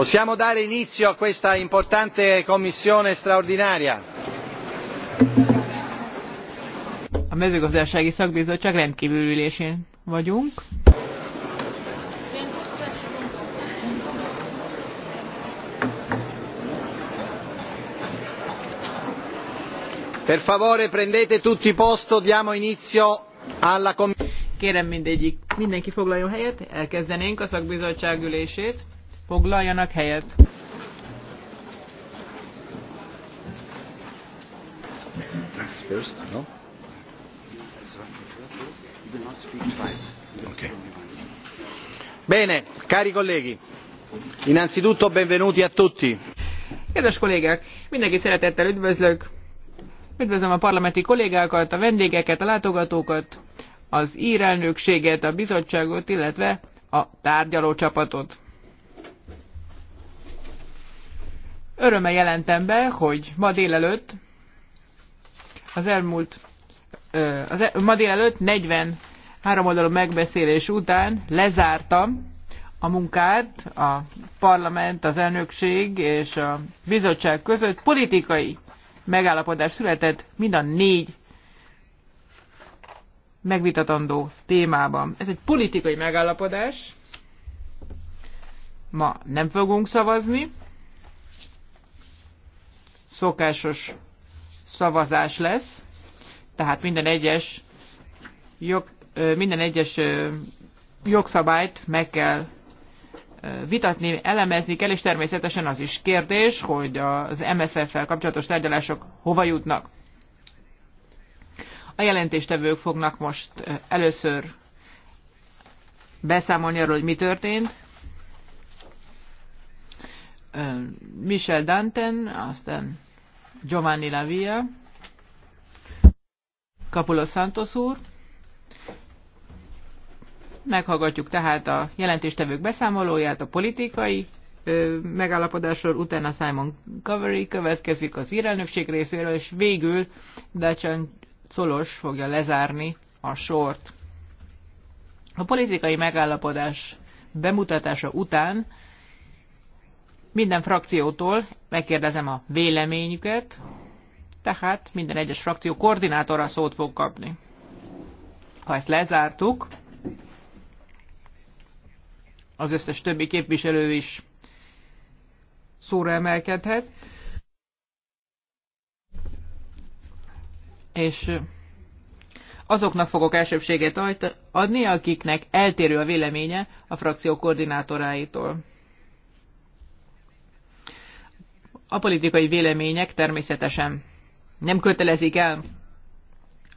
possiamo dare inizio a questa importante commissione straordinaria? a mezőgazdasági szakbizottság rendkívül ülésén vagyunk. Per favore prendete tutti posto, diamo inizio alla commissione. Kérem mindegyik, mindenki foglaljon helyet, elkezdenénk a szakbizottság ülését. Foglaljanak helyet! Bene, cari colleghi, innanzitutto benvenuti a tutti. Kedves kollégák, mindenki szeretettel üdvözlök. Üdvözlöm a parlamenti kollégákat, a vendégeket, a látogatókat, az ír elnökséget, a bizottságot, illetve a tárgyaló csapatot. Örömmel jelentem be, hogy ma délelőtt az elmúlt az, el, ma délelőtt 43 oldalú megbeszélés után lezártam a munkát a parlament, az elnökség és a bizottság között politikai megállapodás született mind a négy megvitatandó témában. Ez egy politikai megállapodás. Ma nem fogunk szavazni, szokásos szavazás lesz, tehát minden egyes, jog, minden egyes jogszabályt meg kell vitatni, elemezni kell, és természetesen az is kérdés, hogy az MFF-fel kapcsolatos tárgyalások hova jutnak. A jelentéstevők fognak most először beszámolni arról, hogy mi történt, Michel Danten, aztán Giovanni Lavia, Capulo Santos úr. Meghallgatjuk tehát a jelentéstevők beszámolóját a politikai megállapodásról, utána Simon Covery következik az írelnökség részéről, és végül Dacian Colos fogja lezárni a sort. A politikai megállapodás bemutatása után minden frakciótól megkérdezem a véleményüket, tehát minden egyes frakció koordinátora szót fog kapni. Ha ezt lezártuk, az összes többi képviselő is szóra emelkedhet, és azoknak fogok elsőbséget adni, akiknek eltérő a véleménye a frakció koordinátoráitól. A politikai vélemények természetesen nem kötelezik el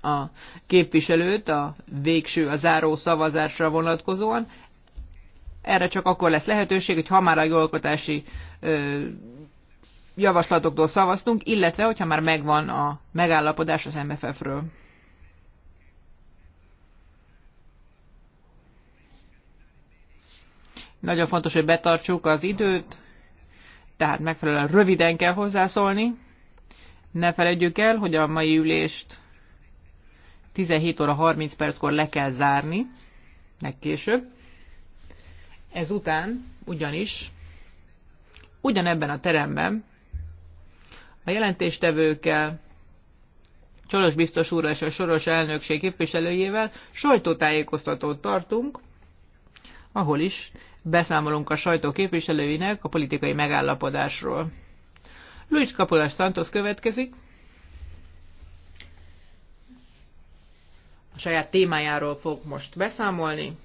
a képviselőt a végső, a záró szavazásra vonatkozóan. Erre csak akkor lesz lehetőség, hogy ha már a jogalkotási javaslatoktól szavaztunk, illetve hogyha már megvan a megállapodás az MFF-ről. Nagyon fontos, hogy betartsuk az időt tehát megfelelően röviden kell hozzászólni. Ne felejtjük el, hogy a mai ülést 17 óra 30 perckor le kell zárni, legkésőbb. Ezután ugyanis ugyanebben a teremben a jelentéstevőkkel, Csolos biztos úrral és a soros elnökség képviselőjével sajtótájékoztatót tartunk, ahol is beszámolunk a sajtó képviselőinek a politikai megállapodásról. Luis Capolás Santos következik. A saját témájáról fog most beszámolni.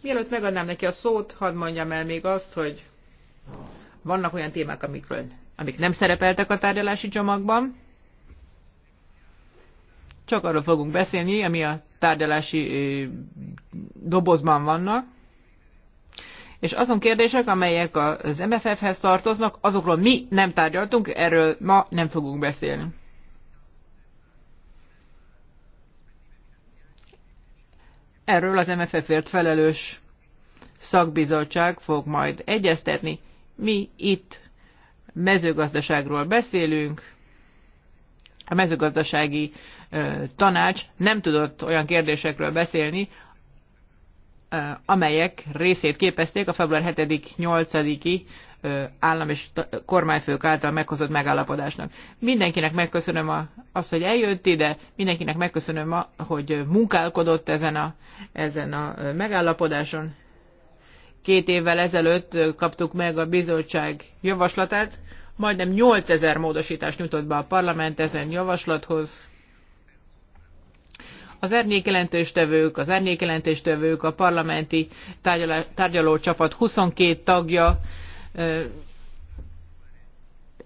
Mielőtt megadnám neki a szót, hadd mondjam el még azt, hogy vannak olyan témák, amikről, amik nem szerepeltek a tárgyalási csomagban. Csak arról fogunk beszélni, ami a tárgyalási dobozban vannak és azon kérdések, amelyek az MFF-hez tartoznak, azokról mi nem tárgyaltunk, erről ma nem fogunk beszélni. Erről az MFF-ért felelős szakbizottság fog majd egyeztetni. Mi itt mezőgazdaságról beszélünk, a mezőgazdasági tanács nem tudott olyan kérdésekről beszélni, Eh, amelyek részét képezték a február 7-8-i eh, állam és kormányfők által meghozott megállapodásnak. Mindenkinek megköszönöm azt, hogy eljött ide, mindenkinek megköszönöm, hogy munkálkodott ezen a, ezen a eh, megállapodáson. Két évvel ezelőtt kaptuk meg a bizottság javaslatát, majdnem 8000 módosítást nyújtott be a parlament ezen javaslathoz az árnyékjelentéstevők, az árnyékjelentéstevők, a parlamenti tárgyaló, csapat 22 tagja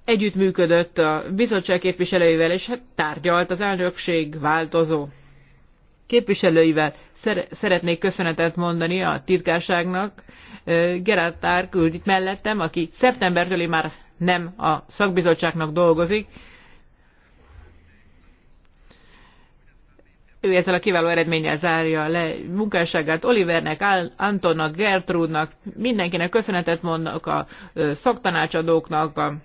együttműködött a bizottság képviselőivel, és hát tárgyalt az elnökség változó képviselőivel. Szeretnék köszönetet mondani a titkárságnak. Gerard Tárk ült itt mellettem, aki szeptembertől már nem a szakbizottságnak dolgozik, ő ezzel a kiváló eredménnyel zárja le munkásságát. Olivernek, Antonnak, Gertrudnak, mindenkinek köszönetet mondnak a szaktanácsadóknak, a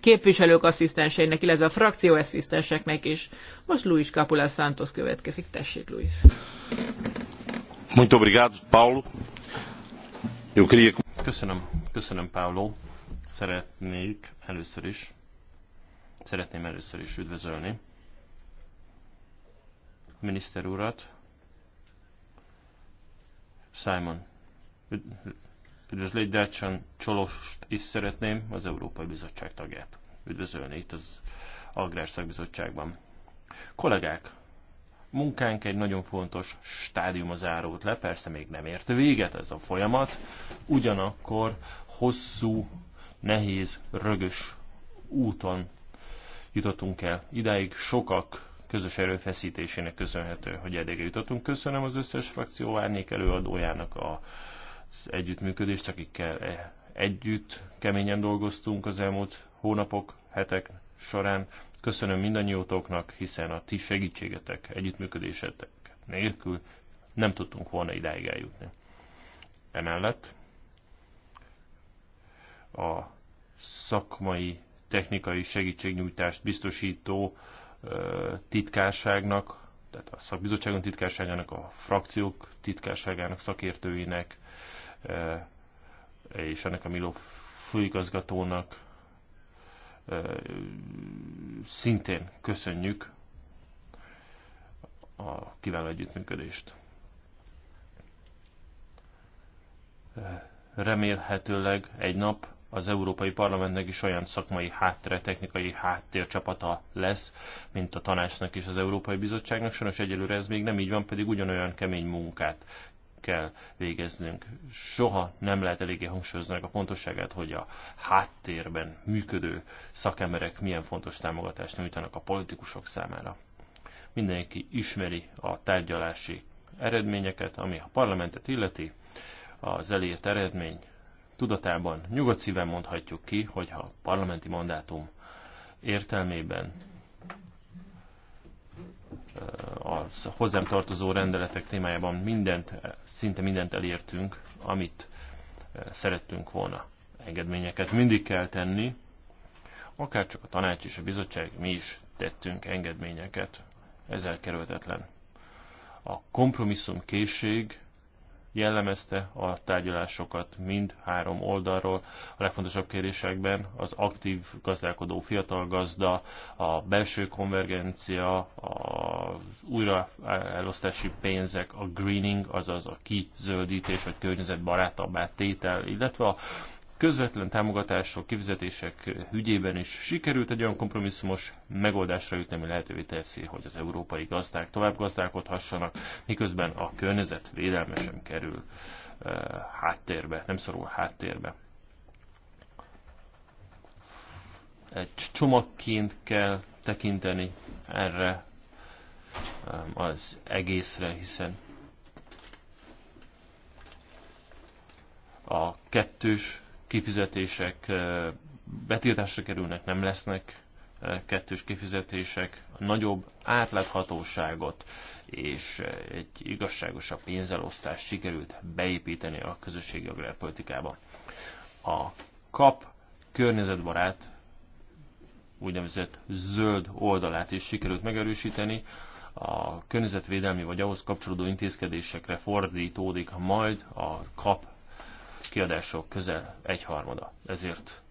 képviselők asszisztenseinek, illetve a frakció asszisztenseknek is. Most Luis Capula Santos következik. Tessék, Luis. Muito obrigado, Paulo. Eu queria... Köszönöm, köszönöm, Paulo. Szeretnék először is, szeretném először is üdvözölni miniszter urat, Simon, üdvözlét Dácsan Csolost is szeretném, az Európai Bizottság tagját üdvözölni itt az Agrárszakbizottságban. Kollégák, munkánk egy nagyon fontos stádium az árult le, persze még nem ért véget ez a folyamat, ugyanakkor hosszú, nehéz, rögös úton jutottunk el. Idáig sokak közös erőfeszítésének köszönhető, hogy eddig jutottunk. Köszönöm az összes frakció árnyék előadójának az együttműködést, akikkel e- együtt keményen dolgoztunk az elmúlt hónapok, hetek során. Köszönöm mindannyiótoknak, hiszen a ti segítségetek, együttműködésetek nélkül nem tudtunk volna idáig eljutni. Emellett a szakmai, technikai segítségnyújtást biztosító titkárságnak, tehát a szakbizottságon titkárságának, a frakciók titkárságának, szakértőinek, és ennek a Miló főigazgatónak szintén köszönjük a kiváló együttműködést. Remélhetőleg egy nap az Európai Parlamentnek is olyan szakmai háttere, technikai háttércsapata lesz, mint a tanácsnak és az Európai Bizottságnak. Sajnos egyelőre ez még nem így van, pedig ugyanolyan kemény munkát kell végeznünk. Soha nem lehet eléggé hangsúlyozni a fontosságát, hogy a háttérben működő szakemberek milyen fontos támogatást nyújtanak a politikusok számára. Mindenki ismeri a tárgyalási eredményeket, ami a parlamentet illeti, az elért eredmény tudatában nyugodt szíven mondhatjuk ki, hogyha a parlamenti mandátum értelmében a hozzám tartozó rendeletek témájában mindent, szinte mindent elértünk, amit szerettünk volna. Engedményeket mindig kell tenni, akár csak a tanács és a bizottság, mi is tettünk engedményeket, ez elkerülhetetlen. A kompromisszum készség jellemezte a tárgyalásokat mind három oldalról. A legfontosabb kérésekben az aktív gazdálkodó fiatal gazda, a belső konvergencia, az újraelosztási pénzek, a greening, azaz a kizöldítés vagy környezetbarátabbá tétel, illetve a közvetlen támogatások, kifizetések ügyében is sikerült egy olyan kompromisszumos megoldásra jutni, ami lehetővé teszi, hogy az európai gazdák tovább gazdálkodhassanak, miközben a környezet védelme sem kerül uh, háttérbe, nem szorul háttérbe. Egy csomagként kell tekinteni erre um, az egészre, hiszen a kettős kifizetések betiltásra kerülnek, nem lesznek kettős kifizetések, nagyobb átláthatóságot és egy igazságosabb pénzelosztást sikerült beépíteni a közösségi agrárpolitikába. A kap környezetbarát úgynevezett zöld oldalát is sikerült megerősíteni, a környezetvédelmi vagy ahhoz kapcsolódó intézkedésekre fordítódik majd a kap kiadások közel egyharmada. Ezért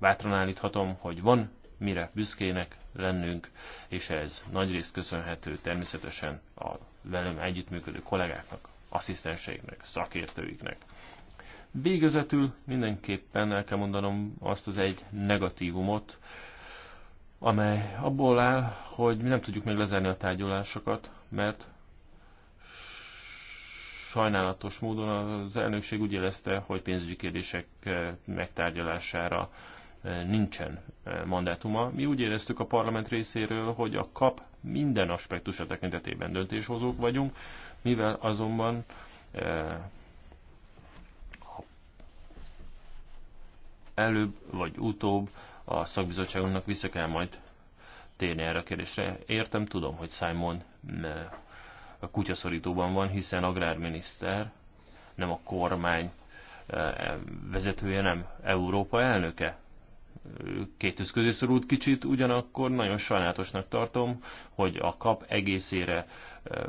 bátran állíthatom, hogy van mire büszkének lennünk, és ez nagyrészt köszönhető természetesen a velem együttműködő kollégáknak, asszisztenseiknek, szakértőiknek. Végezetül mindenképpen el kell mondanom azt az egy negatívumot, amely abból áll, hogy mi nem tudjuk meg lezárni a tárgyalásokat, mert sajnálatos módon az elnökség úgy érezte, hogy pénzügyi kérdések eh, megtárgyalására eh, nincsen eh, mandátuma. Mi úgy éreztük a parlament részéről, hogy a kap minden aspektusa tekintetében döntéshozók vagyunk, mivel azonban előbb vagy utóbb a szakbizottságunknak vissza kell majd térni erre a kérdésre. Értem, tudom, hogy Simon a kutyaszorítóban van, hiszen agrárminiszter, nem a kormány eh, vezetője, nem Európa elnöke. Két közé szorult kicsit, ugyanakkor nagyon sajnálatosnak tartom, hogy a kap egészére eh,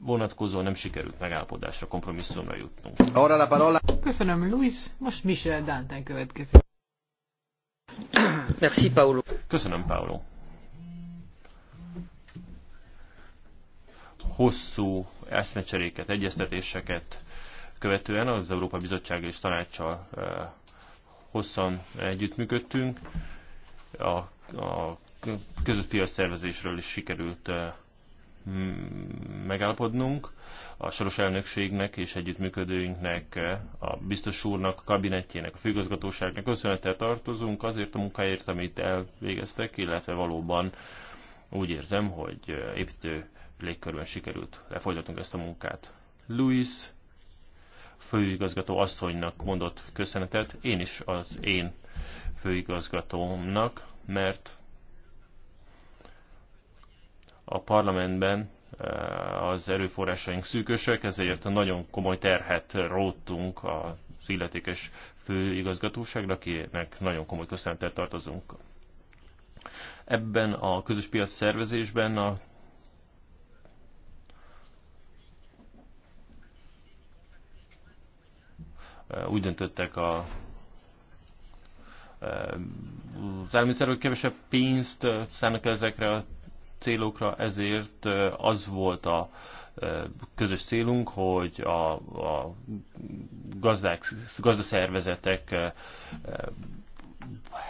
vonatkozó nem sikerült megállapodásra, kompromisszumra jutnunk. la parola. Köszönöm, Luis. Most Michel Dante következik. Merci, Paolo. Köszönöm, Paolo. hosszú eszmecseréket, egyeztetéseket követően az Európa Bizottság és Tanácssal eh, hosszan együttműködtünk. A, a között piac szervezésről is sikerült eh, megállapodnunk. A soros elnökségnek és együttműködőinknek, eh, a biztos úrnak, a kabinetjének, a főgazgatóságnak köszönettel tartozunk azért a munkáért, amit elvégeztek, illetve valóban úgy érzem, hogy építő légkörben sikerült lefolytatnunk ezt a munkát. Louis főigazgató asszonynak mondott köszönetet, én is az én főigazgatómnak, mert a parlamentben eh, az erőforrásaink szűkösek, ezért nagyon komoly terhet róttunk az illetékes főigazgatóságra, akinek nagyon komoly köszönetet tartozunk. Ebben a közös piac szervezésben a Eh, úgy döntöttek a eh, az hogy kevesebb pénzt eh, szállnak ezekre a célokra, ezért az volt a közös célunk, hogy a, a gazdák, gazdaszervezetek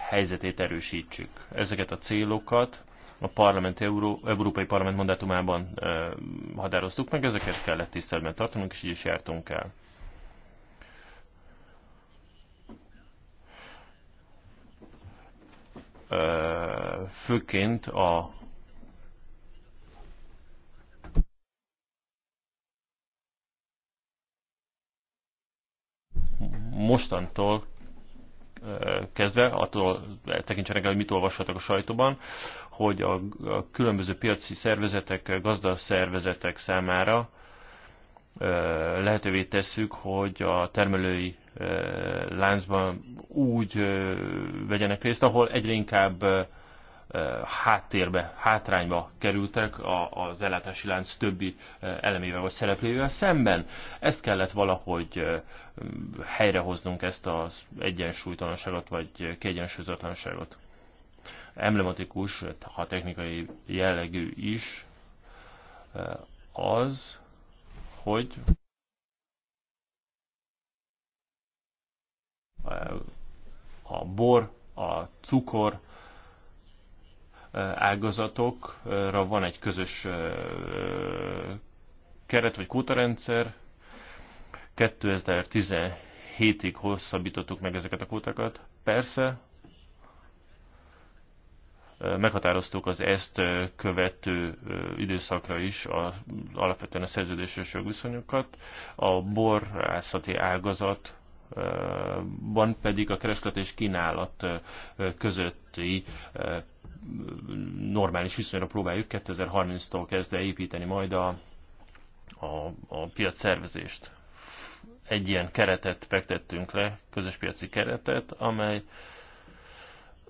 helyzetét erősítsük. Ezeket a célokat a parlament Euró, Európai Parlament mandátumában határoztuk meg, ezeket kellett tiszteletben tartanunk, és így is jártunk el. főként a mostantól kezdve, attól tekintsenek el, hogy mit olvashatok a sajtóban, hogy a, különböző piaci szervezetek, gazdaszervezetek számára lehetővé tesszük, hogy a termelői láncban úgy vegyenek részt, ahol egyre inkább háttérbe, hátrányba kerültek az ellátási lánc többi elemével vagy szereplővel szemben. Ezt kellett valahogy helyrehoznunk ezt az egyensúlytalanságot vagy kiegyensúlyozatlanságot. Emblematikus, ha technikai jellegű is, az, hogy a bor, a cukor ágazatokra van egy közös keret vagy kótarendszer. 2017-ig hosszabbítottuk meg ezeket a kótákat. Persze, meghatároztuk az ezt követő időszakra is a, alapvetően a szerződéses jogviszonyokat. A borászati ágazat van pedig a kereslet és kínálat közötti normális viszonyra próbáljuk 2030-tól kezdve építeni majd a, a, a piac szervezést. Egy ilyen keretet fektettünk le, közös piaci keretet, amely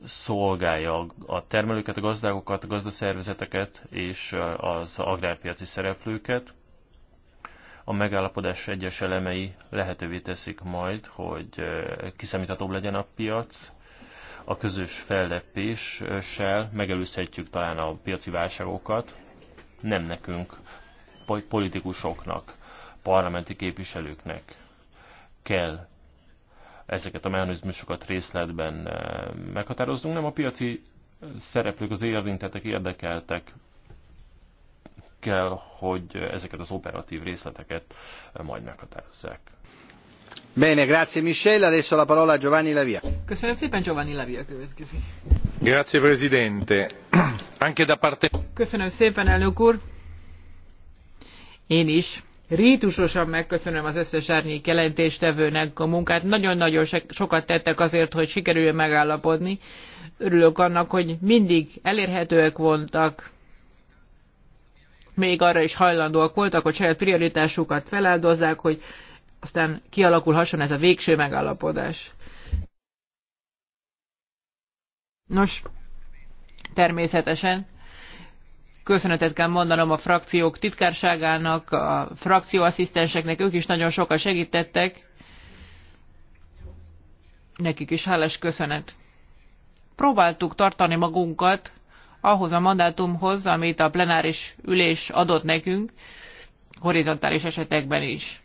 szolgálja a termelőket, a gazdákokat, a gazdaszervezeteket és az agrárpiaci szereplőket, a megállapodás egyes elemei lehetővé teszik majd, hogy kiszámíthatóbb legyen a piac, a közös fellepéssel megelőzhetjük talán a piaci válságokat, nem nekünk, politikusoknak, parlamenti képviselőknek kell ezeket a mechanizmusokat részletben meghatároznunk, nem a piaci szereplők, az érintettek, érdekeltek kell, hogy ezeket az operatív részleteket majd meghatározzák. Bene, grazie Michel. Adesso la parola a Giovanni Lavia. Köszönöm szépen, Giovanni Lavia következik. Grazie Presidente. Anche da parte... Köszönöm szépen, elnök úr. Én is rítusosan megköszönöm az összes árnyék jelentéstevőnek a munkát. Nagyon-nagyon sokat tettek azért, hogy sikerüljön megállapodni. Örülök annak, hogy mindig elérhetőek voltak, még arra is hajlandóak voltak, hogy saját prioritásukat feláldozzák, hogy aztán kialakulhasson ez a végső megállapodás. Nos, természetesen köszönetet kell mondanom a frakciók titkárságának, a frakcióasszisztenseknek, ők is nagyon sokat segítettek. Nekik is hálás köszönet. Próbáltuk tartani magunkat ahhoz a mandátumhoz, amit a plenáris ülés adott nekünk, horizontális esetekben is.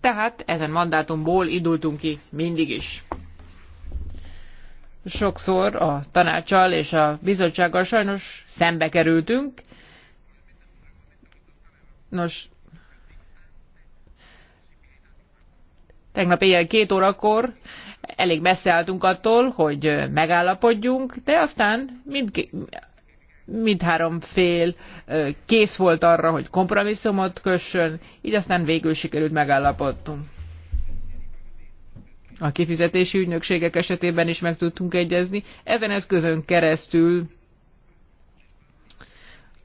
Tehát ezen mandátumból indultunk ki mindig is. Sokszor a tanácsal és a bizottsággal sajnos szembe kerültünk. Nos, tegnap éjjel két órakor elég messze álltunk attól, hogy megállapodjunk, de aztán mind, mindhárom fél kész volt arra, hogy kompromisszumot kössön, így aztán végül sikerült megállapodtunk. A kifizetési ügynökségek esetében is meg tudtunk egyezni. Ezen eszközön keresztül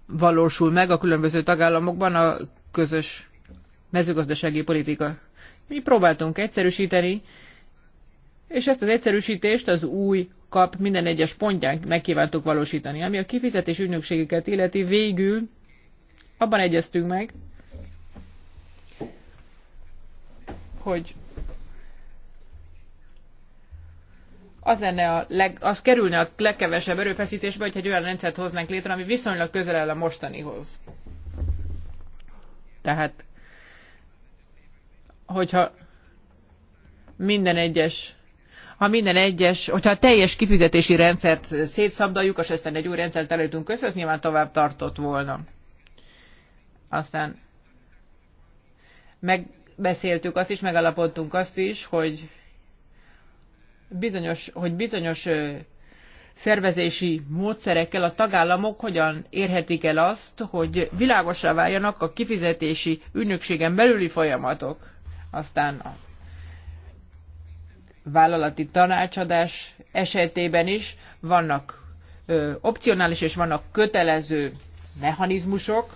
valósul meg a különböző tagállamokban a közös mezőgazdasági politika. Mi próbáltunk egyszerűsíteni, és ezt az egyszerűsítést az új kap minden egyes pontján megkívántuk valósítani. Ami a kifizetés ügynökségeket illeti, végül abban egyeztünk meg, hogy az lenne a leg, az kerülne a legkevesebb erőfeszítésbe, hogyha egy olyan rendszert hoznánk létre, ami viszonylag közel áll a mostanihoz. Tehát, hogyha minden egyes ha minden egyes, hogyha a teljes kifizetési rendszert szétszabdaljuk, és aztán egy új rendszert előttünk össze, ez nyilván tovább tartott volna. Aztán megbeszéltük azt is, megalapodtunk azt is, hogy bizonyos, hogy bizonyos szervezési módszerekkel a tagállamok hogyan érhetik el azt, hogy világosá váljanak a kifizetési ügynökségen belüli folyamatok. Aztán a vállalati tanácsadás esetében is vannak ö, opcionális és vannak kötelező mechanizmusok.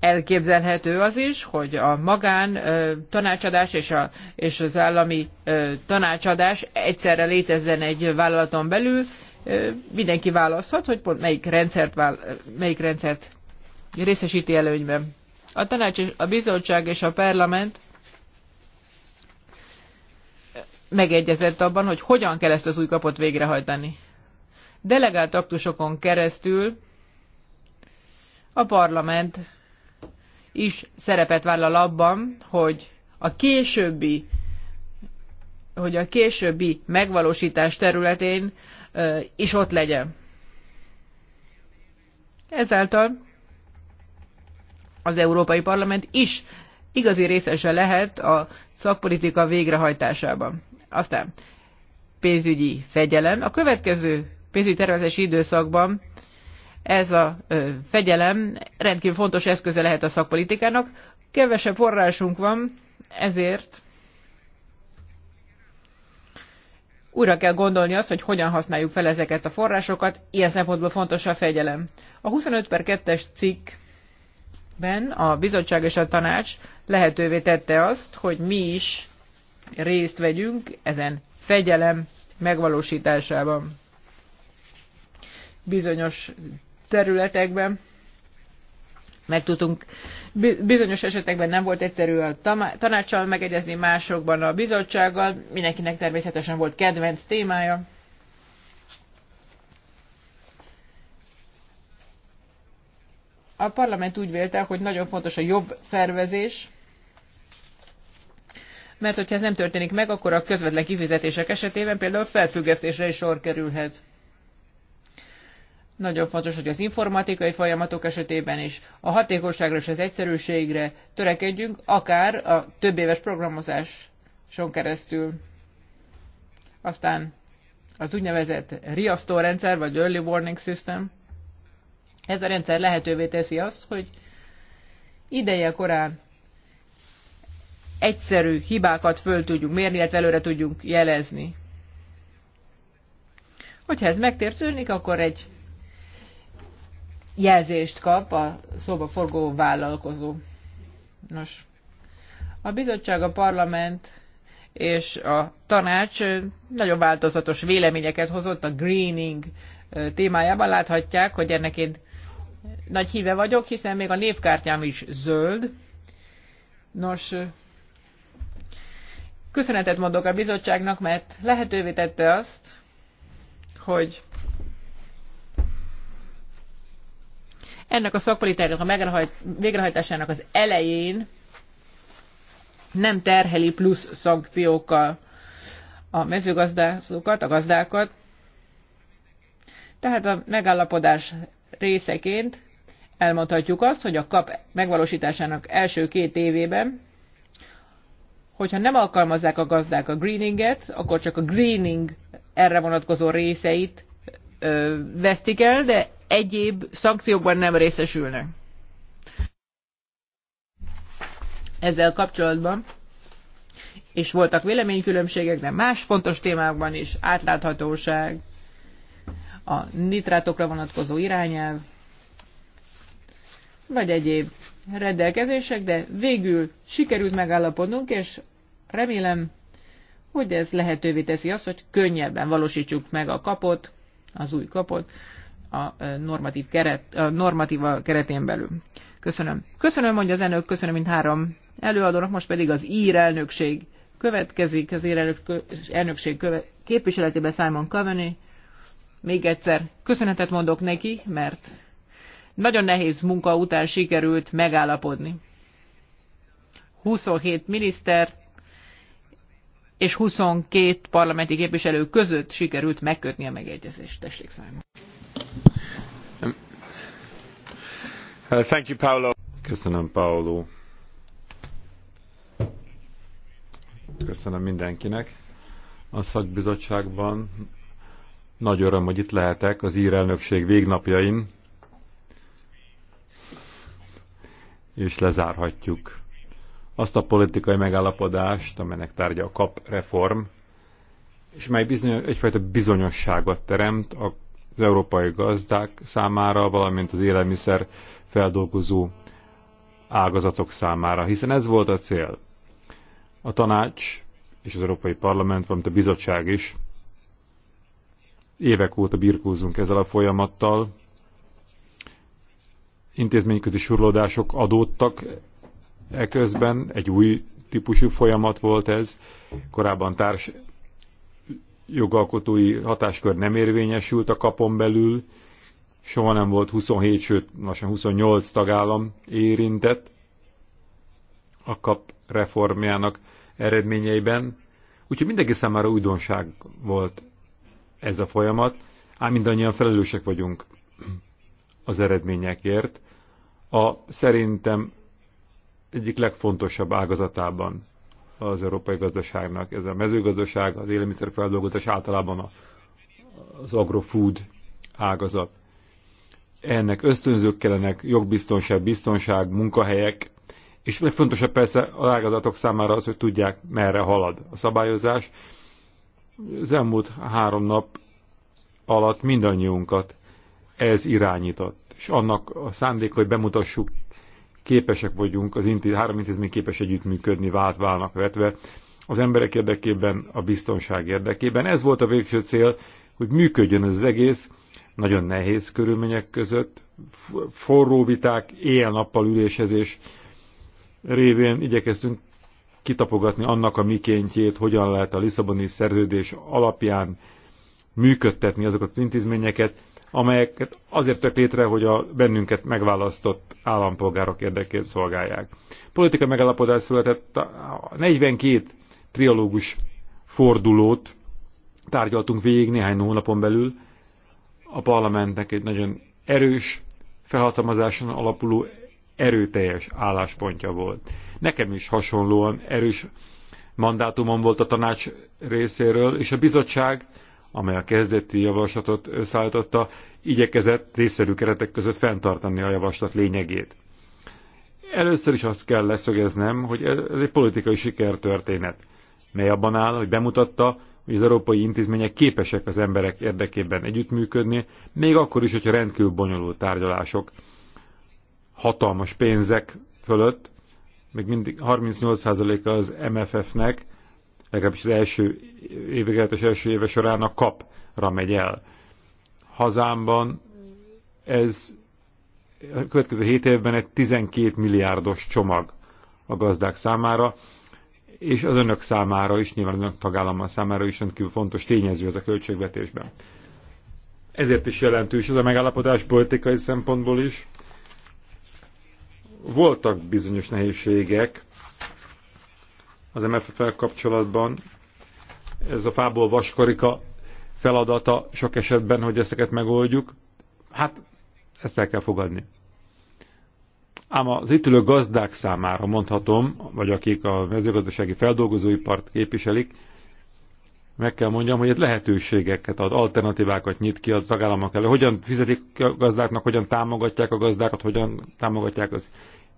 Elképzelhető az is, hogy a magán ö, tanácsadás és, a, és az állami ö, tanácsadás egyszerre létezzen egy vállalaton belül. Ö, mindenki választhat, hogy pont melyik rendszert, vál, melyik rendszert részesíti előnyben. A tanács, a bizottság és a parlament megegyezett abban, hogy hogyan kell ezt az új kapot végrehajtani. Delegált aktusokon keresztül a parlament is szerepet vállal abban, hogy a későbbi hogy a későbbi megvalósítás területén is ott legyen. Ezáltal az Európai Parlament is igazi részese lehet a szakpolitika végrehajtásában. Aztán pénzügyi fegyelem. A következő pénzügyi tervezési időszakban ez a fegyelem rendkívül fontos eszköze lehet a szakpolitikának. Kevesebb forrásunk van, ezért újra kell gondolni azt, hogy hogyan használjuk fel ezeket a forrásokat, ilyen szempontból fontos a fegyelem. A 25 per 2-es cikkben a bizottság és a tanács lehetővé tette azt, hogy mi is részt vegyünk ezen fegyelem megvalósításában. Bizonyos területekben meg tudtunk, bizonyos esetekben nem volt egyszerű a tanácssal megegyezni, másokban a bizottsággal, mindenkinek természetesen volt kedvenc témája. A parlament úgy vélte, hogy nagyon fontos a jobb szervezés, mert hogyha ez nem történik meg, akkor a közvetlen kifizetések esetében például felfüggesztésre is sor kerülhet. Nagyon fontos, hogy az informatikai folyamatok esetében is a hatékonyságra és az egyszerűségre törekedjünk, akár a több éves programozáson keresztül. Aztán az úgynevezett riasztó rendszer, vagy early warning system. Ez a rendszer lehetővé teszi azt, hogy ideje korán egyszerű hibákat föl tudjuk mérni, illetve előre tudjunk jelezni. Hogyha ez megtértőnik, akkor egy jelzést kap a szóba forgó vállalkozó. Nos, a bizottság, a parlament és a tanács nagyon változatos véleményeket hozott a greening témájában. Láthatják, hogy ennek én nagy híve vagyok, hiszen még a névkártyám is zöld. Nos, Köszönetet mondok a bizottságnak, mert lehetővé tette azt, hogy ennek a szakpolitikának a végrehajtásának az elején nem terheli plusz szankciókkal a mezőgazdászokat, a gazdákat. Tehát a megállapodás részeként elmondhatjuk azt, hogy a kap megvalósításának első két évében hogyha nem alkalmazzák a gazdák a greeninget, akkor csak a greening erre vonatkozó részeit ö, vesztik el, de egyéb szankciókban nem részesülnek. Ezzel kapcsolatban és voltak véleménykülönbségek, de más fontos témákban is átláthatóság, a nitrátokra vonatkozó irányelv, vagy egyéb rendelkezések, de végül sikerült megállapodnunk, és Remélem, hogy ez lehetővé teszi azt, hogy könnyebben valósítsuk meg a kapot, az új kapot, a normatív keret, a normatíva keretén belül. Köszönöm. Köszönöm, mondja az elnök, köszönöm mint három előadónak, most pedig az ír elnökség következik, az ír elnök, elnökség köve, képviseletében Simon Coveney. Még egyszer köszönetet mondok neki, mert nagyon nehéz munka után sikerült megállapodni. 27 minisztert, és 22 parlamenti képviselő között sikerült megkötni a megegyezést. Tessék számon. Uh, thank you, Paolo. Köszönöm, Paolo. Köszönöm mindenkinek. A szakbizottságban nagy öröm, hogy itt lehetek az írelnökség végnapjain, és lezárhatjuk azt a politikai megállapodást, amelynek tárgya a kap reform, és mely bizony egyfajta bizonyosságot teremt az európai gazdák számára, valamint az élelmiszer feldolgozó ágazatok számára, hiszen ez volt a cél. A tanács és az Európai Parlament, valamint a bizottság is évek óta birkózunk ezzel a folyamattal, intézményközi surlódások adódtak Eközben egy új típusú folyamat volt ez, korábban társ jogalkotói hatáskör nem érvényesült a kapon belül, soha nem volt 27, sőt lassan 28 tagállam érintett a kap reformjának eredményeiben. Úgyhogy mindenki számára újdonság volt ez a folyamat, ám mindannyian felelősek vagyunk az eredményekért. A szerintem egyik legfontosabb ágazatában az európai gazdaságnak. Ez a mezőgazdaság, az élelmiszerfeldolgozás általában a, az agrofood ágazat. Ennek ösztönzők kellenek, jogbiztonság, biztonság, munkahelyek, és legfontosabb persze a ágazatok számára az, hogy tudják, merre halad a szabályozás. Az elmúlt három nap alatt mindannyiunkat ez irányított, és annak a szándék, hogy bemutassuk képesek vagyunk, az inti, három intézmény képes együttműködni, vált válnak vetve, az emberek érdekében, a biztonság érdekében. Ez volt a végső cél, hogy működjön ez az egész, nagyon nehéz körülmények között, forró viták, éjjel-nappal ülésezés révén igyekeztünk kitapogatni annak a mikéntjét, hogyan lehet a Lisszaboni szerződés alapján működtetni azokat az intézményeket, amelyeket azért tök létre, hogy a bennünket megválasztott állampolgárok érdekét szolgálják. Politika megállapodás született, 42 triológus fordulót tárgyaltunk végig néhány hónapon belül. A parlamentnek egy nagyon erős, felhatalmazáson alapuló erőteljes álláspontja volt. Nekem is hasonlóan erős mandátumom volt a tanács részéről, és a bizottság amely a kezdeti javaslatot szállította, igyekezett részszerű keretek között fenntartani a javaslat lényegét. Először is azt kell leszögeznem, hogy ez egy politikai sikertörténet, mely abban áll, hogy bemutatta, hogy az európai intézmények képesek az emberek érdekében együttműködni, még akkor is, hogyha rendkívül bonyolult tárgyalások hatalmas pénzek fölött, még mindig 38%-a az MFF-nek, legalábbis az első évigeletes első éve során a kapra megy el. Hazámban ez a következő hét évben egy 12 milliárdos csomag a gazdák számára, és az önök számára is, nyilván az önök tagállammal számára is rendkívül fontos tényező ez a költségvetésben. Ezért is jelentős ez a megállapodás politikai szempontból is. Voltak bizonyos nehézségek az MFF-fel kapcsolatban. Ez a fából vaskarika feladata sok esetben, hogy ezeket megoldjuk. Hát ezt el kell fogadni. Ám az itt ülő gazdák számára mondhatom, vagy akik a mezőgazdasági feldolgozóipart képviselik, meg kell mondjam, hogy egy lehetőségeket ad, alternatívákat nyit ki a tagállamok elő. Hogyan fizetik a gazdáknak, hogyan támogatják a gazdákat, hogyan támogatják az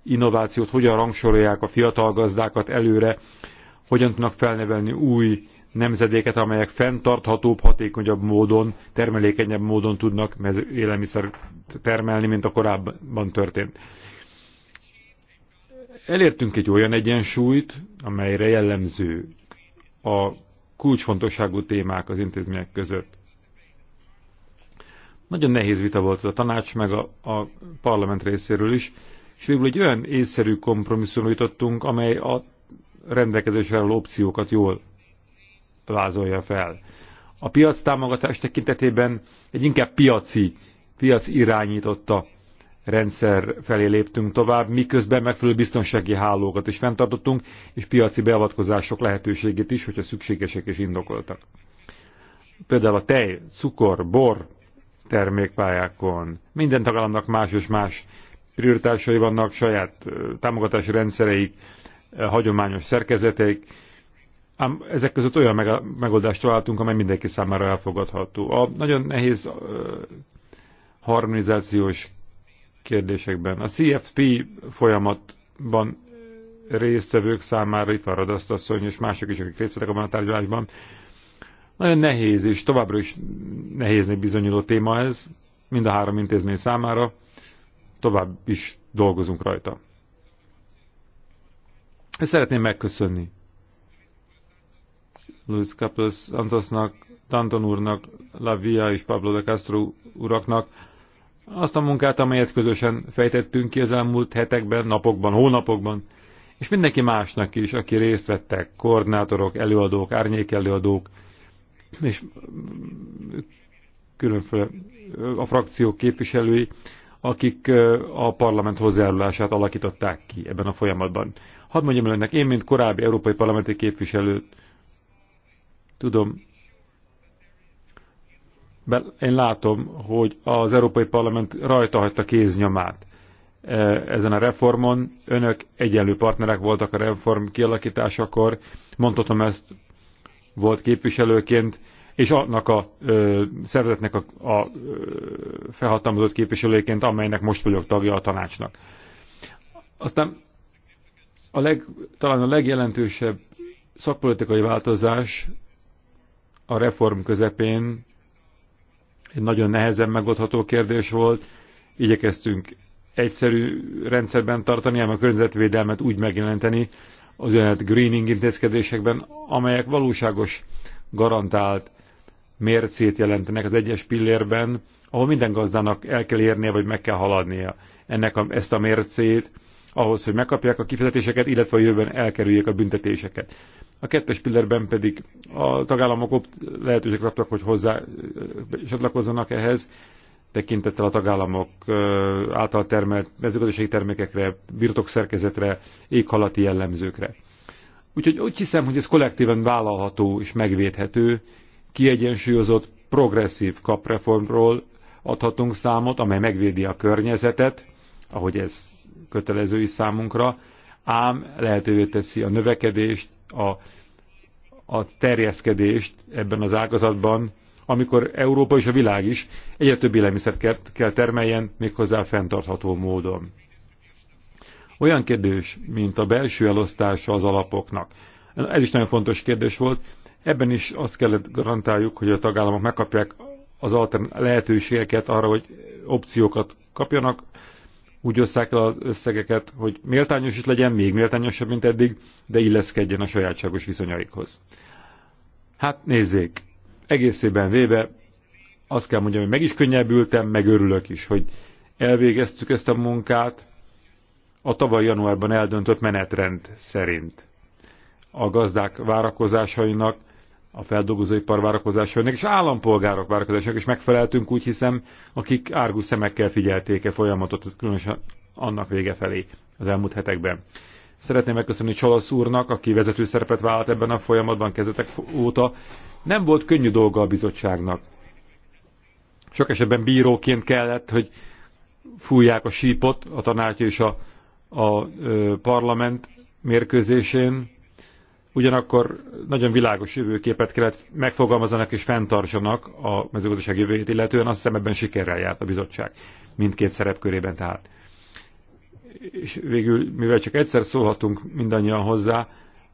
innovációt, hogyan rangsorolják a fiatal gazdákat előre, hogyan tudnak felnevelni új nemzedéket, amelyek fenntarthatóbb, hatékonyabb módon, termelékenyebb módon tudnak élelmiszer termelni, mint a korábban történt. Elértünk egy olyan egyensúlyt, amelyre jellemző a kulcsfontosságú témák az intézmények között. Nagyon nehéz vita volt ez a tanács, meg a, a parlament részéről is és végül egy olyan észszerű kompromisszumot jutottunk, amely a rendelkezésre álló opciókat jól vázolja fel. A piac támogatás tekintetében egy inkább piaci, piac irányította rendszer felé léptünk tovább, miközben megfelelő biztonsági hálókat is fenntartottunk, és piaci beavatkozások lehetőségét is, hogyha szükségesek és indokoltak. Például a tej, cukor, bor termékpályákon minden tagállamnak más és más prioritásai vannak, saját támogatási rendszereik, hagyományos szerkezeteik, ám ezek között olyan megoldást találtunk, amely mindenki számára elfogadható. A nagyon nehéz harmonizációs kérdésekben. A CFP folyamatban résztvevők számára, itt van Radasztasszony és mások is, akik részt vettek abban a tárgyalásban, nagyon nehéz és továbbra is nehéznek bizonyuló téma ez, mind a három intézmény számára tovább is dolgozunk rajta. És szeretném megköszönni Luis Capos Antosnak, Danton úrnak, Lavia és Pablo de Castro uraknak azt a munkát, amelyet közösen fejtettünk ki az elmúlt hetekben, napokban, hónapokban, és mindenki másnak is, aki részt vettek, koordinátorok, előadók, árnyékelőadók, és különféle a frakciók képviselői, akik a parlament hozzájárulását alakították ki ebben a folyamatban. Hadd mondjam el önnek, én, mint korábbi európai parlamenti képviselő, tudom, én látom, hogy az Európai Parlament rajta hagyta kéznyomát ezen a reformon. Önök egyenlő partnerek voltak a reform kialakításakor. Mondhatom ezt volt képviselőként, és annak a ö, szervezetnek a, a ö, felhatalmazott képviselőként, amelynek most vagyok tagja a tanácsnak. Aztán a leg, talán a legjelentősebb szakpolitikai változás a reform közepén egy nagyon nehezen megoldható kérdés volt. Igyekeztünk egyszerű rendszerben tartani, ám a környezetvédelmet úgy megjelenteni az olyan greening intézkedésekben, amelyek valóságos garantált mércét jelentenek az egyes pillérben, ahol minden gazdának el kell érnie, vagy meg kell haladnia ennek a, ezt a mércét, ahhoz, hogy megkapják a kifizetéseket, illetve a jövőben elkerüljék a büntetéseket. A kettes pillérben pedig a tagállamok lehetőség kaptak, hogy hozzá csatlakozzanak ehhez, tekintettel a tagállamok által termelt mezőgazdasági termékekre, birtokszerkezetre, éghalati jellemzőkre. Úgyhogy úgy hiszem, hogy ez kollektíven vállalható és megvédhető, kiegyensúlyozott, progresszív kapreformról adhatunk számot, amely megvédi a környezetet, ahogy ez kötelező is számunkra, ám lehetővé teszi a növekedést, a, a terjeszkedést ebben az ágazatban, amikor Európa és a világ is egyre több élelmiszert kell, kell termeljen, méghozzá fenntartható módon. Olyan kérdés, mint a belső elosztása az alapoknak. Ez is nagyon fontos kérdés volt, Ebben is azt kellett garantáljuk, hogy a tagállamok megkapják az altern lehetőségeket arra, hogy opciókat kapjanak, úgy osszák el az összegeket, hogy méltányos is legyen, még méltányosabb, mint eddig, de illeszkedjen a sajátságos viszonyaikhoz. Hát nézzék, egészében véve azt kell mondjam, hogy meg is könnyebbültem, meg örülök is, hogy elvégeztük ezt a munkát a tavaly januárban eldöntött menetrend szerint. A gazdák várakozásainak a feldolgozóipar várakozásainak és állampolgárok várakozásainak, és megfeleltünk úgy hiszem, akik árgú szemekkel figyelték a -e folyamatot, különösen annak vége felé az elmúlt hetekben. Szeretném megköszönni Csalasz úrnak, aki vezető szerepet vállalt ebben a folyamatban kezdetek óta. Nem volt könnyű dolga a bizottságnak. Sok esetben bíróként kellett, hogy fújják a sípot a tanács és a, a a parlament mérkőzésén, ugyanakkor nagyon világos jövőképet kellett megfogalmazanak és fenntartsanak a mezőgazdaság jövőjét illetően, azt hiszem ebben sikerrel járt a bizottság mindkét szerepkörében tehát. És végül, mivel csak egyszer szólhatunk mindannyian hozzá,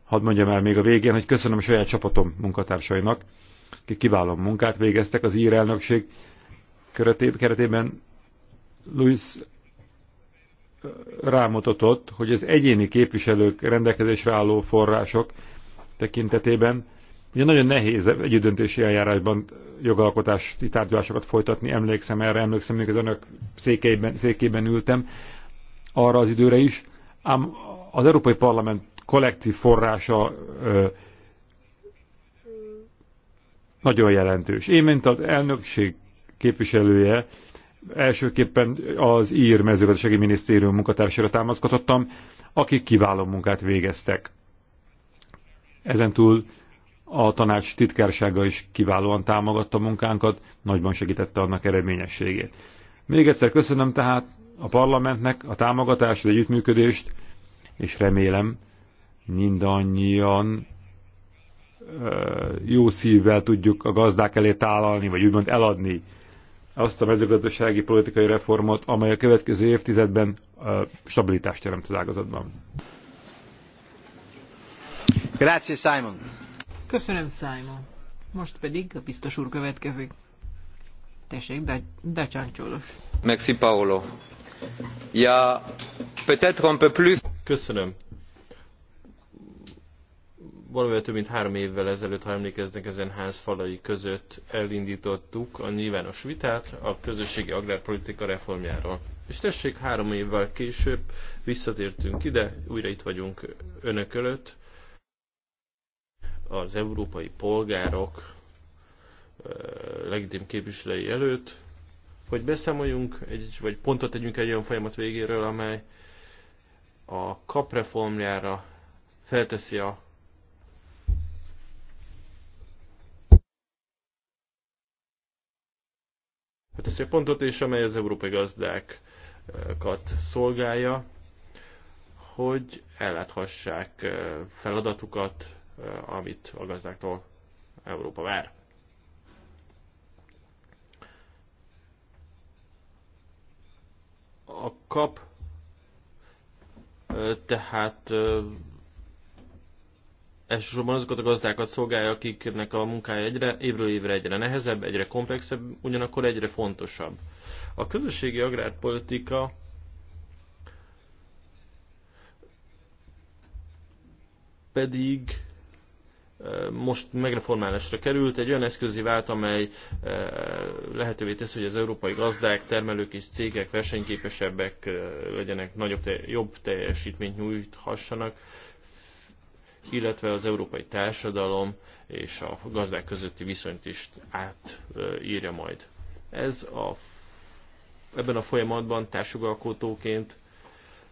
hadd mondjam el még a végén, hogy köszönöm a saját csapatom munkatársainak, akik kiváló munkát végeztek az ír elnökség keretében. Luis eh, rámutatott, hogy az egyéni képviselők rendelkezésre álló források tekintetében. Ugye nagyon nehéz egy döntési eljárásban jogalkotási tárgyalásokat folytatni, emlékszem erre, emlékszem, még az önök székében, székében ültem arra az időre is, ám az Európai Parlament kollektív forrása ö, nagyon jelentős. Én, mint az elnökség képviselője, elsőképpen az ír mezőgazdasági minisztérium munkatársára támaszkodhattam, akik kiváló munkát végeztek Ezentúl a tanács titkársága is kiválóan támogatta munkánkat, nagyban segítette annak eredményességét. Még egyszer köszönöm tehát a parlamentnek a támogatást, az együttműködést, és remélem mindannyian jó szívvel tudjuk a gazdák elé tálalni, vagy úgymond eladni azt a mezőgazdasági politikai reformot, amely a következő évtizedben stabilitást teremt az ágazatban. Grazie, Simon. Köszönöm, Simon. Most pedig a biztos úr következik. Tessék, de, de csáncsolos. Merci, Paolo. Ja, peut-être un peu plus... Köszönöm. Valamivel több mint három évvel ezelőtt, ha emlékeznek, ezen ház falai között elindítottuk a nyilvános vitát a közösségi agrárpolitika reformjáról. És tessék, három évvel később visszatértünk ide, újra itt vagyunk önök előtt, az európai polgárok legitim képviselői előtt, hogy beszámoljunk, egy, vagy pontot tegyünk egy olyan folyamat végéről, amely a kapreformjára felteszi a felteszi a pontot, és amely az európai gazdákat szolgálja, hogy elláthassák feladatukat, Eh, amit a gazdáktól Európa vár. A kap eh, tehát eh, elsősorban azokat a gazdákat szolgálja, akiknek a munkája egyre, évről évre egyre nehezebb, egyre komplexebb, ugyanakkor egyre fontosabb. A közösségi agrárpolitika pedig most megreformálásra került, egy olyan eszközé vált, amely eh, lehetővé teszi, hogy az európai gazdák, termelők és cégek versenyképesebbek eh, legyenek, nagyobb, jobb teljesítményt nyújthassanak, illetve az európai társadalom és a gazdák közötti viszonyt is átírja majd. Ez a, ebben a folyamatban társjogalkotóként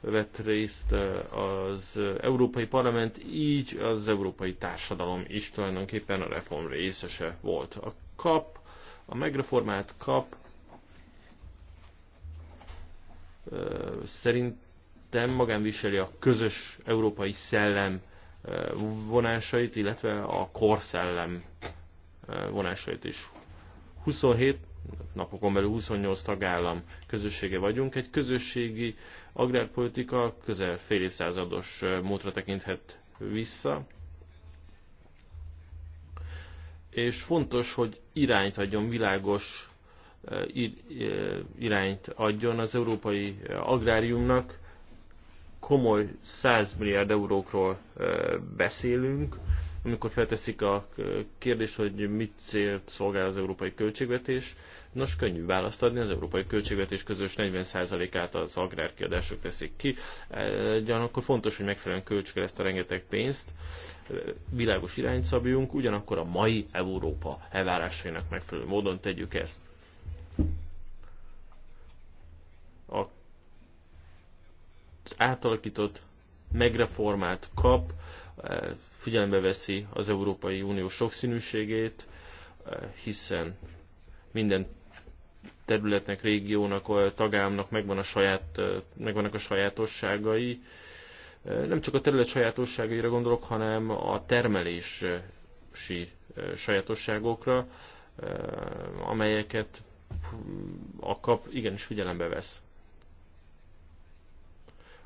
vett részt eh, az Európai Parlament, így az európai társadalom is tulajdonképpen a reform részese volt. A kap, a megreformált kap eh, szerintem magán viseli a közös európai szellem eh, vonásait, illetve a korszellem vonásait is. 27 napokon belül 28 tagállam közössége vagyunk. Egy közösségi agrárpolitika közel fél évszázados múltra tekinthet vissza, és fontos, hogy irányt adjon, világos irányt adjon az európai agráriumnak. Komoly 100 milliárd eurókról beszélünk, amikor felteszik a kérdést, hogy mit célt szolgál az európai költségvetés, nos, könnyű választ adni, az európai költségvetés közös 40%-át az agrárkiadások teszik ki, ugyanakkor fontos, hogy megfelelően költsük el ezt a rengeteg pénzt, világos irányt szabjunk, ugyanakkor a mai Európa elvárásainak megfelelő módon tegyük ezt. A az átalakított, megreformált kap figyelembe veszi az Európai Unió sokszínűségét, hiszen minden területnek, régiónak, tagámnak megvan a saját, megvannak a sajátosságai. Nem csak a terület sajátosságaira gondolok, hanem a termelési sajátosságokra, amelyeket a kap igenis figyelembe vesz.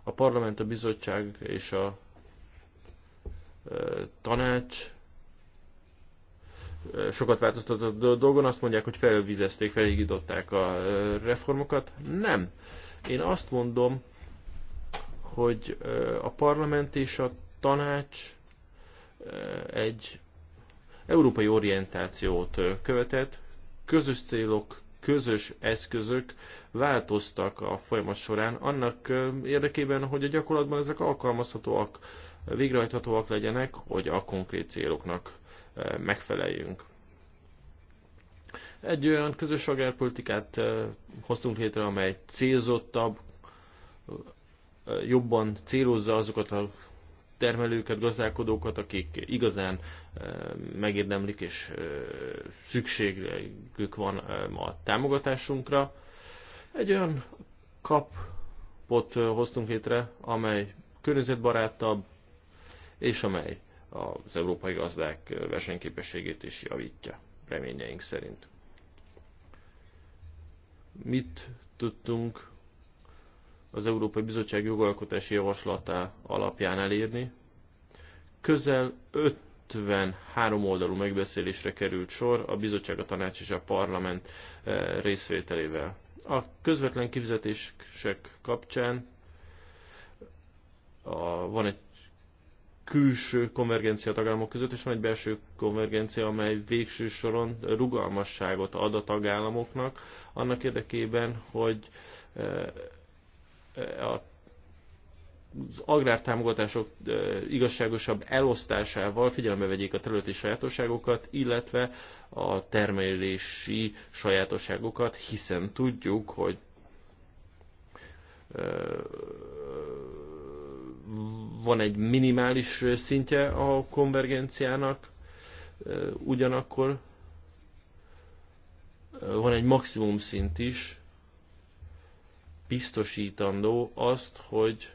A parlament, a bizottság és a tanács sokat változtatott a dolgon, azt mondják, hogy felvizezték, felhigították a reformokat. Nem. Én azt mondom, hogy a parlament és a tanács egy európai orientációt követett, közös célok, közös eszközök változtak a folyamat során, annak érdekében, hogy a gyakorlatban ezek alkalmazhatóak végrehajthatóak legyenek, hogy a konkrét céloknak eh, megfeleljünk. Egy olyan közös agrárpolitikát eh, hoztunk létre, amely célzottabb, eh, jobban célozza azokat a termelőket, gazdálkodókat, akik igazán megérdemlik és szükségük van a támogatásunkra. Egy olyan kapot hoztunk létre, amely környezetbarátabb, és amely az európai gazdák versenyképességét is javítja, reményeink szerint. Mit tudtunk az Európai Bizottság jogalkotási javaslatá alapján elérni? Közel 53 oldalú megbeszélésre került sor a bizottság, a tanács és a parlament eh, részvételével. A közvetlen kifizetések kapcsán a, van egy külső konvergencia tagállamok között, és van egy belső konvergencia, amely végső soron rugalmasságot ad a tagállamoknak, annak érdekében, hogy e, e, az agrártámogatások e, igazságosabb elosztásával figyelembe vegyék a területi sajátosságokat, illetve a termelési sajátosságokat, hiszen tudjuk, hogy van egy minimális szintje a konvergenciának, ugyanakkor van egy maximum szint is, biztosítandó azt, hogy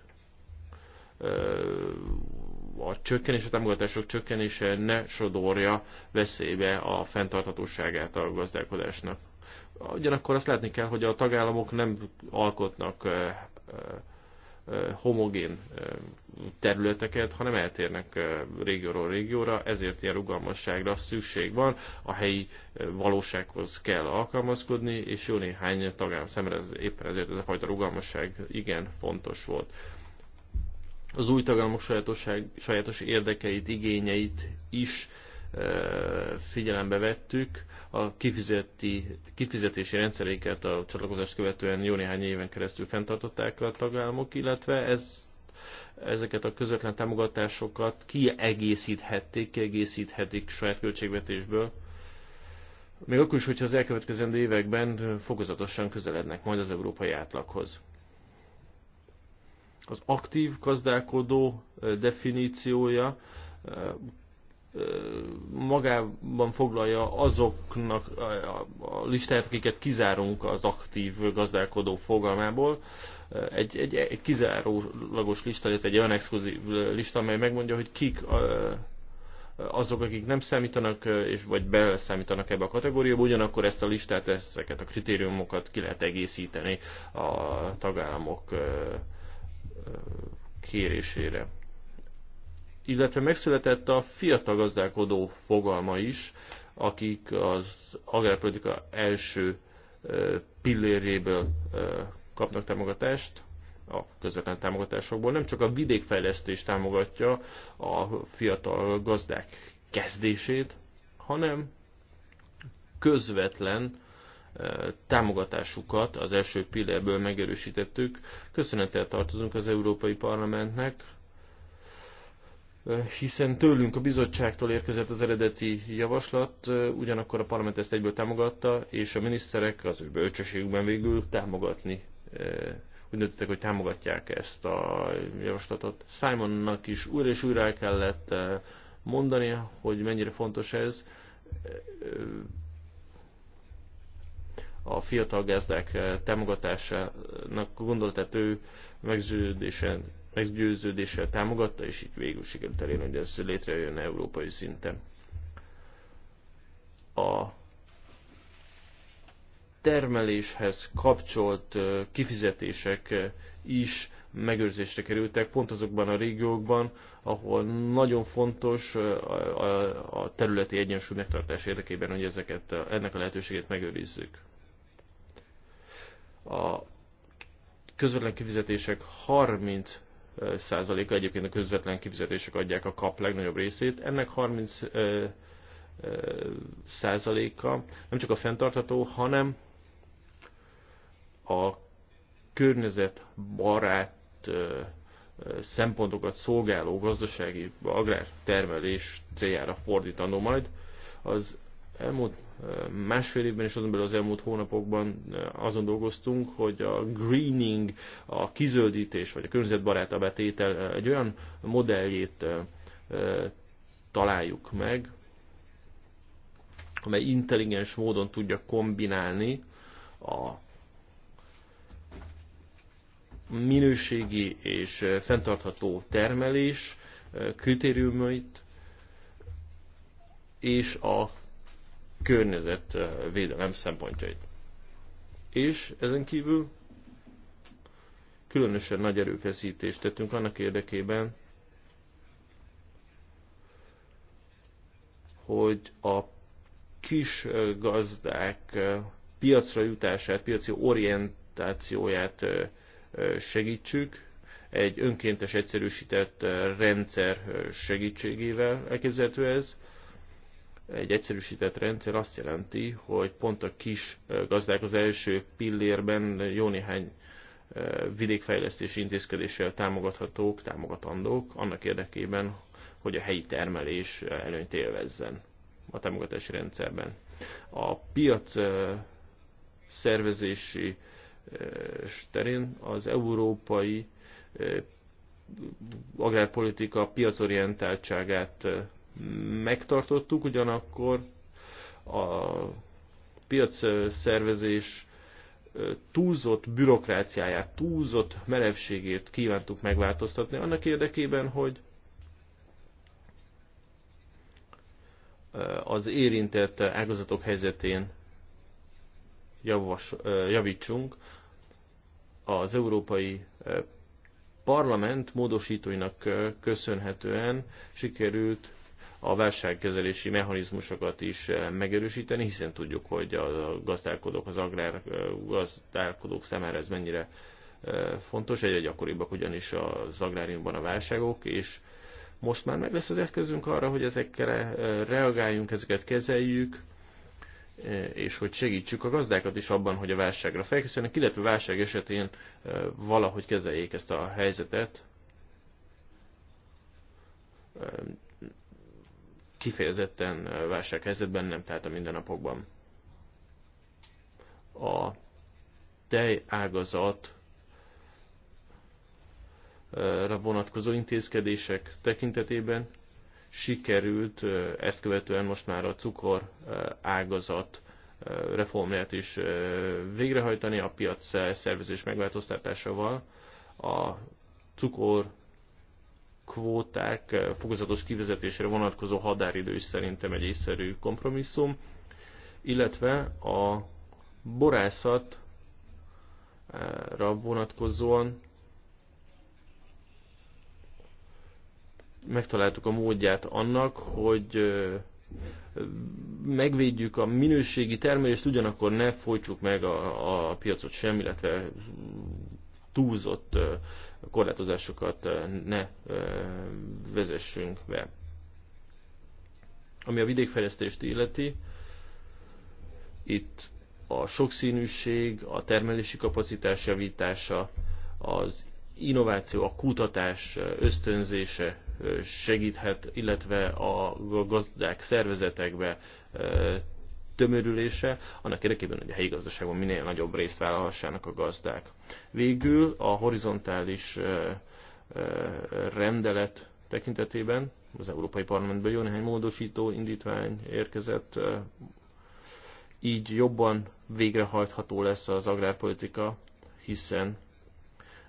a csökkenés, a támogatások csökkenése ne sodorja veszélybe a fenntarthatóságát a gazdálkodásnak. Ugyanakkor azt látni kell, hogy a tagállamok nem alkotnak homogén területeket, hanem eltérnek régióról régióra, ezért ilyen rugalmasságra szükség van, a helyi valósághoz kell alkalmazkodni, és jó néhány tagállam szemre ez, éppen ezért ez a fajta rugalmasság igen fontos volt. Az új tagállamok sajátos érdekeit, igényeit is figyelembe vettük. A kifizeti, kifizetési rendszeréket a csatlakozást követően jó néhány éven keresztül fenntartották a tagállamok, illetve ez, ezeket a közvetlen támogatásokat kiegészíthették, kiegészíthetik saját költségvetésből. Még akkor is, hogyha az elkövetkezendő években fokozatosan közelednek majd az európai átlaghoz. Az aktív gazdálkodó definíciója magában foglalja azoknak a listáját, akiket kizárunk az aktív gazdálkodó fogalmából. Egy, egy, egy kizárólagos lista, illetve egy olyan exkluzív lista, amely megmondja, hogy kik azok, akik nem számítanak, és vagy beleszámítanak ebbe a kategóriába, ugyanakkor ezt a listát, ezeket a kritériumokat ki lehet egészíteni a tagállamok kérésére illetve megszületett a fiatal gazdálkodó fogalma is, akik az agrárpolitika első pilléréből kapnak támogatást, a közvetlen támogatásokból. Nem csak a vidékfejlesztés támogatja a fiatal gazdák kezdését, hanem közvetlen támogatásukat az első pillérből megerősítettük. Köszönettel tartozunk az Európai Parlamentnek, hiszen tőlünk a bizottságtól érkezett az eredeti javaslat, ugyanakkor a parlament ezt egyből támogatta, és a miniszterek az ő bölcsességükben végül támogatni úgy döntöttek, hogy támogatják ezt a javaslatot. Simonnak is újra és újra kellett mondani, hogy mennyire fontos ez. A fiatal gazdák támogatásának gondolatát ő megződésen meggyőződéssel támogatta, és így végül sikerült elérni, hogy ez létrejön európai szinten. A termeléshez kapcsolt kifizetések is megőrzésre kerültek, pont azokban a régiókban, ahol nagyon fontos a területi egyensúly megtartás érdekében, hogy ezeket, ennek a lehetőséget megőrizzük. A közvetlen kifizetések 30 százaléka, egyébként a közvetlen kifizetések adják a kap legnagyobb részét. Ennek 30 százaléka nem csak a fenntartható, hanem a környezetbarát szempontokat szolgáló gazdasági agrártermelés céljára fordítandó majd. Az Elmúlt eh, másfél évben és azon belül az elmúlt hónapokban eh, azon dolgoztunk, hogy a greening, a kizöldítés vagy a környezetbarátabb betétel eh, egy olyan modelljét találjuk meg, amely intelligens módon tudja kombinálni a minőségi és fenntartható termelés kritériumait és a környezetvédelem szempontjait. És ezen kívül különösen nagy erőfeszítést tettünk annak érdekében, hogy a kis gazdák piacra jutását, piaci orientációját segítsük, egy önkéntes egyszerűsített rendszer segítségével elképzelhető ez, egy egyszerűsített rendszer azt jelenti, hogy pont a kis gazdák az első pillérben jó néhány vidékfejlesztési intézkedéssel támogathatók, támogatandók, annak érdekében, hogy a helyi termelés előnyt élvezzen a támogatási rendszerben. A piac szervezési terén az európai agrárpolitika piacorientáltságát megtartottuk, ugyanakkor a piacszervezés túlzott bürokráciáját, túlzott merevségét kívántuk megváltoztatni annak érdekében, hogy az érintett ágazatok helyzetén javas, javítsunk. Az Európai Parlament módosítóinak köszönhetően sikerült a válságkezelési mechanizmusokat is eh, megerősíteni, hiszen tudjuk, hogy a gazdálkodók, az eh, gazdálkodók számára ez mennyire eh, fontos, egyre gyakoribbak ugyanis az agráriumban a válságok, és most már meg lesz az eszközünk arra, hogy ezekre reagáljunk, ezeket kezeljük, és hogy segítsük a gazdákat is abban, hogy a válságra felkészüljenek, illetve válság esetén valahogy kezeljék ezt a helyzetet kifejezetten válsághelyzetben nem, tehát a mindennapokban. A tej ágazat vonatkozó intézkedések tekintetében sikerült ezt követően most már a cukor ágazat reformját is végrehajtani a piac szervezés megváltoztatásával. A cukor kvóták eh, fokozatos kivezetésére vonatkozó határidő is szerintem egy észszerű kompromisszum, illetve a borászatra vonatkozóan megtaláltuk a módját annak, hogy eh, megvédjük a minőségi termelést, ugyanakkor ne folytsuk meg a, a piacot sem, illetve túlzott eh, korlátozásokat eh, ne eh, vezessünk be. Ami a vidékfejlesztést illeti, itt a sokszínűség, a termelési kapacitás javítása, az innováció, a kutatás eh, ösztönzése segíthet, illetve a gazdák szervezetekbe tömörülése, annak érdekében, hogy a helyi gazdaságban minél nagyobb részt vállalhassanak a gazdák. Végül a horizontális rendelet tekintetében az Európai Parlamentben jó néhány módosító indítvány érkezett, így jobban végrehajtható lesz az agrárpolitika, hiszen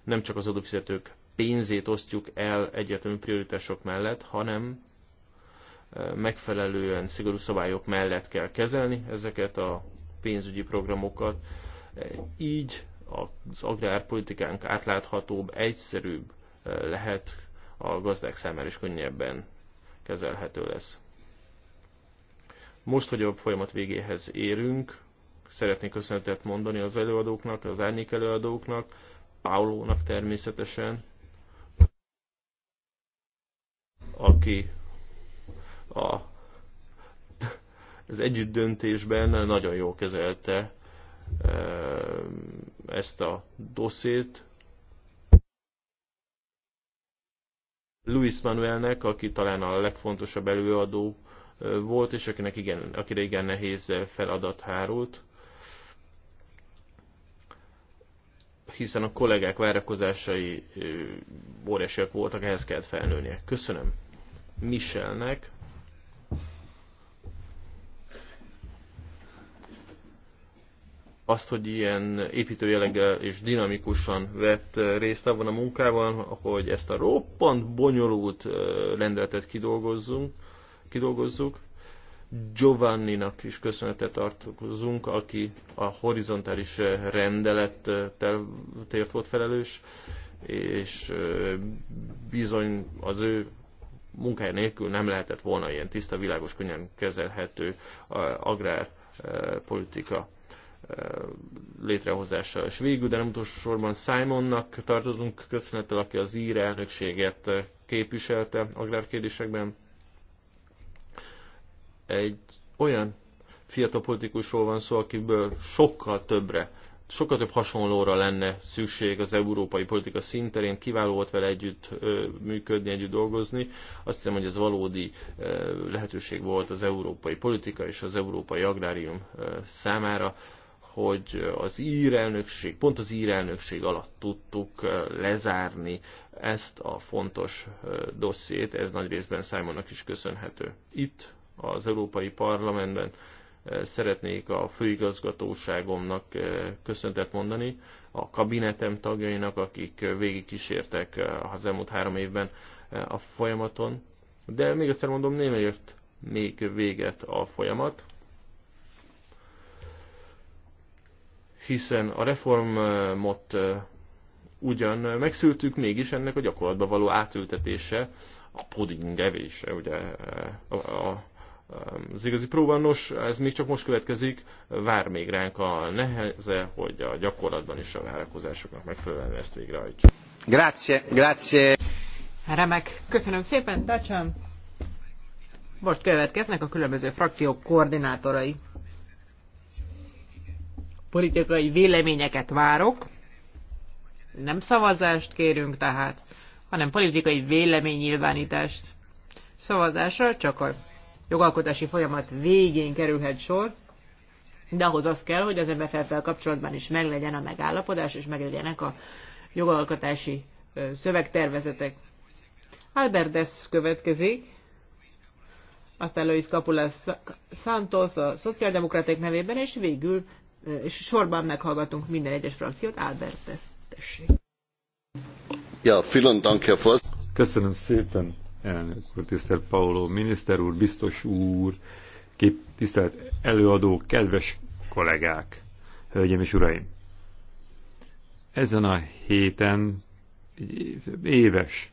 nem csak az adófizetők pénzét osztjuk el egyetemű prioritások mellett, hanem megfelelően szigorú szabályok mellett kell kezelni ezeket a pénzügyi programokat. Így az agrárpolitikánk átláthatóbb, egyszerűbb lehet a gazdák számára is könnyebben kezelhető lesz. Most, hogy a folyamat végéhez érünk, szeretnék köszönetet mondani az előadóknak, az árnyék előadóknak, Paulónak természetesen, aki a, az együtt döntésben nagyon jól kezelte e, ezt a dosszét. Luis Manuelnek, aki talán a legfontosabb előadó e, volt, és akinek igen, akire igen nehéz feladat hárult. hiszen a kollégák várakozásai e, óriásiak voltak, ehhez kellett felnőnie. Köszönöm Michelnek, azt, hogy ilyen építőjeleggel és dinamikusan vett eh, részt abban a munkában, hogy ezt a roppant bonyolult eh, rendeletet kidolgozzunk, kidolgozzuk. Giovanninak is köszönetet tartozunk, aki a horizontális eh, rendelettel tért volt felelős, és bizony az ő munkája nélkül nem lehetett volna ilyen tiszta, világos, könnyen kezelhető agrárpolitika létrehozása. És végül, de nem utolsó sorban Simonnak tartozunk köszönettel, aki az ír elnökséget képviselte agrárkérdésekben. Egy olyan fiatal politikusról van szó, akiből sokkal többre, sokkal több hasonlóra lenne szükség az európai politika szinterén. Kiváló volt vele együtt működni, együtt dolgozni. Azt hiszem, hogy ez valódi lehetőség volt az európai politika és az európai agrárium számára hogy az ír elnökség, pont az ír elnökség alatt tudtuk lezárni ezt a fontos dossziét, ez nagy részben Simonnak is köszönhető. Itt az Európai Parlamentben szeretnék a főigazgatóságomnak köszöntet mondani, a kabinetem tagjainak, akik végigkísértek az elmúlt három évben a folyamaton. De még egyszer mondom, nem ért még véget a folyamat. hiszen a reformot ugyan megszültük, mégis ennek a gyakorlatba való átültetése, a puding evése, ugye a, a, az igazi próbannos, ez még csak most következik, vár még ránk a neheze, hogy a gyakorlatban is a várakozásoknak megfelelően ezt végrehajtsuk. Grazie, grazie. Remek, köszönöm szépen, Dacsan. Most következnek a különböző frakciók koordinátorai politikai véleményeket várok. Nem szavazást kérünk tehát, hanem politikai véleménynyilvánítást. Szavazásra csak a jogalkotási folyamat végén kerülhet sor, de ahhoz az kell, hogy az MFF-fel kapcsolatban is meglegyen a megállapodás, és meglegyenek a jogalkotási szövegtervezetek. Albertes következik, aztán Luis Capulas Santos a szociáldemokraták nevében, és végül és sorban meghallgatunk minden egyes frakciót. Albert, ezt tessék. Ja, vielen Dank, Herr Voss. Köszönöm szépen, elnök úr, tisztelt Paolo, miniszter úr, biztos úr, kép, tisztelt előadó, kedves kollégák, hölgyeim és uraim. Ezen a héten éves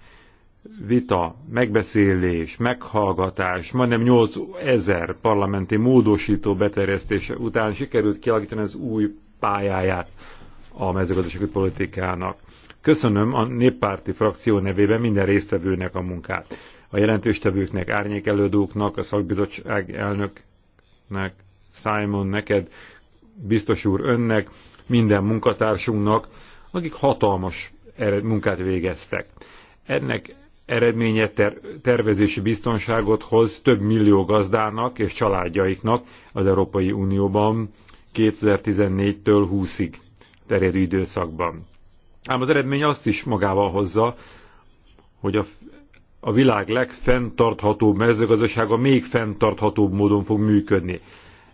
vita, megbeszélés, meghallgatás, majdnem 8 ezer parlamenti módosító beterjesztése után sikerült kialakítani az új pályáját a mezőgazdasági politikának. Köszönöm a néppárti frakció nevében minden résztvevőnek a munkát. A jelentéstevőknek, árnyékelődőknek, a szakbizottság elnöknek, Simon, neked, biztos úr önnek, minden munkatársunknak, akik hatalmas munkát végeztek. Ennek eredménye ter tervezési biztonságot hoz több millió gazdának és családjaiknak az Európai Unióban 2014-től 20-ig terjedő időszakban. Ám az eredmény azt is magával hozza, hogy a, a világ legfenntarthatóbb mezőgazdasága még fenntarthatóbb módon fog működni.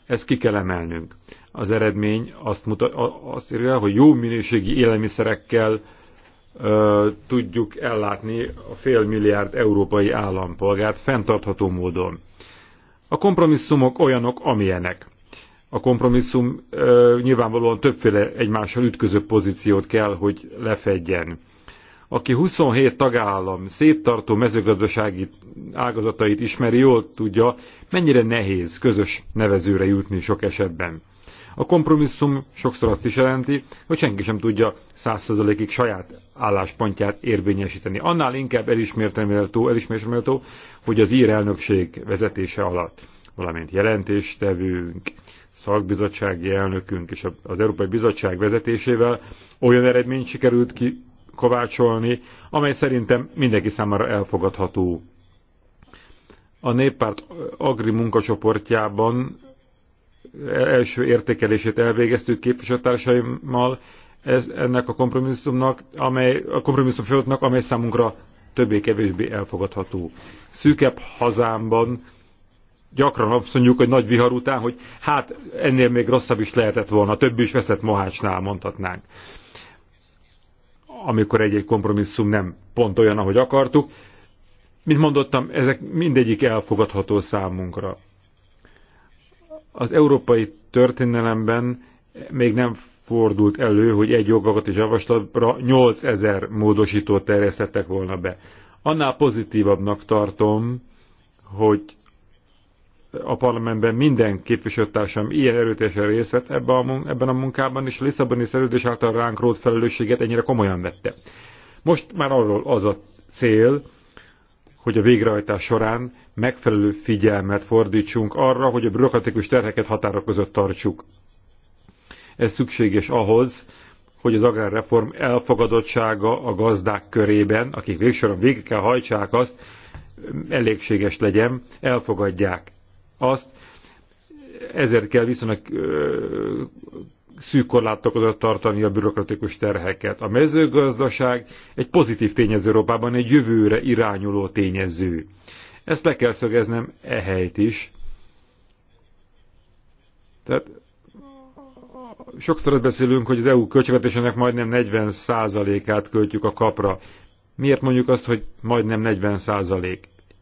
Ezt ki kell emelnünk. Az eredmény azt, mutatja, azt írja, hogy jó minőségi élelmiszerekkel tudjuk ellátni a fél milliárd európai állampolgárt fenntartható módon. A kompromisszumok olyanok, amilyenek. A kompromisszum ö, nyilvánvalóan többféle egymással ütköző pozíciót kell, hogy lefedjen. Aki 27 tagállam széttartó mezőgazdasági ágazatait ismeri, jól tudja, mennyire nehéz közös nevezőre jutni sok esetben. A kompromisszum sokszor azt is jelenti, hogy senki sem tudja százszerzalékig saját álláspontját érvényesíteni. Annál inkább elismerteméltó, elismerteméltó, hogy az ír elnökség vezetése alatt, valamint jelentéstevünk, szakbizottsági elnökünk és az Európai Bizottság vezetésével olyan eredményt sikerült ki kovácsolni, amely szerintem mindenki számára elfogadható. A néppárt agri munkacsoportjában első értékelését elvégeztük képviselőtársaimmal ez, ennek a kompromisszumnak, amely, a kompromisszum feladatnak, amely számunkra többé-kevésbé elfogadható. Szűkebb hazámban gyakran azt mondjuk, hogy nagy vihar után, hogy hát ennél még rosszabb is lehetett volna, több is veszett mohácsnál mondhatnánk. Amikor egy-egy kompromisszum nem pont olyan, ahogy akartuk. Mint mondottam, ezek mindegyik elfogadható számunkra. Az európai történelemben még nem fordult elő, hogy egy jogalkotási javaslatra 8000 módosítót terjesztettek volna be. Annál pozitívabbnak tartom, hogy a parlamentben minden képviselőtársam ilyen erőtésen részt vett ebben a, ebben a munkában, és a Lisszaboni szerződés által ránk rót felelősséget ennyire komolyan vette. Most már arról az a cél, hogy a végrehajtás során megfelelő figyelmet fordítsunk arra, hogy a bürokratikus terheket határok között tartsuk. Ez szükséges ahhoz, hogy az agrárreform elfogadottsága a gazdák körében, akik végsoron végig kell hajtsák azt, elégséges legyen, elfogadják azt. Ezért kell viszonylag szűk korlátok tartani a bürokratikus terheket. A mezőgazdaság egy pozitív tényező Európában, egy jövőre irányuló tényező. Ezt le kell szögeznem ehelyt is. Tehát sokszor beszélünk, hogy az EU költségvetésének majdnem 40%-át költjük a kapra. Miért mondjuk azt, hogy majdnem 40%?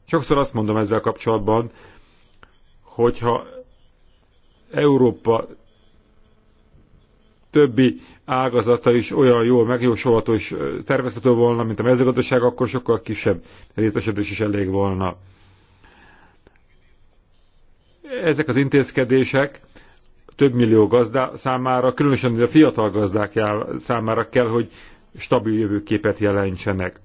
Sokszor azt mondom ezzel kapcsolatban, hogyha Európa többi ágazata is olyan jól megjósolható és tervezhető volna, mint a mezőgazdaság, akkor sokkal kisebb részesedés is elég volna. Ezek az intézkedések több millió gazdá számára, különösen a fiatal gazdák számára kell, hogy stabil jövőképet jelentsenek.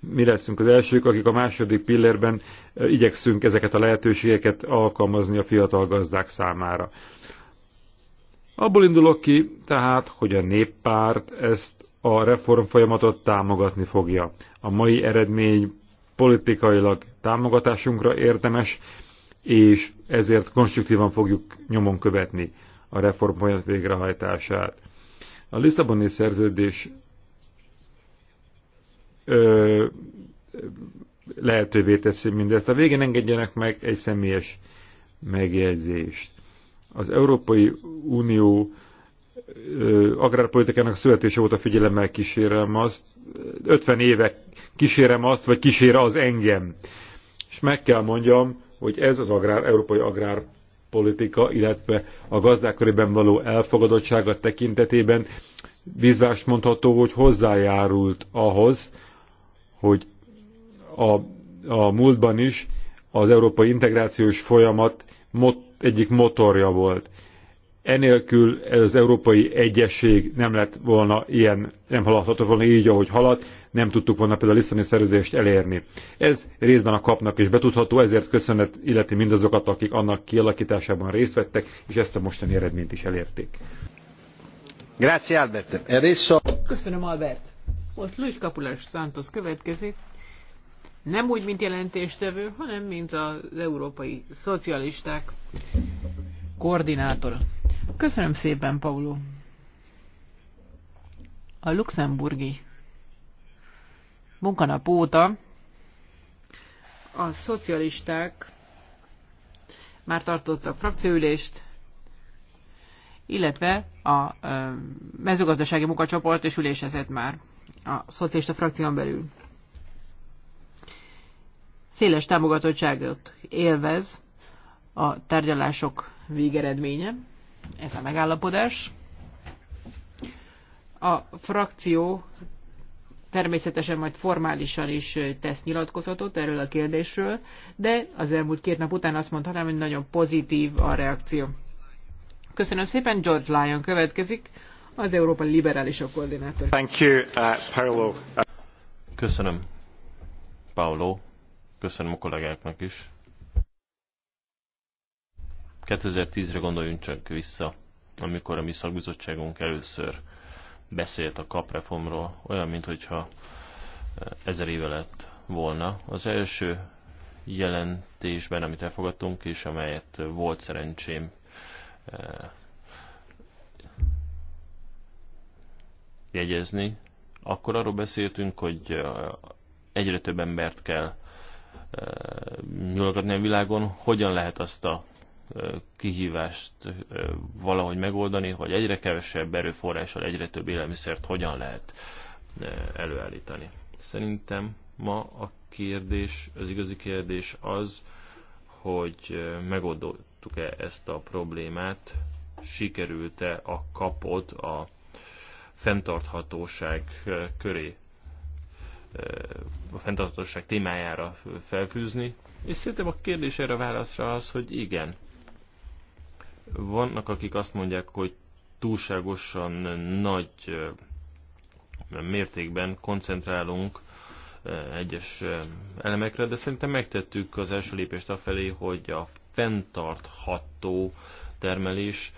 Mi leszünk az elsők, akik a második pillérben igyekszünk ezeket a lehetőségeket alkalmazni a fiatal gazdák számára. Abból indulok ki, tehát, hogy a néppárt ezt a reform folyamatot támogatni fogja. A mai eredmény politikailag támogatásunkra érdemes, és ezért konstruktívan fogjuk nyomon követni a reform folyamat végrehajtását. A Lisszaboni szerződés ö, lehetővé teszi mindezt. A végén engedjenek meg egy személyes megjegyzést. Az Európai Unió agrárpolitikának születése óta figyelemmel kísérem azt, 50 éve kísérem azt, vagy kísér az engem. És meg kell mondjam, hogy ez az agrár, európai agrárpolitika, illetve a gazdák körében való elfogadottsága tekintetében bizvás mondható, hogy hozzájárult ahhoz, hogy a, a múltban is az európai integrációs folyamat mot, egyik motorja volt. Enélkül ez az európai egyesség nem lett volna ilyen, nem haladhatott volna így, ahogy halad, nem tudtuk volna például a Lisszani szerződést elérni. Ez részben a kapnak is betudható, ezért köszönet illeti mindazokat, akik annak kialakításában részt vettek, és ezt a mostani eredményt is elérték. Grazie Albert. E adesso... Köszönöm Albert. Most Luis Capulás Santos következik nem úgy, mint jelentéstevő, hanem mint az európai szocialisták koordinátora. Köszönöm szépen, Pauló. A luxemburgi munkanap óta a szocialisták már tartottak frakcióülést, illetve a mezőgazdasági munkacsoport és ülésezett már a szocialista frakción belül széles támogatottságot élvez a tárgyalások végeredménye, ez a megállapodás. A frakció természetesen majd formálisan is tesz nyilatkozatot erről a kérdésről, de az elmúlt két nap után azt mondhatnám, hogy nagyon pozitív a reakció. Köszönöm szépen, George Lyon következik, az Európa Liberálisok koordinátor. Thank you, uh, Paolo. Köszönöm, Paolo. Köszönöm a kollégáknak is. 2010-re gondoljunk csak vissza, amikor a mi szakbizottságunk először beszélt a kapreformról, olyan, mintha eh, ezer éve lett volna. Az első jelentésben, amit elfogadtunk, és amelyet volt szerencsém eh, jegyezni, akkor arról beszéltünk, hogy eh, egyre több embert kell nyugatni a világon, hogyan lehet azt a kihívást valahogy megoldani, hogy egyre kevesebb erőforrással egyre több élelmiszert hogyan lehet előállítani. Szerintem ma a kérdés, az igazi kérdés az, hogy megoldottuk-e ezt a problémát, sikerült-e a kapot a fenntarthatóság köré a fenntarthatóság témájára felfűzni. És szerintem a kérdés erre a válaszra az, hogy igen. Vannak, akik azt mondják, hogy túlságosan nagy mértékben koncentrálunk egyes elemekre, de szerintem megtettük az első lépést afelé, hogy a fenntartható termelés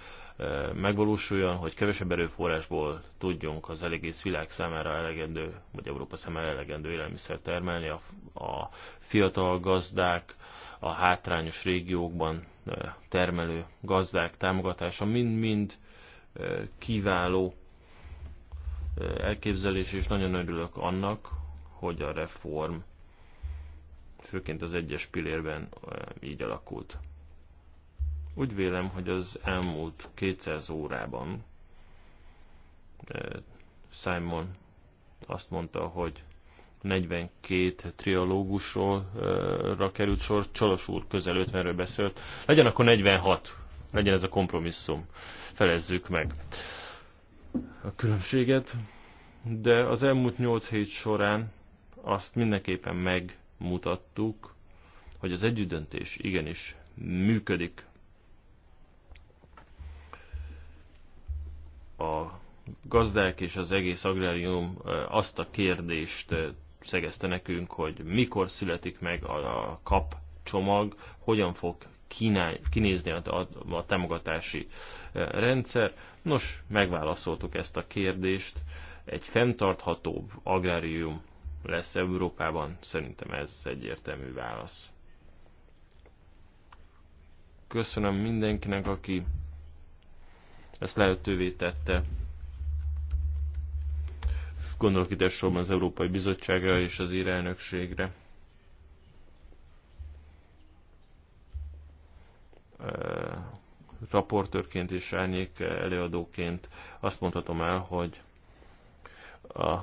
megvalósuljon, hogy kevesebb erőforrásból tudjunk az egész világ számára elegendő, vagy Európa számára elegendő élelmiszer termelni. A, a fiatal gazdák, a hátrányos régiókban termelő gazdák támogatása mind-mind kiváló elképzelés, és nagyon örülök annak, hogy a reform főként az egyes pillérben így alakult. Úgy vélem, hogy az elmúlt 200 órában Simon azt mondta, hogy 42 triológusról került sor, Csolos úr közel 50-ről beszélt. Legyen akkor 46, legyen ez a kompromisszum. Felezzük meg a különbséget. De az elmúlt 8 hét során azt mindenképpen megmutattuk, hogy az együttdöntés igenis működik. a gazdák és az egész agrárium azt a kérdést szegezte nekünk, hogy mikor születik meg a kap csomag, hogyan fog kinézni a, a támogatási rendszer. Nos, megválaszoltuk ezt a kérdést. Egy fenntarthatóbb agrárium lesz Európában, szerintem ez egyértelmű válasz. Köszönöm mindenkinek, aki ezt lehetővé tette. Gondolok ide sorban az Európai Bizottságra és az irelnökségre. raportőrként és árnyék előadóként azt mondhatom el, hogy a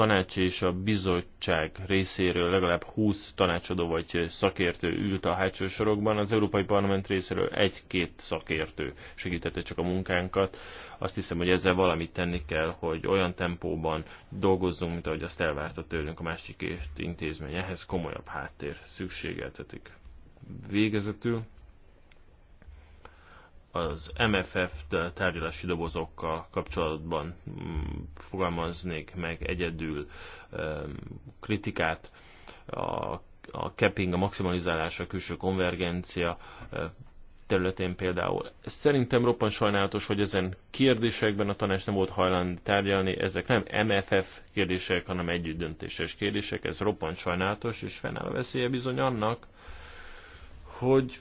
tanács és a bizottság részéről legalább 20 tanácsadó vagy szakértő ült a hátsó sorokban, az Európai Parlament részéről egy-két szakértő segítette csak a munkánkat. Azt hiszem, hogy ezzel valamit tenni kell, hogy olyan tempóban dolgozzunk, mint ahogy azt elvárta tőlünk a másik intézmény. Ehhez komolyabb háttér szükségeltetik. Végezetül az MFF tárgyalási dobozokkal kapcsolatban mm, fogalmaznék meg egyedül kritikát. A, capping, a maximalizálás, a külső konvergencia területén például. Szerintem roppan sajnálatos, hogy ezen kérdésekben a tanács nem volt hajlandó tárgyalni, ezek nem MFF kérdések, hanem együttdöntéses kérdések, ez roppan sajnálatos, és fennáll a veszélye bizony annak, hogy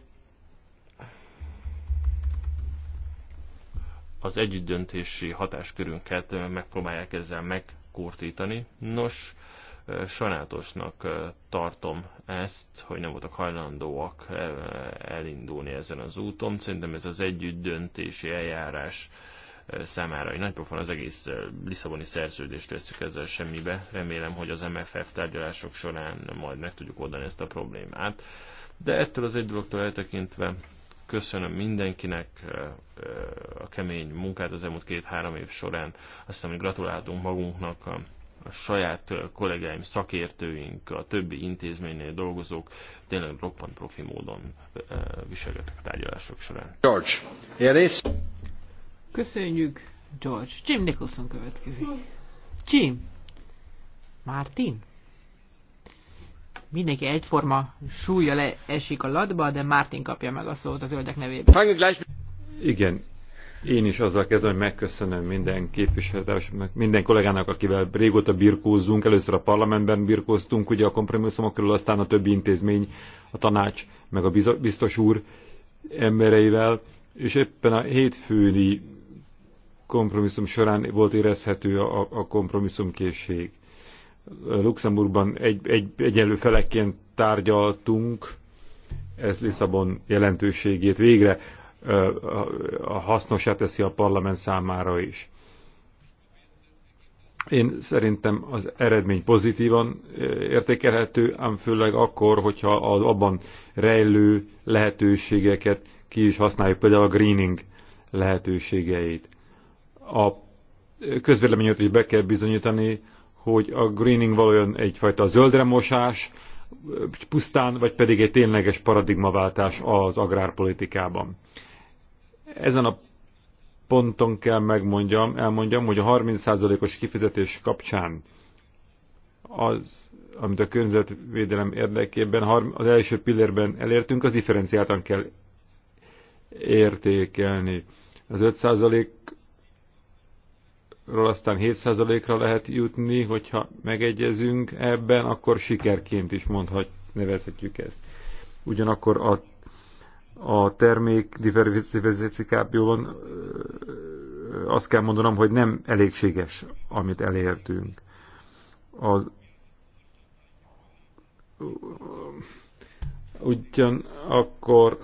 az együttdöntési hatáskörünket megpróbálják ezzel megkurtítani. Nos, sajnálatosnak tartom ezt, hogy nem voltak hajlandóak elindulni ezen az úton. Szerintem ez az együttdöntési eljárás számára egy nagy az egész Lisszaboni szerződést veszük ezzel semmibe. Remélem, hogy az MFF tárgyalások során majd meg tudjuk oldani ezt a problémát. De ettől az egy dologtól eltekintve Köszönöm mindenkinek eh, eh, a kemény munkát az elmúlt két-három év során. Azt hiszem, hogy gratulálhatunk magunknak a, a saját eh, kollégáim, szakértőink, a többi intézménynél dolgozók tényleg roppant profi módon viselgetek a tárgyalások során. George, Érész? Köszönjük, George. Jim Nicholson következik. Jim. Martin mindenki egyforma súlya le esik a latba, de Martin kapja meg a szót az öldek nevében. Igen, én is azzal kezdem, hogy megköszönöm minden képviselőtársamnak, minden kollégának, akivel régóta birkózzunk. Először a parlamentben birkóztunk, ugye a kompromisszumok körül, aztán a többi intézmény, a tanács, meg a biztos úr embereivel. És éppen a hétfőni kompromisszum során volt érezhető a, a kompromisszumkészség. Luxemburgban egy, egy, egyenlő felekként tárgyaltunk, ez Lisszabon jelentőségét végre hasznosát teszi a parlament számára is. Én szerintem az eredmény pozitívan értékelhető, ám főleg akkor, hogyha az abban rejlő lehetőségeket ki is használjuk, például a greening lehetőségeit. A közvéleményet is be kell bizonyítani, hogy a greening valójában egyfajta zöldremosás, pusztán, vagy pedig egy tényleges paradigmaváltás az agrárpolitikában. Ezen a ponton kell megmondjam, elmondjam, hogy a 30%-os kifizetés kapcsán az, amit a környezetvédelem érdekében az első pillérben elértünk, az differenciáltan kell értékelni. Az 5% ról aztán 7%-ra lehet jutni, hogyha megegyezünk ebben, akkor sikerként is mondhat, nevezhetjük ezt. Ugyanakkor a, a termék diversifikációban azt kell mondanom, hogy nem elégséges, amit elértünk. Az, ugyanakkor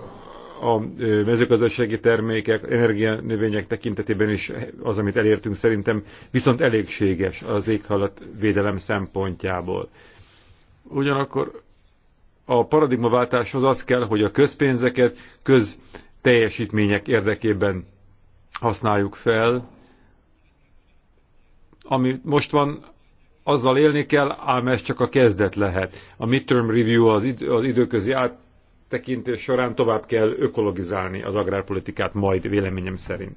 a mezőgazdasági termékek, energianövények tekintetében is az, amit elértünk szerintem viszont elégséges az éghajlat védelem szempontjából. Ugyanakkor a paradigmaváltáshoz az kell, hogy a közpénzeket köz teljesítmények érdekében használjuk fel. Ami most van, azzal élni kell, ám ez csak a kezdet lehet. A midterm review, az, id az időközi át tekintés során tovább kell ökologizálni az agrárpolitikát majd véleményem szerint.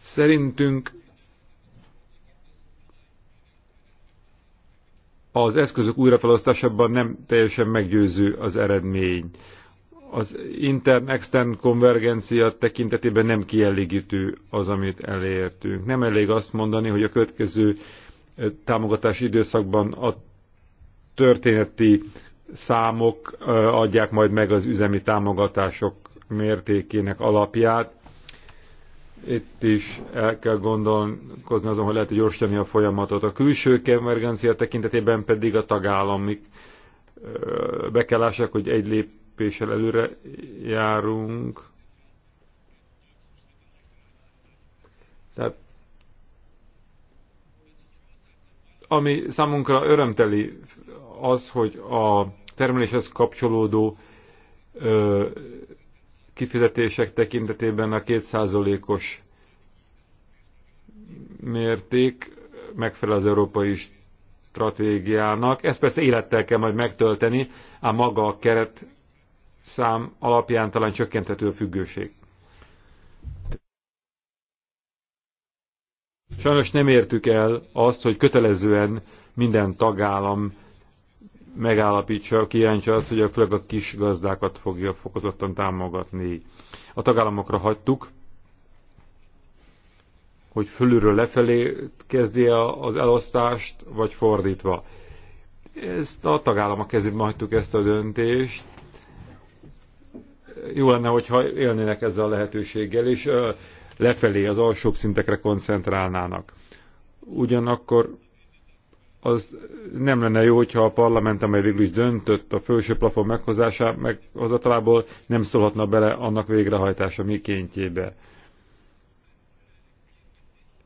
Szerintünk az eszközök újrafelosztásában nem teljesen meggyőző az eredmény. Az intern-extern konvergencia tekintetében nem kielégítő az, amit elértünk. Nem elég azt mondani, hogy a következő támogatási időszakban a történeti számok adják majd meg az üzemi támogatások mértékének alapját. Itt is el kell gondolkozni azon, hogy lehet gyorsítani a folyamatot. A külső konvergencia tekintetében pedig a tagállamik be kell lássák, hogy egy lépéssel előre járunk. Tehát ami számunkra örömteli az, hogy a termeléshez kapcsolódó ö, kifizetések tekintetében a kétszázalékos mérték megfelel az európai stratégiának. Ezt persze élettel kell majd megtölteni, ám maga a keret szám alapján talán csökkenthető a függőség. Sajnos nem értük el azt, hogy kötelezően minden tagállam megállapítsa, kijelentse azt, hogy a főleg a kis gazdákat fogja fokozottan támogatni. A tagállamokra hagytuk, hogy fölülről lefelé kezdi az elosztást, vagy fordítva. Ezt a tagállamok kezében hagytuk ezt a döntést. Jó lenne, hogyha élnének ezzel a lehetőséggel, és lefelé az alsóbb szintekre koncentrálnának. Ugyanakkor az nem lenne jó, hogyha a parlament, amely végül is döntött a felső plafon meghozása, meghozatalából nem szólhatna bele annak végrehajtása mikéntjébe.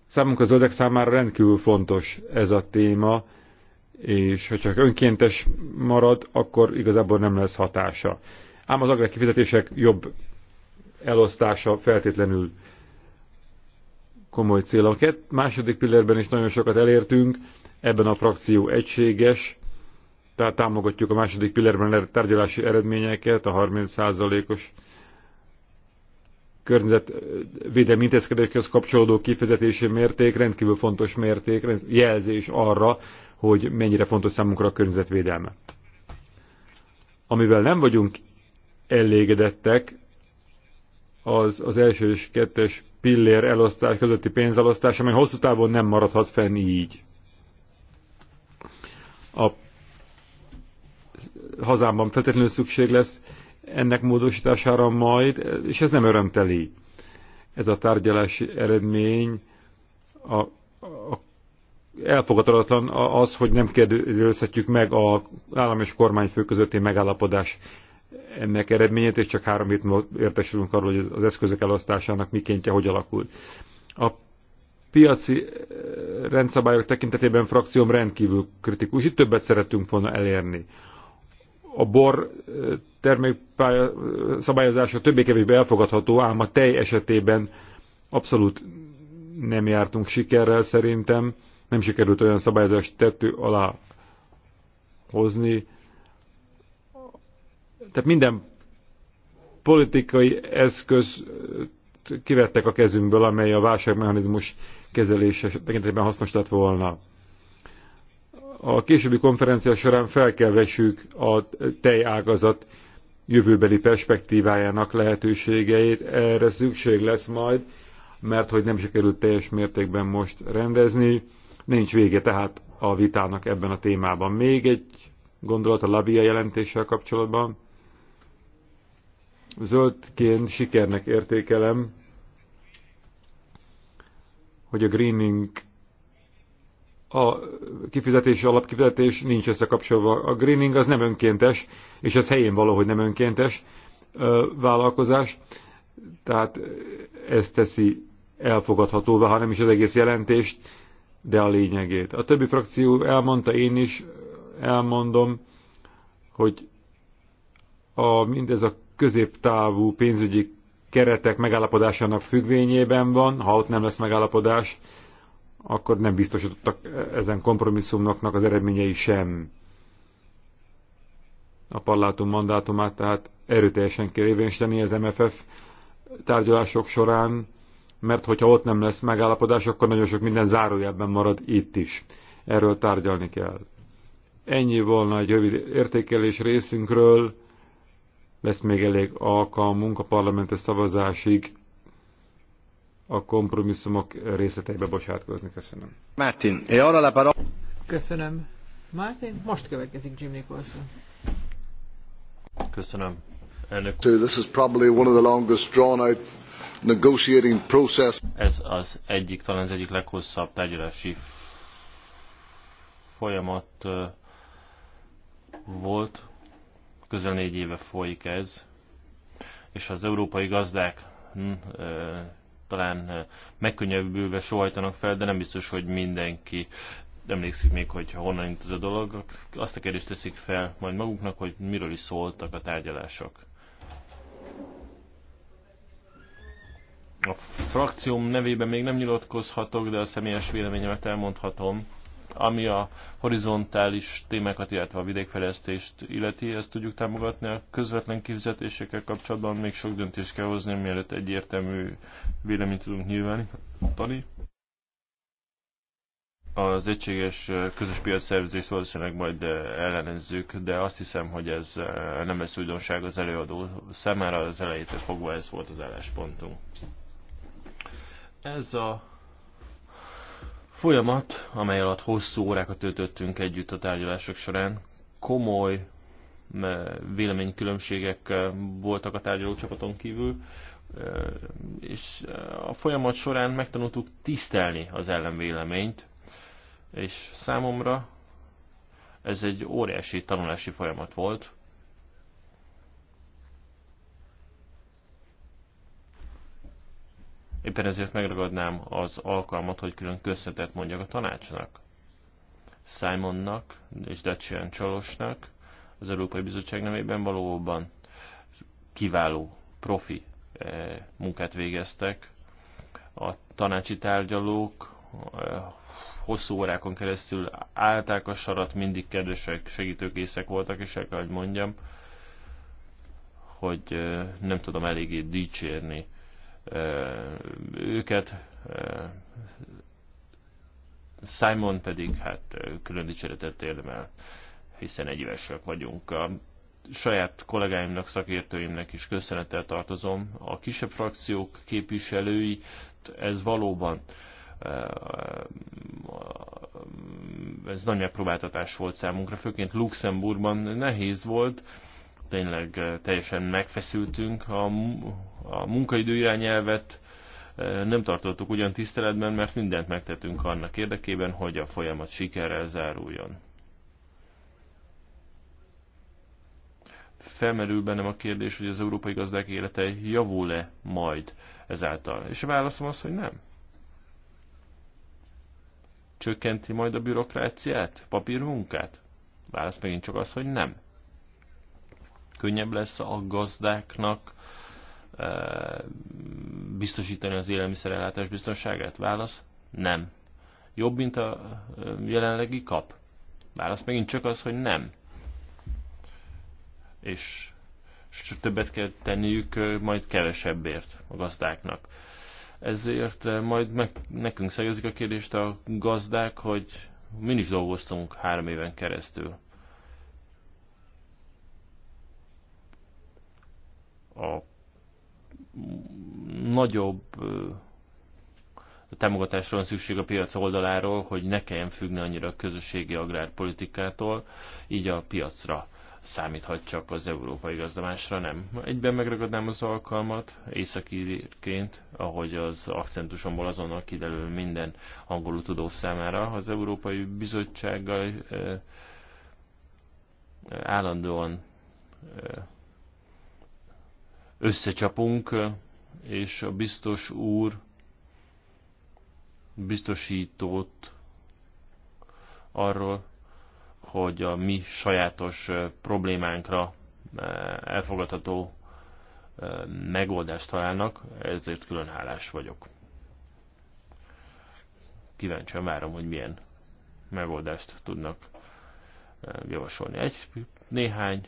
Számunkra az ödek számára rendkívül fontos ez a téma, és ha csak önkéntes marad, akkor igazából nem lesz hatása. Ám az kifizetések jobb elosztása feltétlenül komoly célunk. második pillérben is nagyon sokat elértünk, ebben a frakció egységes, tehát támogatjuk a második pillérben tárgyalási eredményeket, a 30%-os környezetvédelmi intézkedésekhez kapcsolódó kifizetési mérték rendkívül fontos mérték, jelzés arra, hogy mennyire fontos számunkra a környezetvédelme. Amivel nem vagyunk elégedettek, az az első és kettes pillér elosztás közötti pénzelosztás, amely hosszú távon nem maradhat fenn így a hazámban feltétlenül szükség lesz ennek módosítására majd, és ez nem örömteli. Ez a tárgyalási eredmény a, a elfogadhatatlan az, hogy nem kérdőzhetjük meg a állam és fő közötti megállapodás ennek eredményét, és csak három hét múlva értesülünk arról, hogy az eszközök elosztásának mikéntje hogy alakult. A piaci eh, rendszabályok tekintetében frakcióm rendkívül kritikus. Itt többet szeretünk volna elérni. A bor eh, termék eh, szabályozása többé-kevésbé elfogadható, ám a tej esetében abszolút nem jártunk sikerrel szerintem. Nem sikerült olyan szabályozást tető alá hozni. Tehát minden politikai eszköz kivettek a kezünkből, amely a válságmechanizmus kezelése tekintetében hasznos lett volna. A későbbi konferencia során fel kell vessük a tejágazat jövőbeli perspektívájának lehetőségeit. Erre szükség lesz majd, mert hogy nem sikerült teljes mértékben most rendezni. Nincs vége tehát a vitának ebben a témában. Még egy gondolat a Labia jelentéssel kapcsolatban. Zöldként sikernek értékelem hogy a greening a kifizetés alapkifizetés nincs összekapcsolva. A greening az nem önkéntes, és ez helyén való, hogy nem önkéntes vállalkozás, tehát ez teszi elfogadhatóvá, hanem is az egész jelentést, de a lényegét. A többi frakció elmondta, én is elmondom, hogy a, mindez a középtávú pénzügyi keretek megállapodásának függvényében van, ha ott nem lesz megállapodás, akkor nem biztosítottak ezen kompromisszumnak az eredményei sem. A parlátum mandátumát tehát erőteljesen kell érvényesíteni az MFF tárgyalások során, mert hogyha ott nem lesz megállapodás, akkor nagyon sok minden zárójelben marad itt is. Erről tárgyalni kell. Ennyi volna egy rövid értékelés részünkről lesz még elég alkalmunk a parlamentes szavazásig a kompromisszumok részleteibe bocsátkozni. Köszönöm. Martin, e arra la Köszönöm. Martin, most következik Jim Nicholson. Köszönöm. Elnök. This is probably one of the longest drawn out negotiating process. Ez az egyik, talán az egyik leghosszabb tárgyalási folyamat volt, közel négy éve folyik ez, és az európai gazdák hm, talán megkönnyebbülve sohajtanak fel, de nem biztos, hogy mindenki emlékszik még, hogy honnan indult ez a dolog. Azt a kérdést teszik fel majd maguknak, hogy miről is szóltak a tárgyalások. A frakcióm nevében még nem nyilatkozhatok, de a személyes véleményemet elmondhatom. Ami a horizontális témákat, illetve a vidékfejlesztést illeti, ezt tudjuk támogatni. A közvetlen kifizetésekkel kapcsolatban még sok döntést kell hozni, mielőtt egyértelmű véleményt tudunk nyilvánítani. Az egységes közös piac szervezést valószínűleg majd ellenezzük, de azt hiszem, hogy ez nem lesz újdonság az előadó számára, az elejétől fogva ez volt az álláspontunk. Ez a folyamat, amely alatt hosszú órákat töltöttünk együtt a tárgyalások során, komoly véleménykülönbségek e, voltak a tárgyalócsapaton kívül, e, és e, a folyamat során megtanultuk tisztelni az ellenvéleményt, és számomra ez egy óriási tanulási folyamat volt, Éppen ezért megragadnám az alkalmat, hogy külön köszönetet mondjak a tanácsnak, Simonnak és Dacian Csalosnak az Európai Bizottság nevében valóban kiváló, profi eh, munkát végeztek. A tanácsi tárgyalók eh, hosszú órákon keresztül állták a sarat, mindig kedvesek, segítőkészek voltak, és el kell, hogy mondjam, hogy eh, nem tudom eléggé dicsérni őket. Simon pedig hát külön dicséretet érdemel, hiszen évesek vagyunk. A saját kollégáimnak, szakértőimnek is köszönettel tartozom. A kisebb frakciók képviselői, ez valóban ez nagy megpróbáltatás volt számunkra, főként Luxemburgban nehéz volt, tényleg teljesen megfeszültünk. A, a munkaidő irányelvet nem tartottuk ugyan tiszteletben, mert mindent megtettünk annak érdekében, hogy a folyamat sikerrel záruljon. Felmerül bennem a kérdés, hogy az európai gazdák élete javul-e majd ezáltal. És a válaszom az, hogy nem. Csökkenti majd a bürokráciát, papírmunkát? Válasz megint csak az, hogy nem könnyebb lesz a gazdáknak eh, biztosítani az élelmiszerellátás biztonságát? Válasz, nem. Jobb, mint a eh, jelenlegi kap? Válasz megint csak az, hogy nem. És többet kell tenniük eh, majd kevesebbért a gazdáknak. Ezért majd meg, nekünk szegyezik a kérdést a gazdák, hogy mi is dolgoztunk három éven keresztül. a nagyobb támogatásra van szükség a piac oldaláról, hogy ne kelljen függni annyira a közösségi agrárpolitikától, így a piacra számíthat csak az európai gazdamásra, nem. Egyben megragadnám az alkalmat, északírként, ahogy az akcentusomból azonnal kiderül minden angolul tudó számára, az Európai Bizottsággal állandóan összecsapunk, és a biztos úr biztosított arról, hogy a mi sajátos problémánkra elfogadható megoldást találnak, ezért külön hálás vagyok. Kíváncsian várom, hogy milyen megoldást tudnak javasolni. Egy, néhány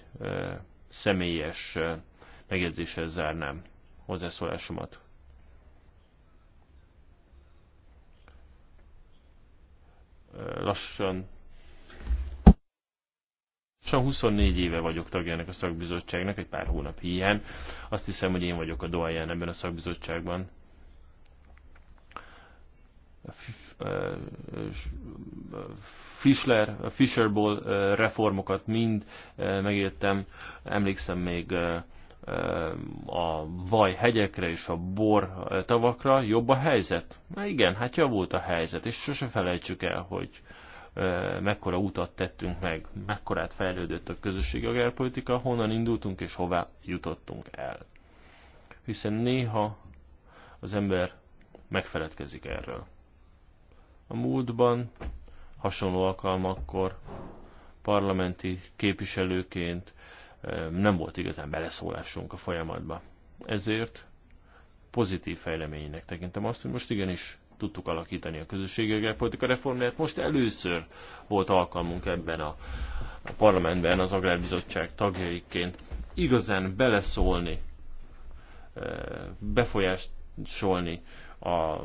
személyes megjegyzéssel zárnám hozzászólásomat. Lassan Lassan 24 éve vagyok tagjának a szakbizottságnak, egy pár hónap hiány. Azt hiszem, hogy én vagyok a doaján ebben a szakbizottságban. Fischler, Fisherból eh, reformokat mind eh, megértem. Emlékszem még eh, a vaj hegyekre és a bor eh, tavakra jobb a helyzet? Na igen, hát javult a helyzet, és sose felejtsük el, hogy eh, mekkora utat tettünk meg, mekkorát fejlődött a közösségi agrárpolitika, honnan indultunk és hová jutottunk el. Hiszen néha az ember megfeledkezik erről. A múltban hasonló alkalmakkor parlamenti képviselőként nem volt igazán beleszólásunk a folyamatba. Ezért pozitív fejleménynek tekintem azt, hogy most igenis tudtuk alakítani a közösségi politika reformját. Most először volt alkalmunk ebben a, a parlamentben az Agrárbizottság tagjaiként igazán beleszólni, befolyásolni a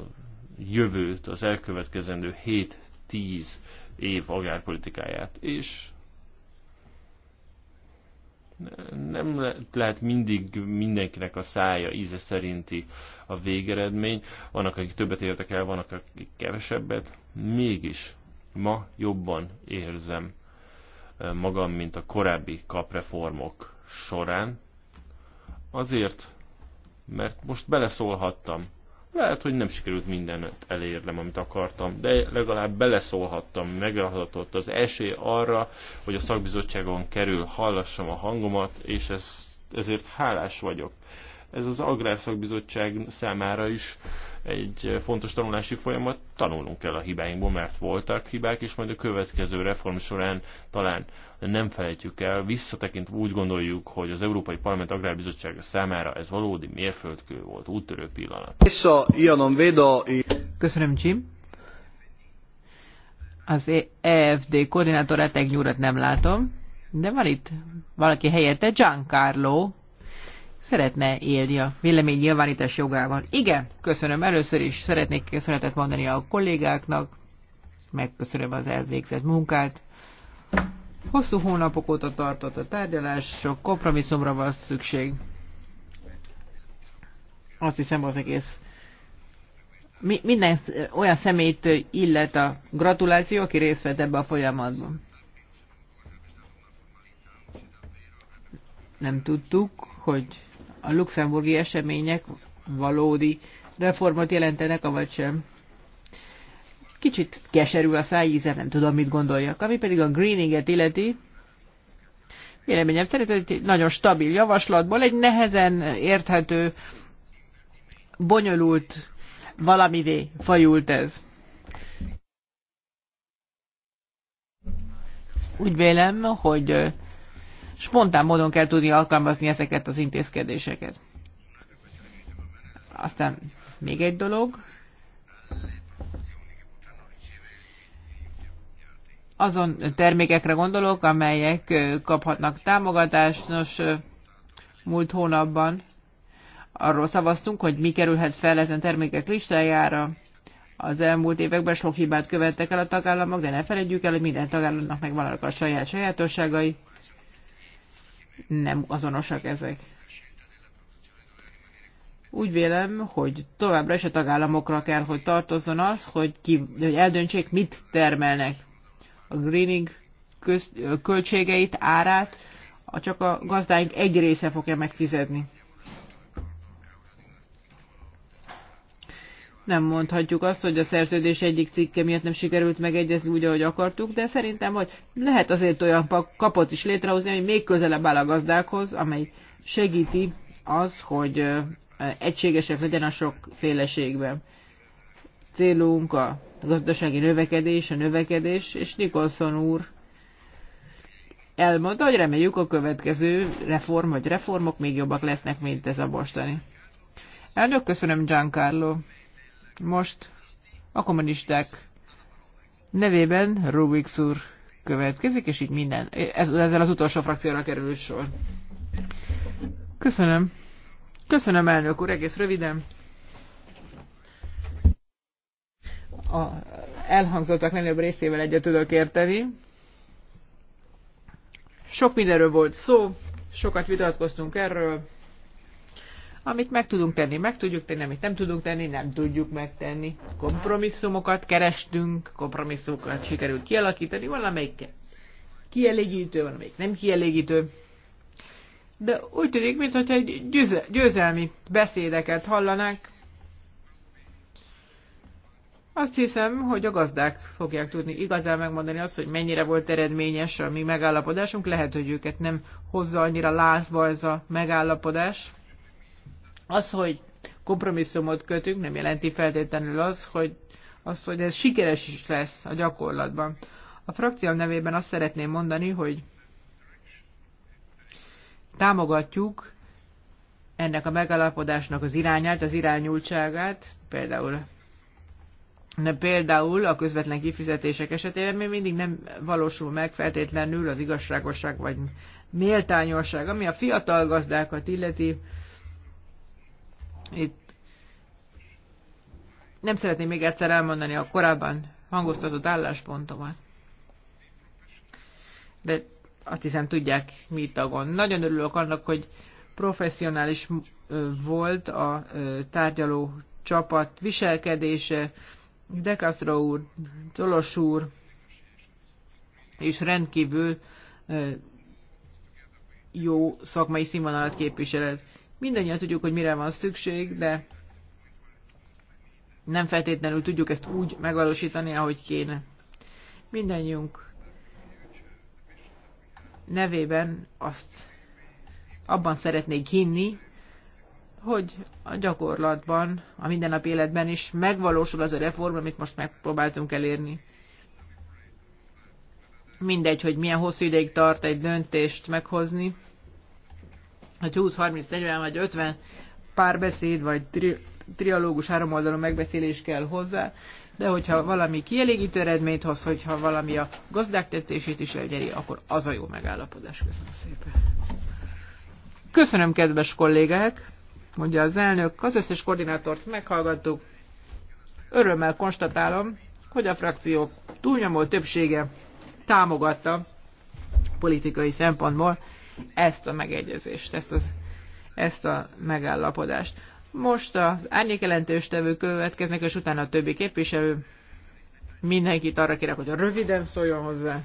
jövőt, az elkövetkezendő 7-10 év agrárpolitikáját, és nem lehet mindig mindenkinek a szája íze szerinti a végeredmény. Vannak, akik többet értek el, vannak, akik kevesebbet. Mégis ma jobban érzem magam, mint a korábbi kapreformok során. Azért, mert most beleszólhattam lehet, hogy nem sikerült mindent elérnem, amit akartam, de legalább beleszólhattam, megadhatott az esély arra, hogy a szakbizottságon kerül, hallassam a hangomat, és ez, ezért hálás vagyok. Ez az Agrárszakbizottság számára is egy fontos tanulási folyamat, tanulnunk kell a hibáinkból, mert voltak hibák, és majd a következő reform során talán nem felejtjük el, visszatekintve úgy gondoljuk, hogy az Európai Parlament Agrárbizottsága számára ez valódi mérföldkő volt, úttörő pillanat. Köszönöm, Jim. Az EFD e koordinátorát egy nyúrat nem látom, de van itt valaki helyette, Giancarlo szeretne élni a véleménynyilvánítás jogával. Igen, köszönöm. Először is szeretnék köszönetet mondani a kollégáknak, megköszönöm az elvégzett munkát. Hosszú hónapok óta tartott a tárgyalás, sok kompromisszumra van szükség. Azt hiszem az egész mi, minden olyan szemét illet a gratuláció, aki részt vett ebbe a folyamatban. Nem tudtuk, hogy a luxemburgi események valódi reformot jelentenek, avagy sem. Kicsit keserül a szájíze, nem tudom, mit gondoljak. Ami pedig a greeninget illeti, véleményem szerint egy nagyon stabil javaslatból, egy nehezen érthető, bonyolult valamivé fajult ez. Úgy vélem, hogy spontán módon kell tudni alkalmazni ezeket az intézkedéseket. Aztán még egy dolog. Azon termékekre gondolok, amelyek kaphatnak támogatást. Nos, múlt hónapban arról szavaztunk, hogy mi kerülhet fel ezen termékek listájára. Az elmúlt években sok hibát követtek el a tagállamok, de ne felejtjük el, hogy minden tagállamnak megvannak a saját sajátosságai. Nem azonosak ezek. Úgy vélem, hogy továbbra is a tagállamokra kell, hogy tartozzon az, hogy, ki, hogy eldöntsék, mit termelnek a greening köz, költségeit, árát, a csak a gazdáink egy része fogja megfizetni. Nem mondhatjuk azt, hogy a szerződés egyik cikke miatt nem sikerült megegyezni úgy, ahogy akartuk, de szerintem, hogy lehet azért olyan kapot is létrehozni, ami még közelebb áll a gazdákhoz, amely segíti az, hogy egységesek legyen a sok féleségben célunk a gazdasági növekedés, a növekedés, és Nicholson úr elmondta, hogy reméljük a következő reform vagy reformok még jobbak lesznek, mint ez a mostani. Elnök, köszönöm Giancarlo. Most a kommunisták nevében Rubik úr következik, és így minden. Ez, ezzel az utolsó frakcióra kerül sor. Köszönöm. Köszönöm, elnök úr, egész röviden. a elhangzottak legnagyobb részével egyet tudok érteni. Sok mindenről volt szó, sokat vitatkoztunk erről. Amit meg tudunk tenni, meg tudjuk tenni, amit nem tudunk tenni, nem tudjuk megtenni. Kompromisszumokat kerestünk, kompromisszumokat sikerült kialakítani, valamelyik kielégítő, valamelyik nem kielégítő. De úgy tűnik, mintha egy győzelmi beszédeket hallanák, azt hiszem, hogy a gazdák fogják tudni igazán megmondani azt, hogy mennyire volt eredményes a mi megállapodásunk. Lehet, hogy őket nem hozza annyira lázba ez a megállapodás. Az, hogy kompromisszumot kötünk, nem jelenti feltétlenül az, hogy, az, hogy ez sikeres is lesz a gyakorlatban. A frakció nevében azt szeretném mondani, hogy támogatjuk ennek a megállapodásnak az irányát, az irányultságát, például de például a közvetlen kifizetések esetében még mindig nem valósul meg feltétlenül az igazságosság vagy méltányosság, ami a fiatal gazdákat illeti. Itt nem szeretném még egyszer elmondani a korábban hangoztatott álláspontomat. De azt hiszem tudják, mi itt a gond. Nagyon örülök annak, hogy professzionális volt a tárgyaló csapat viselkedése, de Castro úr, Csolos úr, és rendkívül jó szakmai színvonalat képviselet. Mindennyian tudjuk, hogy mire van szükség, de nem feltétlenül tudjuk ezt úgy megvalósítani, ahogy kéne. Mindennyiunk nevében azt abban szeretnék hinni, hogy a gyakorlatban, a mindennapi életben is megvalósul az a reform, amit most megpróbáltunk elérni. Mindegy, hogy milyen hosszú ideig tart egy döntést meghozni, hogy 20, 30, 40 vagy 50 párbeszéd vagy tri- trialógus háromoldalú megbeszélés kell hozzá, de hogyha valami kielégítő eredményt hoz, hogyha valami a gazdák tettését is elnyeri, akkor az a jó megállapodás. Köszönöm szépen. Köszönöm, kedves kollégák! mondja az elnök. Az összes koordinátort meghallgattuk. Örömmel konstatálom, hogy a frakció túlnyomó többsége támogatta politikai szempontból ezt a megegyezést, ezt, az, ezt a megállapodást. Most az árnyékjelentőstevő következnek, és utána a többi képviselő. Mindenkit arra kérek, hogy röviden szóljon hozzá.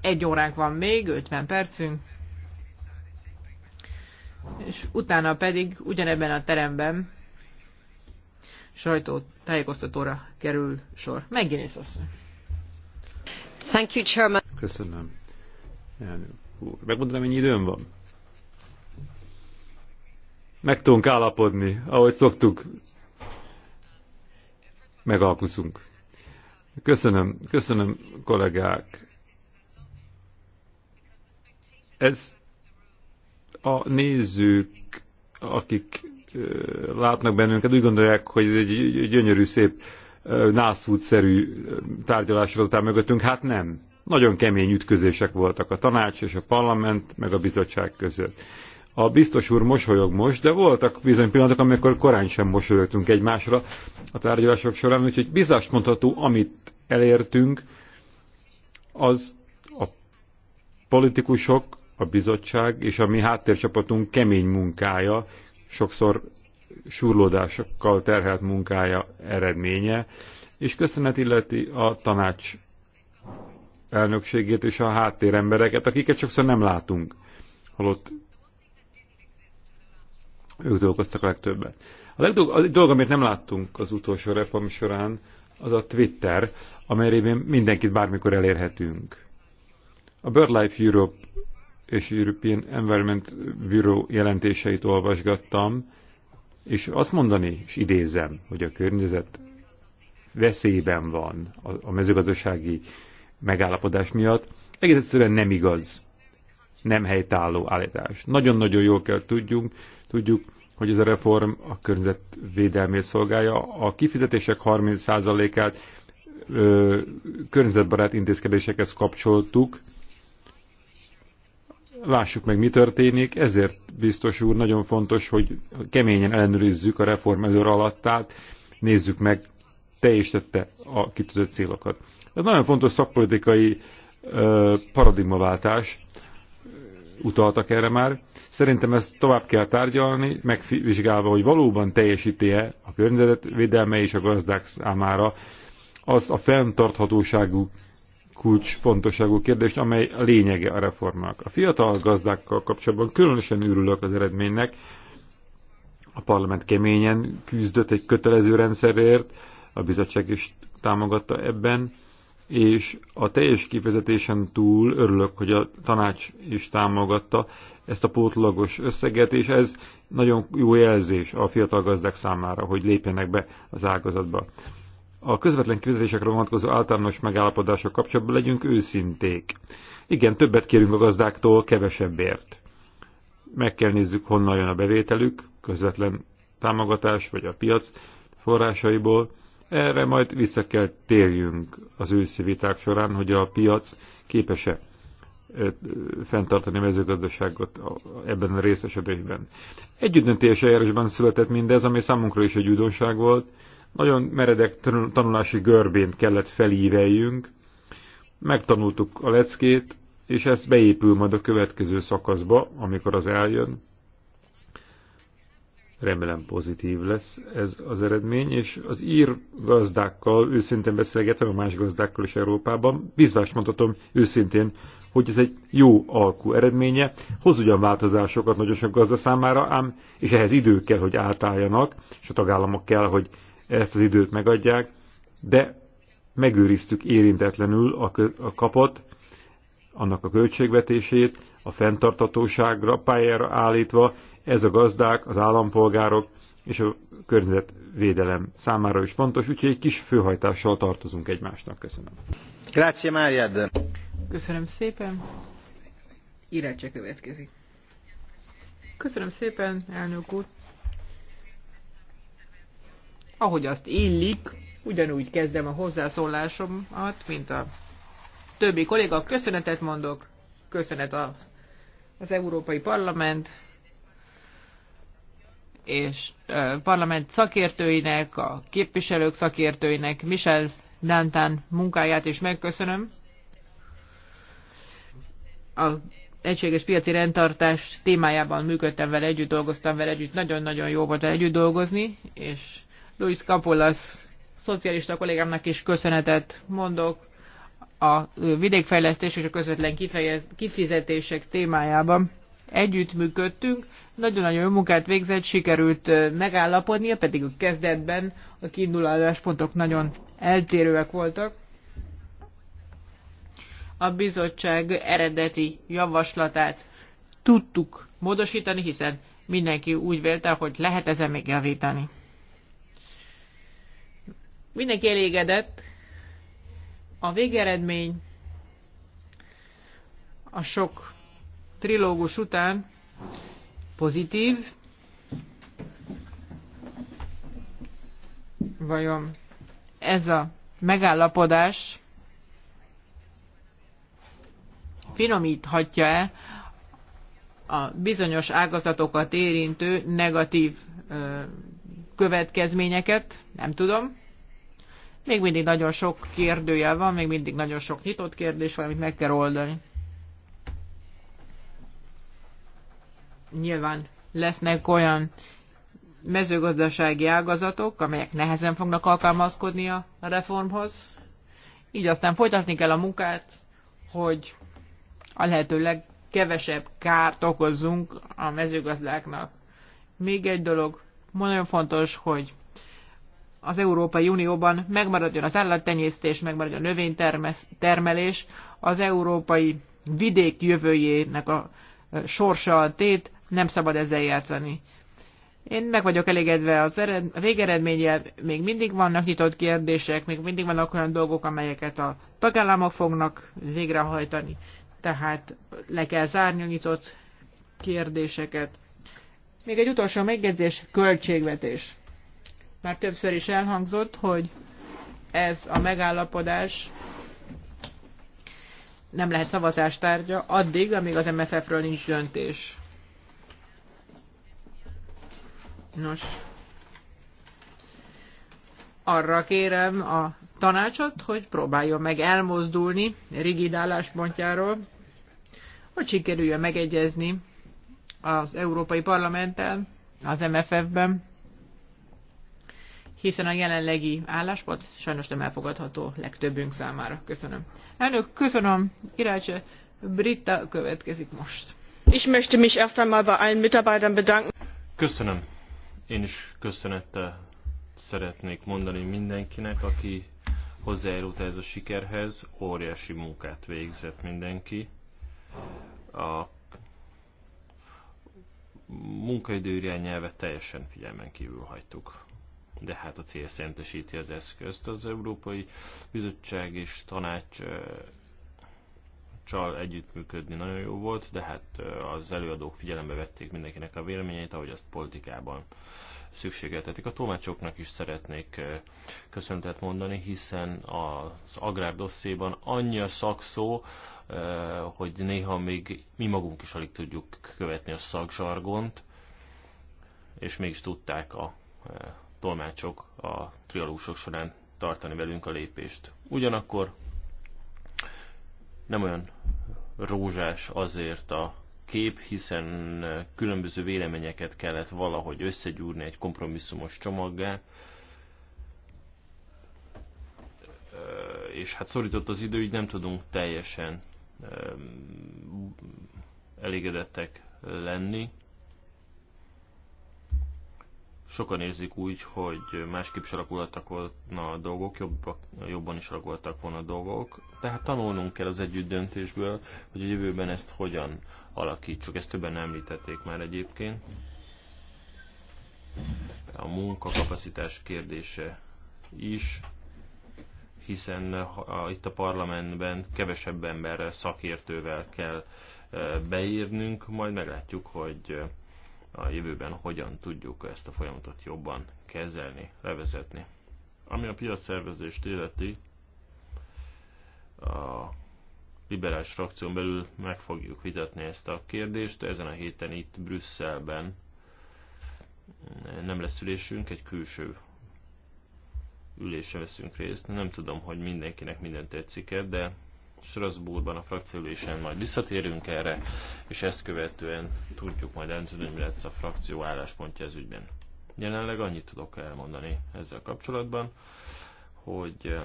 Egy óránk van még, 50 percünk és utána pedig ugyanebben a teremben tájékoztatóra kerül sor. Megint az. Thank you, Chairman. Köszönöm. Megmondanám, mennyi időm van? Meg tudunk állapodni, ahogy szoktuk. Megalkuszunk. Köszönöm, köszönöm kollégák. Ez a nézők, akik látnak bennünket, úgy gondolják, hogy egy gyönyörű, szép, nászútszerű tárgyalás után mögöttünk. Hát nem. Nagyon kemény ütközések voltak a tanács és a parlament, meg a bizottság között. A biztos úr mosolyog most, de voltak bizony pillanatok, amikor korán sem mosolyogtunk egymásra a tárgyalások során, úgyhogy bizást mondható, amit elértünk, az a politikusok a bizottság és a mi háttércsapatunk kemény munkája, sokszor surlódásokkal terhelt munkája eredménye, és köszönet illeti a tanács elnökségét és a háttérembereket, akiket sokszor nem látunk, holott ők dolgoztak a legtöbbet. A, legdolg, a dolog, amit nem láttunk az utolsó reform során, az a Twitter, amelyben mindenkit bármikor elérhetünk. A BirdLife Europe és European Environment Bureau jelentéseit olvasgattam, és azt mondani, és idézem, hogy a környezet veszélyben van a mezőgazdasági megállapodás miatt, egész egyszerűen nem igaz, nem helytálló állítás. Nagyon-nagyon jól kell tudjunk, tudjuk, hogy ez a reform a védelmét szolgálja. A kifizetések 30%-át környezetbarát intézkedésekhez kapcsoltuk, lássuk meg, mi történik, ezért biztos úr nagyon fontos, hogy keményen ellenőrizzük a reform előre alattát, nézzük meg, teljesítette a kitűzött célokat. Ez nagyon fontos szakpolitikai ö, paradigmaváltás, utaltak erre már. Szerintem ezt tovább kell tárgyalni, megvizsgálva, hogy valóban teljesíti-e a környezetvédelme és a gazdák számára azt a fenntarthatóságú kulcsfontosságú kérdést, amely a lényege a reformnak. A fiatal gazdákkal kapcsolatban különösen örülök az eredménynek. A parlament keményen küzdött egy kötelező rendszerért, a bizottság is támogatta ebben, és a teljes kifezetésen túl örülök, hogy a tanács is támogatta ezt a pótlagos összeget, és ez nagyon jó jelzés a fiatal gazdák számára, hogy lépjenek be az ágazatba a közvetlen kivizetésekre vonatkozó általános megállapodások kapcsolatban legyünk őszinték. Igen, többet kérünk a gazdáktól, kevesebbért. Meg kell nézzük, honnan jön a bevételük, közvetlen támogatás vagy a piac forrásaiból. Erre majd vissza kell térjünk az őszi viták során, hogy a piac képes-e fenntartani a mezőgazdaságot ebben a részesedésben. Együttöntése eljárásban született mindez, ami számunkra is egy újdonság volt, nagyon meredek tanulási görbént kellett felíveljünk, megtanultuk a leckét, és ez beépül majd a következő szakaszba, amikor az eljön. Remélem pozitív lesz ez az eredmény, és az ír gazdákkal őszintén beszélgetem, a más gazdákkal is Európában, bízvást mondhatom őszintén, hogy ez egy jó alkú eredménye. Hoz ugyan változásokat nagyon sok gazda számára, ám, és ehhez idő kell, hogy átálljanak, és a tagállamok kell, hogy ezt az időt megadják, de megőriztük érintetlenül a, a kapot, annak a költségvetését, a fenntartatóságra pályára állítva, ez a gazdák, az állampolgárok és a környezetvédelem számára is fontos, úgyhogy egy kis főhajtással tartozunk egymásnak. Köszönöm. Grazie, Máriad. Köszönöm szépen. Irácsa következik. Köszönöm szépen, elnök úr ahogy azt illik, ugyanúgy kezdem a hozzászólásomat, mint a többi kolléga. Köszönetet mondok, köszönet a, az Európai Parlament és a parlament szakértőinek, a képviselők szakértőinek, Michel Dantán munkáját is megköszönöm. A egységes piaci rendtartás témájában működtem vele együtt, dolgoztam vele együtt, nagyon-nagyon jó volt együtt dolgozni, és Luis Capulas szocialista kollégámnak is köszönetet mondok a vidékfejlesztés és a közvetlen kifejez, kifizetések témájában. Együttműködtünk, nagyon-nagyon jó munkát végzett, sikerült megállapodnia, pedig a kezdetben a kiindulálláspontok nagyon eltérőek voltak. A bizottság eredeti javaslatát tudtuk módosítani, hiszen mindenki úgy vélte, hogy lehet ezen még javítani. Mindenki elégedett. A végeredmény a sok trilógus után pozitív. Vajon ez a megállapodás finomíthatja-e a bizonyos ágazatokat érintő negatív következményeket? Nem tudom. Még mindig nagyon sok kérdőjel van, még mindig nagyon sok nyitott kérdés van, amit meg kell oldani. Nyilván lesznek olyan mezőgazdasági ágazatok, amelyek nehezen fognak alkalmazkodni a reformhoz. Így aztán folytatni kell a munkát, hogy a lehető legkevesebb kárt okozzunk a mezőgazdáknak. Még egy dolog, nagyon fontos, hogy az Európai Unióban megmaradjon az állattenyésztés, megmaradjon a növénytermelés, az európai vidék jövőjének a sorsa a tét, nem szabad ezzel játszani. Én meg vagyok elégedve az ered, a végeredménnyel, még mindig vannak nyitott kérdések, még mindig vannak olyan dolgok, amelyeket a tagállamok fognak végrehajtani. Tehát le kell zárni a nyitott kérdéseket. Még egy utolsó megjegyzés, költségvetés már többször is elhangzott, hogy ez a megállapodás nem lehet szavazástárgya addig, amíg az MFF-ről nincs döntés. Nos, arra kérem a tanácsot, hogy próbáljon meg elmozdulni rigid álláspontjáról, hogy sikerüljön megegyezni az Európai Parlamenten, az MFF-ben hiszen a jelenlegi álláspont sajnos nem elfogadható legtöbbünk számára. Köszönöm. Elnök, köszönöm. Irácse Britta következik most. Ich möchte mich erst einmal bei allen Mitarbeitern bedanken. Köszönöm. Én is köszönettel szeretnék mondani mindenkinek, aki hozzájárult ez a sikerhez. Óriási munkát végzett mindenki. A munkaidő irányelvet teljesen figyelmen kívül hagytuk de hát a cél szentesíti az eszközt. Az Európai Bizottság és Tanács csal együttműködni nagyon jó volt, de hát az előadók figyelembe vették mindenkinek a véleményét, ahogy azt politikában szükségeltetik. A tolmácsoknak is szeretnék köszöntet mondani, hiszen az agrárdosszéban annyi a szakszó, hogy néha még mi magunk is alig tudjuk követni a szakzsargont, és mégis tudták a tolmácsok a trialógusok során tartani velünk a lépést. Ugyanakkor nem olyan rózsás azért a kép, hiszen különböző véleményeket kellett valahogy összegyúrni egy kompromisszumos csomaggá, és hát szorított az idő, így nem tudunk teljesen elégedettek lenni. Sokan érzik úgy, hogy másképp is alakultak volna a dolgok, jobbak, jobban is alakultak volna a dolgok. Tehát tanulnunk kell az együtt döntésből, hogy a jövőben ezt hogyan alakítsuk. Ezt többen említették már egyébként. A munkakapacitás kérdése is hiszen a, itt a parlamentben kevesebb emberrel, szakértővel kell eh, beírnünk, majd meglátjuk, hogy a jövőben hogyan tudjuk ezt a folyamatot jobban kezelni, levezetni. Ami a piacszervezést illeti, a liberális frakción belül meg fogjuk vitatni ezt a kérdést. Ezen a héten itt Brüsszelben nem lesz ülésünk, egy külső ülésre veszünk részt. Nem tudom, hogy mindenkinek minden tetszik-e, de Strasbourgban a frakciólésen majd visszatérünk erre, és ezt követően tudjuk majd eldönteni, mi lesz a frakció álláspontja ez ügyben. Jelenleg annyit tudok elmondani ezzel kapcsolatban, hogy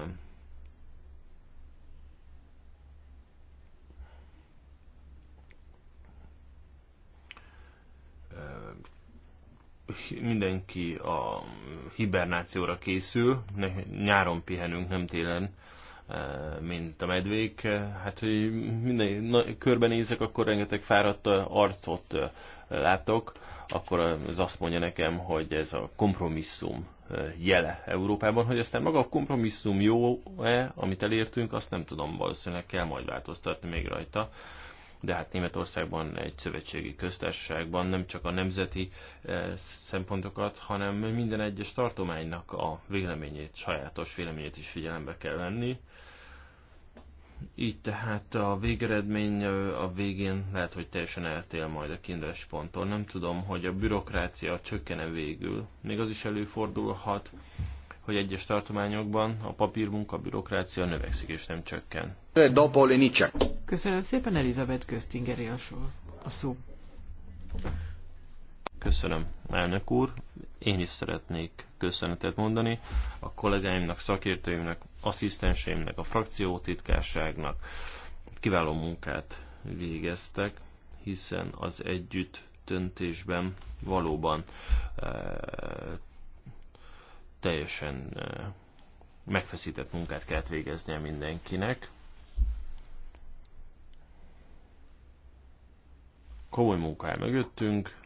mindenki a hibernációra készül, nyáron pihenünk, nem télen mint a medvék. Hát, hogy minden na, körbenézek, akkor rengeteg fáradt arcot látok, akkor az azt mondja nekem, hogy ez a kompromisszum jele Európában, hogy aztán maga a kompromisszum jó-e, amit elértünk, azt nem tudom, valószínűleg kell majd változtatni még rajta de hát Németországban egy szövetségi köztársaságban nem csak a nemzeti eh, szempontokat, hanem minden egyes tartománynak a véleményét, sajátos véleményét is figyelembe kell venni. Így tehát a végeredmény eh, a végén lehet, hogy teljesen eltél majd a kiindulási ponttól. Nem tudom, hogy a bürokrácia csökkene végül. Még az is előfordulhat, hogy egyes tartományokban a papírmunka, bürokrácia növekszik és nem csökken. Köszönöm szépen, Elizabeth Köztingeri a, a szó. Köszönöm, elnök úr. Én is szeretnék köszönetet mondani a kollégáimnak, szakértőimnek, asszisztenseimnek, a frakciótitkárságnak. Kiváló munkát végeztek, hiszen az együtt döntésben valóban e, teljesen megfeszített munkát kellett végeznie mindenkinek. Komoly munkája mögöttünk,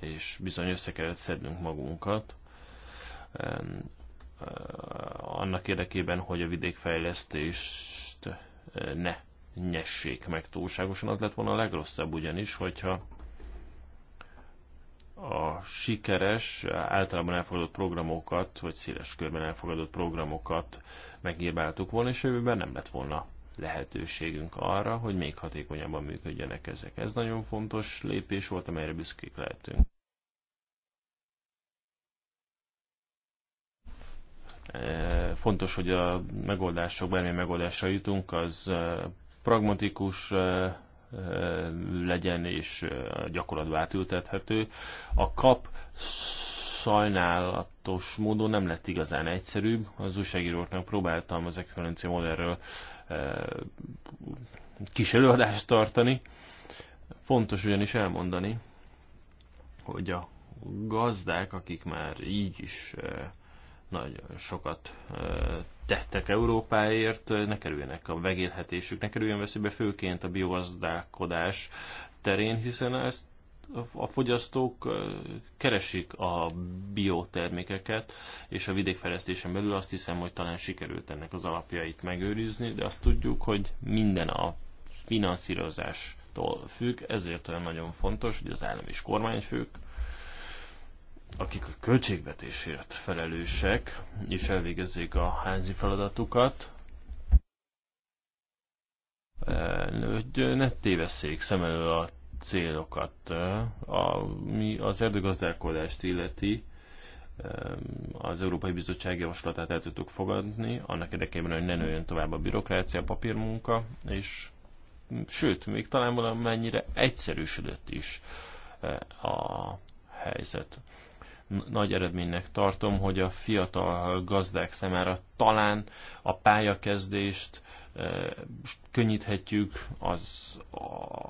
és bizony össze kellett szednünk magunkat annak érdekében, hogy a vidékfejlesztést ne nyessék meg túlságosan. Az lett volna a legrosszabb ugyanis, hogyha a sikeres, általában elfogadott programokat, vagy széles körben elfogadott programokat megíráltuk volna, és jövőben nem lett volna lehetőségünk arra, hogy még hatékonyabban működjenek ezek. Ez nagyon fontos lépés volt, amelyre büszkék lehetünk. Eh, fontos, hogy a megoldások, bármilyen megoldásra jutunk, az eh, pragmatikus eh, legyen és gyakorlatba átültethető. A kap sajnálatos módon nem lett igazán egyszerűbb. Az újságíróknak próbáltam az ekvivalencia modellről kis előadást tartani. Fontos ugyanis elmondani, hogy a gazdák, akik már így is nagyon sokat tettek Európáért, ne kerüljenek a megélhetésük, ne kerüljön veszélybe főként a biogazdálkodás terén, hiszen ezt a fogyasztók keresik a biotermékeket, és a vidékfejlesztésen belül azt hiszem, hogy talán sikerült ennek az alapjait megőrizni, de azt tudjuk, hogy minden a finanszírozástól függ, ezért olyan nagyon fontos, hogy az állam és kormányfők akik a költségvetésért felelősek, és elvégezzék a házi feladatukat, hogy ne tévesszék szem elő a célokat. Ami az erdőgazdálkodást illeti, az Európai Bizottság javaslatát el tudtuk fogadni, annak érdekében, hogy ne nőjön tovább a bürokrácia, a papírmunka, és sőt, még talán valamennyire egyszerűsödött is eh, a helyzet nagy eredménynek tartom, hogy a fiatal gazdák számára talán a pályakezdést e, könnyíthetjük, az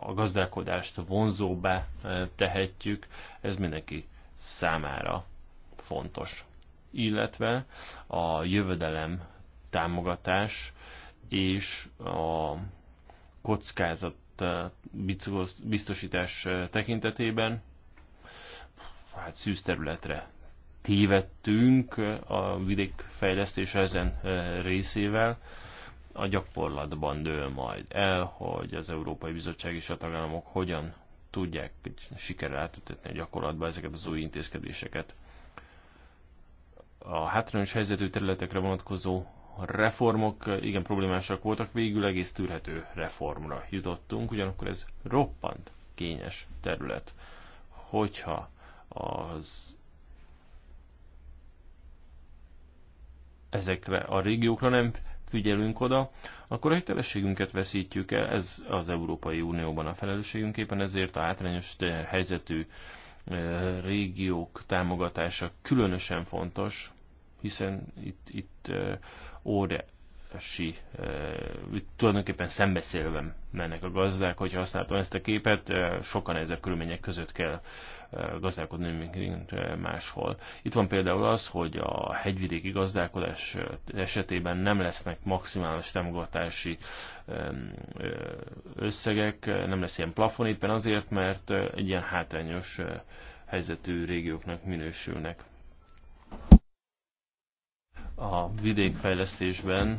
a gazdálkodást vonzóbbá e, tehetjük, ez mindenki számára fontos. Illetve a jövedelem támogatás és a kockázat e, biztosítás tekintetében hát szűz területre tévedtünk a vidékfejlesztés ezen e, részével. A gyakorlatban dől majd el, hogy az Európai Bizottság és a tagállamok hogyan tudják sikerrel átütetni a gyakorlatba ezeket az új intézkedéseket. A hátrányos helyzetű területekre vonatkozó reformok e, igen problémásak voltak, végül egész tűrhető reformra jutottunk, ugyanakkor ez roppant kényes terület. Hogyha az ezekre a régiókra nem figyelünk oda, akkor a hitelességünket veszítjük el, ez az Európai Unióban a felelősségünk, éppen ezért a hátrányos helyzetű e, régiók támogatása különösen fontos, hiszen itt, itt e, óri, óriási, tulajdonképpen szembeszélve mennek a gazdák, hogyha használtam ezt a képet, sokan ezek körülmények között kell gazdálkodni, mint máshol. Itt van például az, hogy a hegyvidéki gazdálkodás esetében nem lesznek maximális támogatási összegek, nem lesz ilyen plafon éppen azért, mert egy ilyen hátrányos helyzetű régióknak minősülnek a vidékfejlesztésben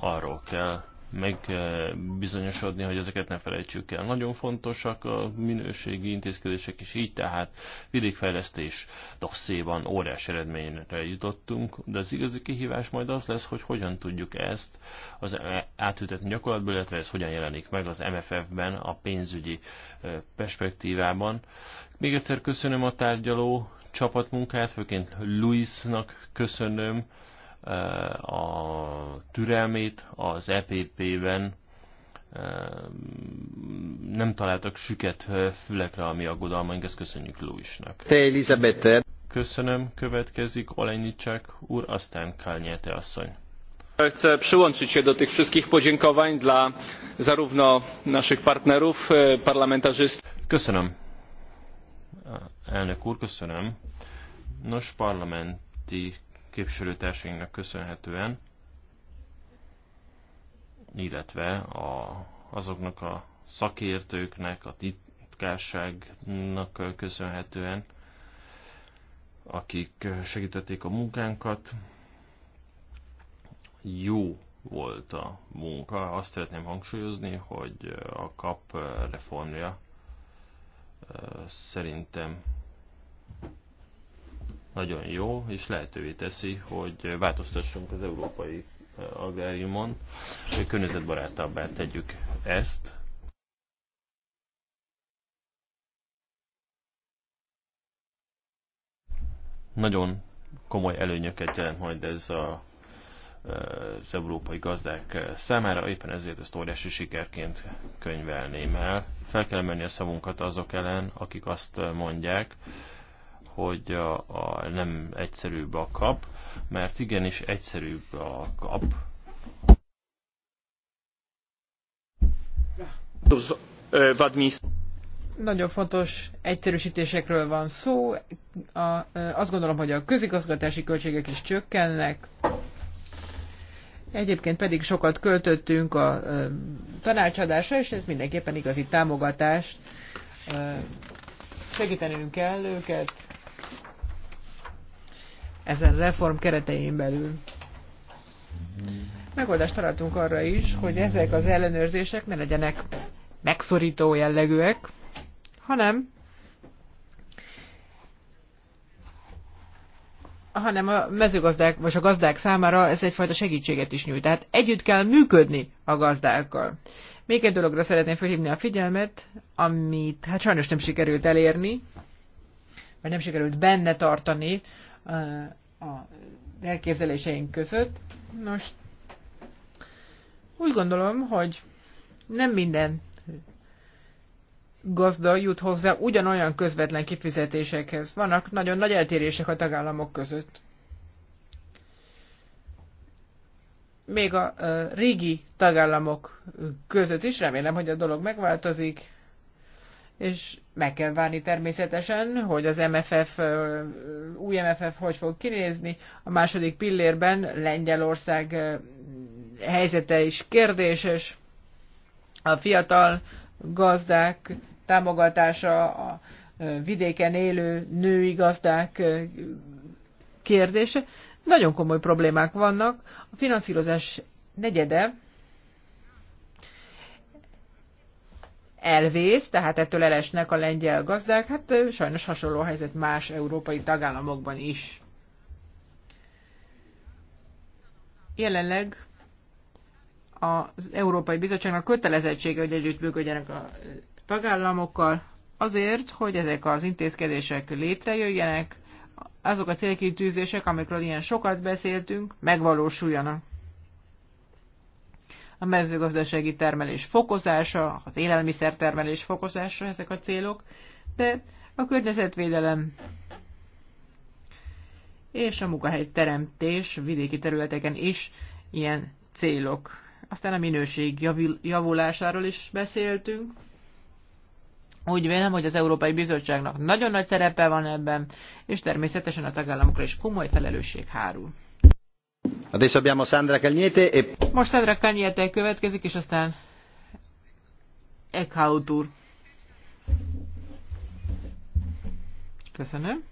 arról kell megbizonyosodni, eh, hogy ezeket ne felejtsük el. Nagyon fontosak a minőségi intézkedések is így, tehát vidékfejlesztés dosszéban óriás eredményre jutottunk, de az igazi kihívás majd az lesz, hogy hogyan tudjuk ezt az átültetni gyakorlatból, illetve ez hogyan jelenik meg az MFF-ben, a pénzügyi eh, perspektívában. Még egyszer köszönöm a tárgyaló csapatmunkát, főként Luisnak köszönöm, a türelmét, az EPP-ben nem találtak süket fülekre, ami aggodalmaink, ezt köszönjük Luisnak. Te Elizabeth. Köszönöm, következik Olejnicsák úr, aztán Kalnyete asszony. Chcę przyłączyć się do tych wszystkich podziękowań dla zarówno naszych partnerów, e, parlamentarzystów. Köszönöm. Elnök úr, köszönöm. Nos, parlamenti képviselőtársainknak köszönhetően, illetve a, azoknak a szakértőknek, a titkárságnak köszönhetően, akik segítették a munkánkat. Jó volt a munka. Azt szeretném hangsúlyozni, hogy a kap reformja szerintem nagyon jó, és lehetővé teszi, hogy változtassunk az európai eh, agráriumon, hogy környezetbarátabbá tegyük ezt. Nagyon komoly előnyöket jelent majd ez a, eh, az európai gazdák eh, számára, éppen ezért ezt óriási sikerként könyvelném el. Fel kell menni a szavunkat azok ellen, akik azt mondják, hogy a, a nem egyszerűbb a kap, mert igenis egyszerűbb a kap. Nagyon fontos egyszerűsítésekről van szó. A, azt gondolom, hogy a közigazgatási költségek is csökkennek. Egyébként pedig sokat költöttünk a tanácsadásra, és ez mindenképpen igazi támogatást segítenünk kell őket, ezen reform keretein belül. Megoldást találtunk arra is, hogy ezek az ellenőrzések ne legyenek megszorító jellegűek, hanem hanem a mezőgazdák, vagy a gazdák számára ez egyfajta segítséget is nyújt. Tehát együtt kell működni a gazdákkal. Még egy dologra szeretném felhívni a figyelmet, amit hát sajnos nem sikerült elérni, vagy nem sikerült benne tartani a elképzeléseink között. Nos, úgy gondolom, hogy nem minden gazda jut hozzá ugyanolyan közvetlen kifizetésekhez. Vannak nagyon nagy eltérések a tagállamok között. Még a régi tagállamok között is remélem, hogy a dolog megváltozik, és meg kell várni természetesen, hogy az MFF, új MFF hogy fog kinézni. A második pillérben Lengyelország helyzete is kérdéses. A fiatal gazdák támogatása, a vidéken élő női gazdák kérdése. Nagyon komoly problémák vannak. A finanszírozás negyede elvész, tehát ettől elesnek a lengyel gazdák, hát sajnos hasonló helyzet más európai tagállamokban is. Jelenleg az Európai Bizottságnak kötelezettsége, hogy együttműködjenek a tagállamokkal, azért, hogy ezek az intézkedések létrejöjjenek, azok a célkitűzések, amikről ilyen sokat beszéltünk, megvalósuljanak a mezőgazdasági termelés fokozása, az élelmiszertermelés fokozása, ezek a célok, de a környezetvédelem és a munkahely teremtés vidéki területeken is ilyen célok. Aztán a minőség javulásáról is beszéltünk. Úgy vélem, hogy az Európai Bizottságnak nagyon nagy szerepe van ebben, és természetesen a tagállamokra is komoly felelősség hárul. Adesso abbiamo Sandra Cagnete e... Most Sandra Cagnete következik, és aztán Eckhout úr. Köszönöm.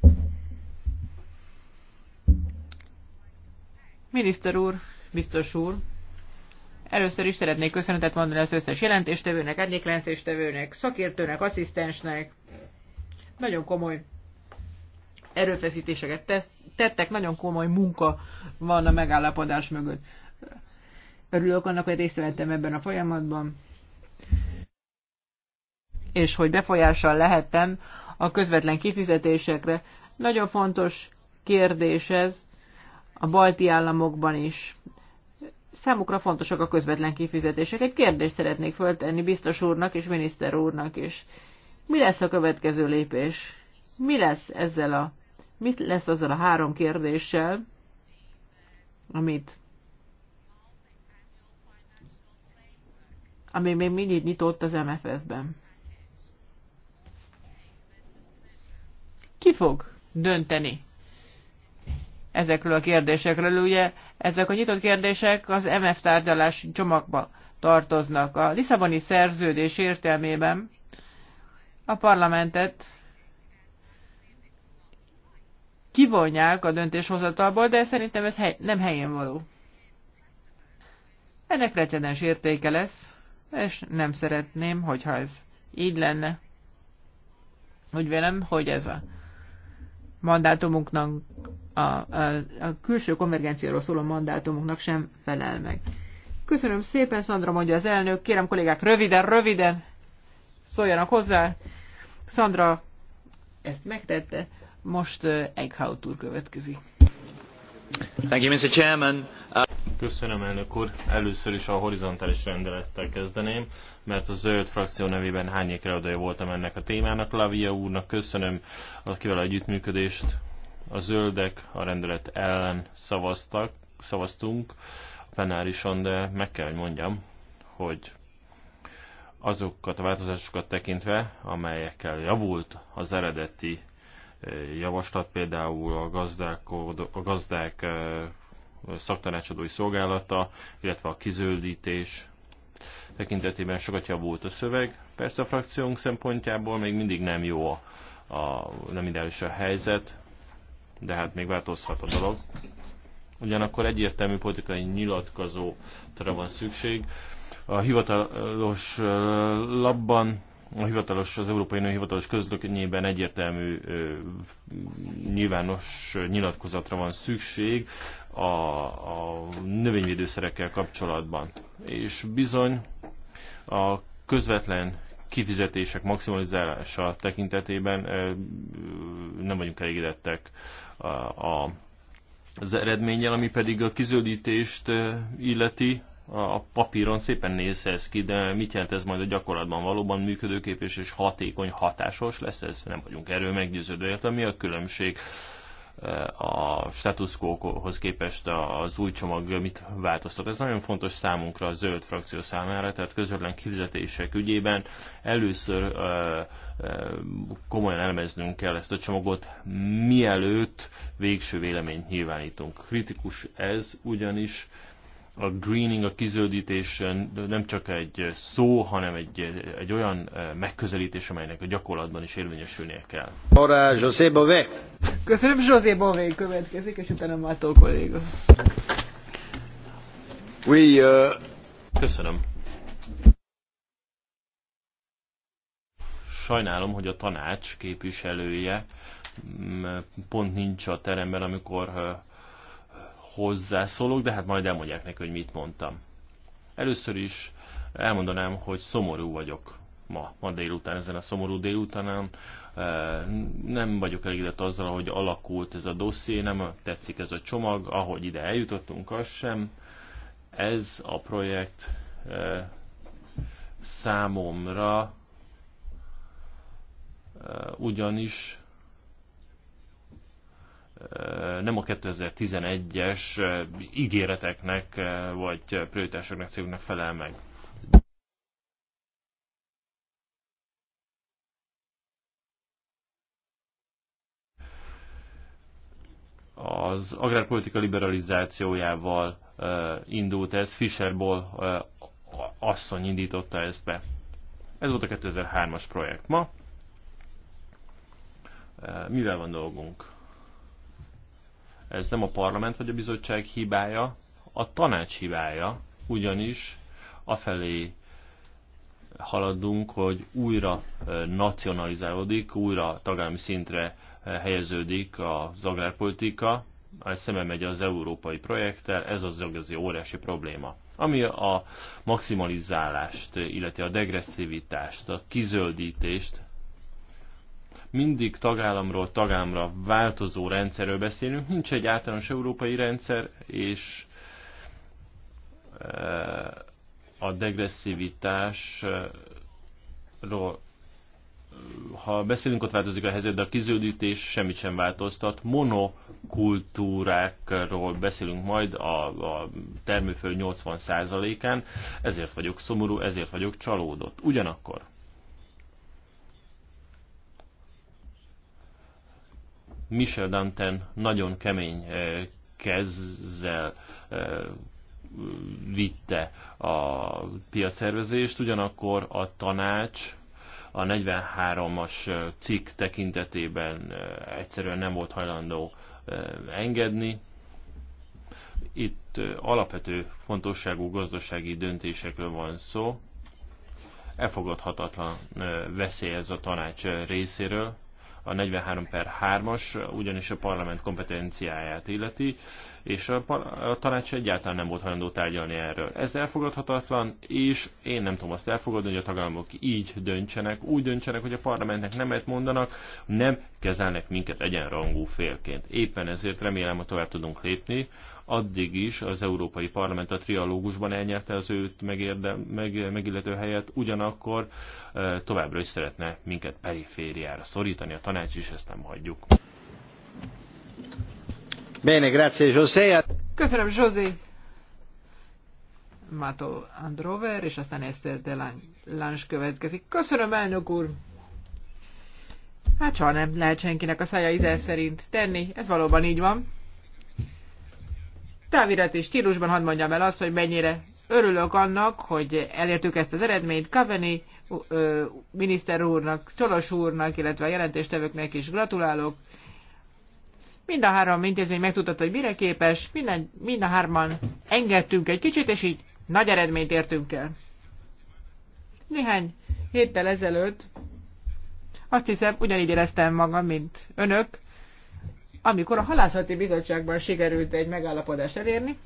Miniszter úr, biztos úr, először is szeretnék köszönetet mondani az összes jelentéstevőnek, egyik jelentéstevőnek, szakértőnek, asszisztensnek. Nagyon komoly erőfeszítéseket tettek, nagyon komoly munka van a megállapodás mögött. Örülök annak, hogy részt vettem ebben a folyamatban, és hogy befolyással lehettem a közvetlen kifizetésekre. Nagyon fontos kérdés ez a balti államokban is. Számukra fontosak a közvetlen kifizetések. Egy kérdést szeretnék föltenni biztos úrnak és miniszter úrnak is. Mi lesz a következő lépés? Mi lesz ezzel a Mit lesz azzal a három kérdéssel, amit ami még mindig nyitott az MFF-ben. Ki fog dönteni ezekről a kérdésekről? Ugye ezek a nyitott kérdések az MF tárgyalás csomagba tartoznak. A Lisszaboni szerződés értelmében a parlamentet kivonják a döntéshozatalból, de szerintem ez hely, nem helyén való. Ennek precedens értéke lesz, és nem szeretném, hogyha ez így lenne. Úgy vélem, hogy ez a mandátumunknak, a, a, a külső konvergenciáról szóló mandátumunknak sem felel meg. Köszönöm szépen, Szandra mondja az elnök. Kérem kollégák, röviden, röviden szóljanak hozzá. Szandra ezt megtette. Most egy úr következik. Thank you, Mr. Chairman. Köszönöm, elnök úr. Először is a horizontális rendelettel kezdeném, mert a zöld frakció nevében hányék előadója voltam ennek a témának. Lavia úrnak köszönöm akivel együttműködést. A zöldek a rendelet ellen szavaztak, szavaztunk a penárison, de meg kell, hogy mondjam, hogy azokat a változásokat tekintve, amelyekkel javult az eredeti javaslat, például a gazdák, a gazdák szaktanácsadói szolgálata, illetve a kizöldítés tekintetében sokat javult a szöveg. Persze a frakciónk szempontjából még mindig nem jó a, a nem ideális a helyzet, de hát még változhat a dolog. Ugyanakkor egyértelmű politikai nyilatkozóra van szükség. A hivatalos labban a hivatalos, az Európai Unió hivatalos közlönyében egyértelmű ö, nyilvános nyilatkozatra van szükség a, a növényvédőszerekkel kapcsolatban. És bizony a közvetlen kifizetések maximalizálása tekintetében ö, nem vagyunk elégedettek a, a, az eredménnyel, ami pedig a kizöldítést illeti, a papíron szépen néz ez ki, de mit jelent ez majd a gyakorlatban valóban működőképes és hatékony, hatásos lesz ez? Nem vagyunk erről meggyőződve, értem mi a különbség eh, a status quo-hoz képest az új csomag mit változtat. Ez nagyon fontos számunkra, a zöld frakció számára, tehát közvetlen kifizetések ügyében először eh, eh, komolyan elemeznünk kell ezt a csomagot, mielőtt végső véleményt nyilvánítunk. Kritikus ez, ugyanis a greening, a kizöldítés nem csak egy szó, hanem egy, egy olyan eh, megközelítés, amelynek a gyakorlatban is érvényesülnie kell. Arra José Bové. Köszönöm, José Bové következik, és utána Mátó kolléga. Oui, uh... Köszönöm. Sajnálom, hogy a tanács képviselője mm, pont nincs a teremben, amikor eh, Hozzászólok, de hát majd elmondják neki, hogy mit mondtam. Először is elmondanám, hogy szomorú vagyok ma, ma délután, ezen a szomorú délutánán. E, nem vagyok elégedett azzal, hogy alakult ez a dosszié, nem tetszik ez a csomag, ahogy ide eljutottunk, az sem. Ez a projekt e, számomra e, ugyanis nem a 2011-es eh, ígéreteknek eh, vagy prioritásoknak, céloknak felel meg. az agrárpolitika liberalizációjával eh, indult ez, Fisherból asszony indította ezt be. Ez volt a 2003-as projekt ma. Mivel van dolgunk? Ez nem a parlament vagy a bizottság hibája, a tanács hibája, ugyanis afelé haladunk, hogy újra nacionalizálódik, újra tagállami szintre helyeződik az agrárpolitika, ez szemem megy az európai projekttel, ez az igazi óriási probléma. Ami a maximalizálást, illeti a degresszivitást, a kizöldítést, mindig tagállamról tagállamra változó rendszerről beszélünk, nincs egy általános európai rendszer, és eh, a degresszivitásról ha beszélünk, ott változik a helyzet, de a kizöldítés semmit sem változtat. Monokultúrákról beszélünk majd a, a termőföld 80%-án, ezért vagyok szomorú, ezért vagyok csalódott. Ugyanakkor Michel Danten nagyon kemény kezzel vitte a piaszervezést, ugyanakkor a tanács a 43-as cikk tekintetében egyszerűen nem volt hajlandó engedni. Itt alapvető fontosságú gazdasági döntésekről van szó. Elfogadhatatlan veszély ez a tanács részéről a 43 per 3-as, ugyanis a parlament kompetenciáját illeti, és a, a tanács egyáltalán nem volt hajlandó tárgyalni erről. Ez elfogadhatatlan, és én nem tudom azt elfogadni, hogy a tagállamok így döntsenek, úgy döntsenek, hogy a parlamentnek nemet mondanak, nem kezelnek minket egyenrangú félként. Éppen ezért remélem, hogy tovább tudunk lépni, addig is az Európai Parlament a trialógusban elnyerte az őt megérde, meg, megillető helyet, ugyanakkor továbbra is szeretne minket perifériára szorítani, a tanács is ezt nem hagyjuk. Bene, grazie José. Köszönöm, José. Mato Androver, és aztán Eszter de Lange következik. Köszönöm, elnök úr! Hát soha nem lehet senkinek a szája íze szerint tenni, ez valóban így van távirati stílusban hadd mondjam el azt, hogy mennyire örülök annak, hogy elértük ezt az eredményt. Kaveni miniszter úrnak, Csolos úrnak, illetve a jelentéstevőknek is gratulálok. Mind a három intézmény megtudta, hogy mire képes, minden, mind a hárman engedtünk egy kicsit, és így nagy eredményt értünk el. Néhány héttel ezelőtt azt hiszem, ugyanígy éreztem magam, mint önök amikor a halászati bizottságban sikerült egy megállapodást elérni.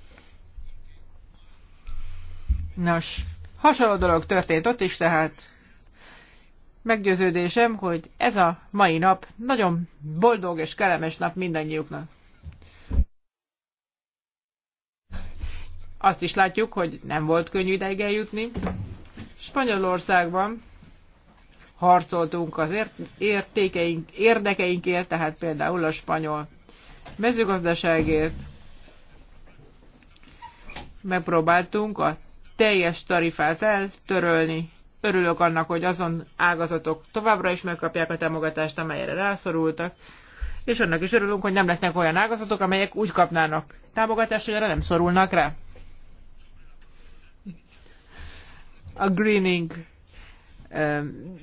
Nos, hasonló dolog történt ott is, tehát meggyőződésem, hogy ez a mai nap nagyon boldog és kellemes nap mindannyiuknak. Azt is látjuk, hogy nem volt könnyű ideig eljutni. Spanyolországban harcoltunk az értékeink, érdekeinkért, tehát például a spanyol mezőgazdaságért. Megpróbáltunk a teljes tarifát eltörölni. Örülök annak, hogy azon ágazatok továbbra is megkapják a támogatást, amelyre rászorultak, és annak is örülünk, hogy nem lesznek olyan ágazatok, amelyek úgy kapnának támogatást, hogy erre nem szorulnak rá. A greening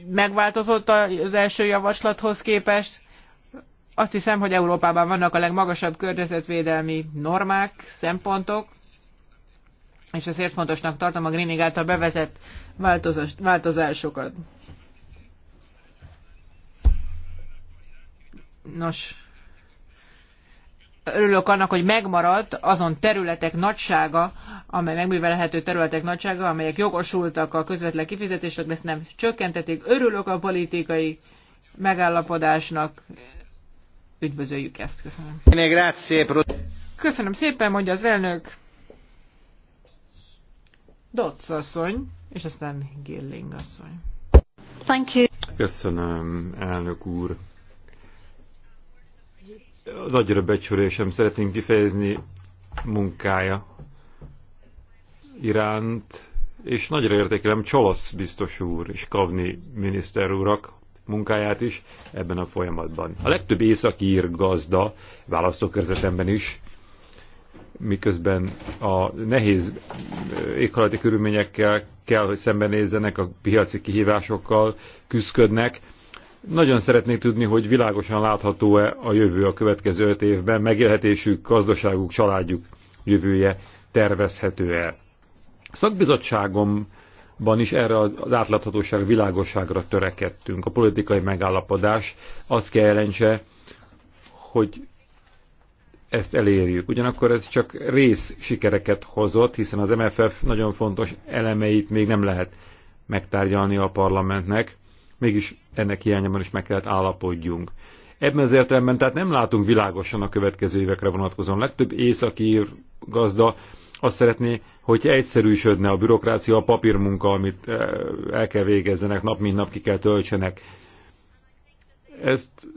megváltozott az első javaslathoz képest. Azt hiszem, hogy Európában vannak a legmagasabb környezetvédelmi normák, szempontok, és ezért fontosnak tartom a Greening által bevezett változásokat. Nos, örülök annak, hogy megmaradt azon területek nagysága, amely megművelhető területek nagysága, amelyek jogosultak a közvetlen kifizetésre, ezt nem csökkentették. Örülök a politikai megállapodásnak. Üdvözöljük ezt. Köszönöm. Köszönöm szépen, mondja az elnök. Dotz asszony, és aztán Gilling asszony. Thank you. Köszönöm, elnök úr nagyra becsülésem szeretném kifejezni munkája iránt, és nagyra értékelem Csolasz biztos úr és Kavni miniszter úrak munkáját is ebben a folyamatban. A legtöbb északi ír gazda választókörzetemben is, miközben a nehéz éghajlati körülményekkel kell, hogy szembenézzenek, a piaci kihívásokkal küzdködnek, nagyon szeretnék tudni, hogy világosan látható-e a jövő a következő öt évben, megélhetésük, gazdaságuk, családjuk jövője tervezhető-e. Szakbizottságomban is erre az átláthatóság világosságra törekedtünk. A politikai megállapodás azt kell jelentse, hogy ezt elérjük. Ugyanakkor ez csak rész sikereket hozott, hiszen az MFF nagyon fontos elemeit még nem lehet megtárgyalni a parlamentnek mégis ennek hiányában is meg kellett állapodjunk. Ebben az értelemben tehát nem látunk világosan a következő évekre vonatkozóan. Legtöbb északi gazda azt szeretné, hogy egyszerűsödne a bürokrácia, a papírmunka, amit eh, el kell végezzenek, nap mint nap ki kell töltsenek. Ezt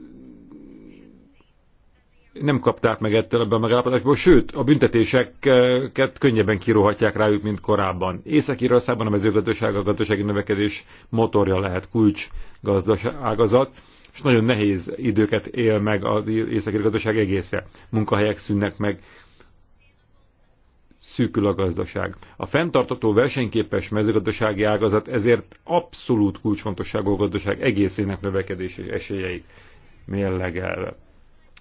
nem kapták meg ettől ebben a megállapodásból, sőt, a büntetéseket könnyebben kiróhatják rájuk, mint korábban. Észak-Írországban a mezőgazdaság a gazdasági növekedés motorja lehet kulcs gazdaságazat, és nagyon nehéz időket él meg az észak gazdaság egésze. Munkahelyek szűnnek meg, szűkül a gazdaság. A fenntartató versenyképes mezőgazdasági ágazat ezért abszolút kulcsfontosságú gazdaság egészének növekedési esélyeit mérlegelve.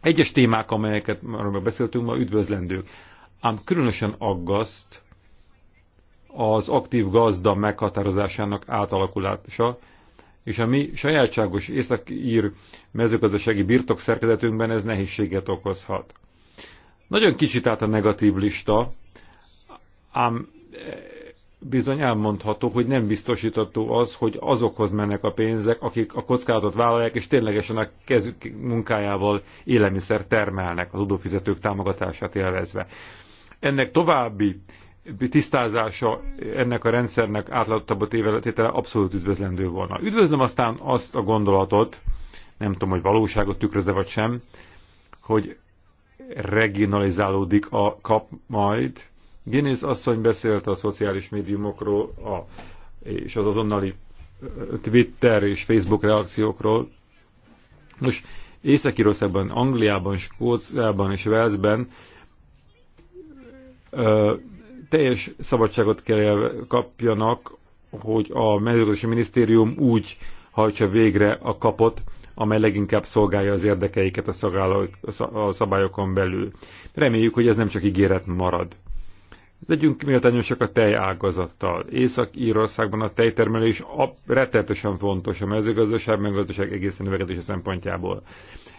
Egyes témák, amelyeket már beszéltünk, ma üdvözlendők. Ám különösen aggaszt az aktív gazda meghatározásának átalakulása, és a mi sajátságos északír mezőgazdasági birtok szerkezetünkben ez nehézséget okozhat. Nagyon kicsit át a negatív lista, ám bizony elmondható, hogy nem biztosítható az, hogy azokhoz mennek a pénzek, akik a kockázatot vállalják, és ténylegesen a kezük munkájával élelmiszer termelnek az adófizetők támogatását élvezve. Ennek további tisztázása ennek a rendszernek átláthatóbb téveletétele abszolút üdvözlendő volna. Üdvözlöm aztán azt a gondolatot, nem tudom, hogy valóságot tükröze vagy sem, hogy regionalizálódik a kap majd, Guinness asszony beszélt a szociális médiumokról a, és az azonnali Twitter és Facebook reakciókról. Most Észak-Írországban, Angliában, Skóciában és Velszben teljes szabadságot kell kapjanak, hogy a mezőgazdasági minisztérium úgy hajtsa végre a kapot, amely leginkább szolgálja az érdekeiket a szabályokon belül. Reméljük, hogy ez nem csak ígéret marad. Legyünk méltányosak a ágazattal. Észak-Írországban a tejtermelés rettetesen fontos a mezőgazdaság, meg a gazdaság egészen növekedése szempontjából.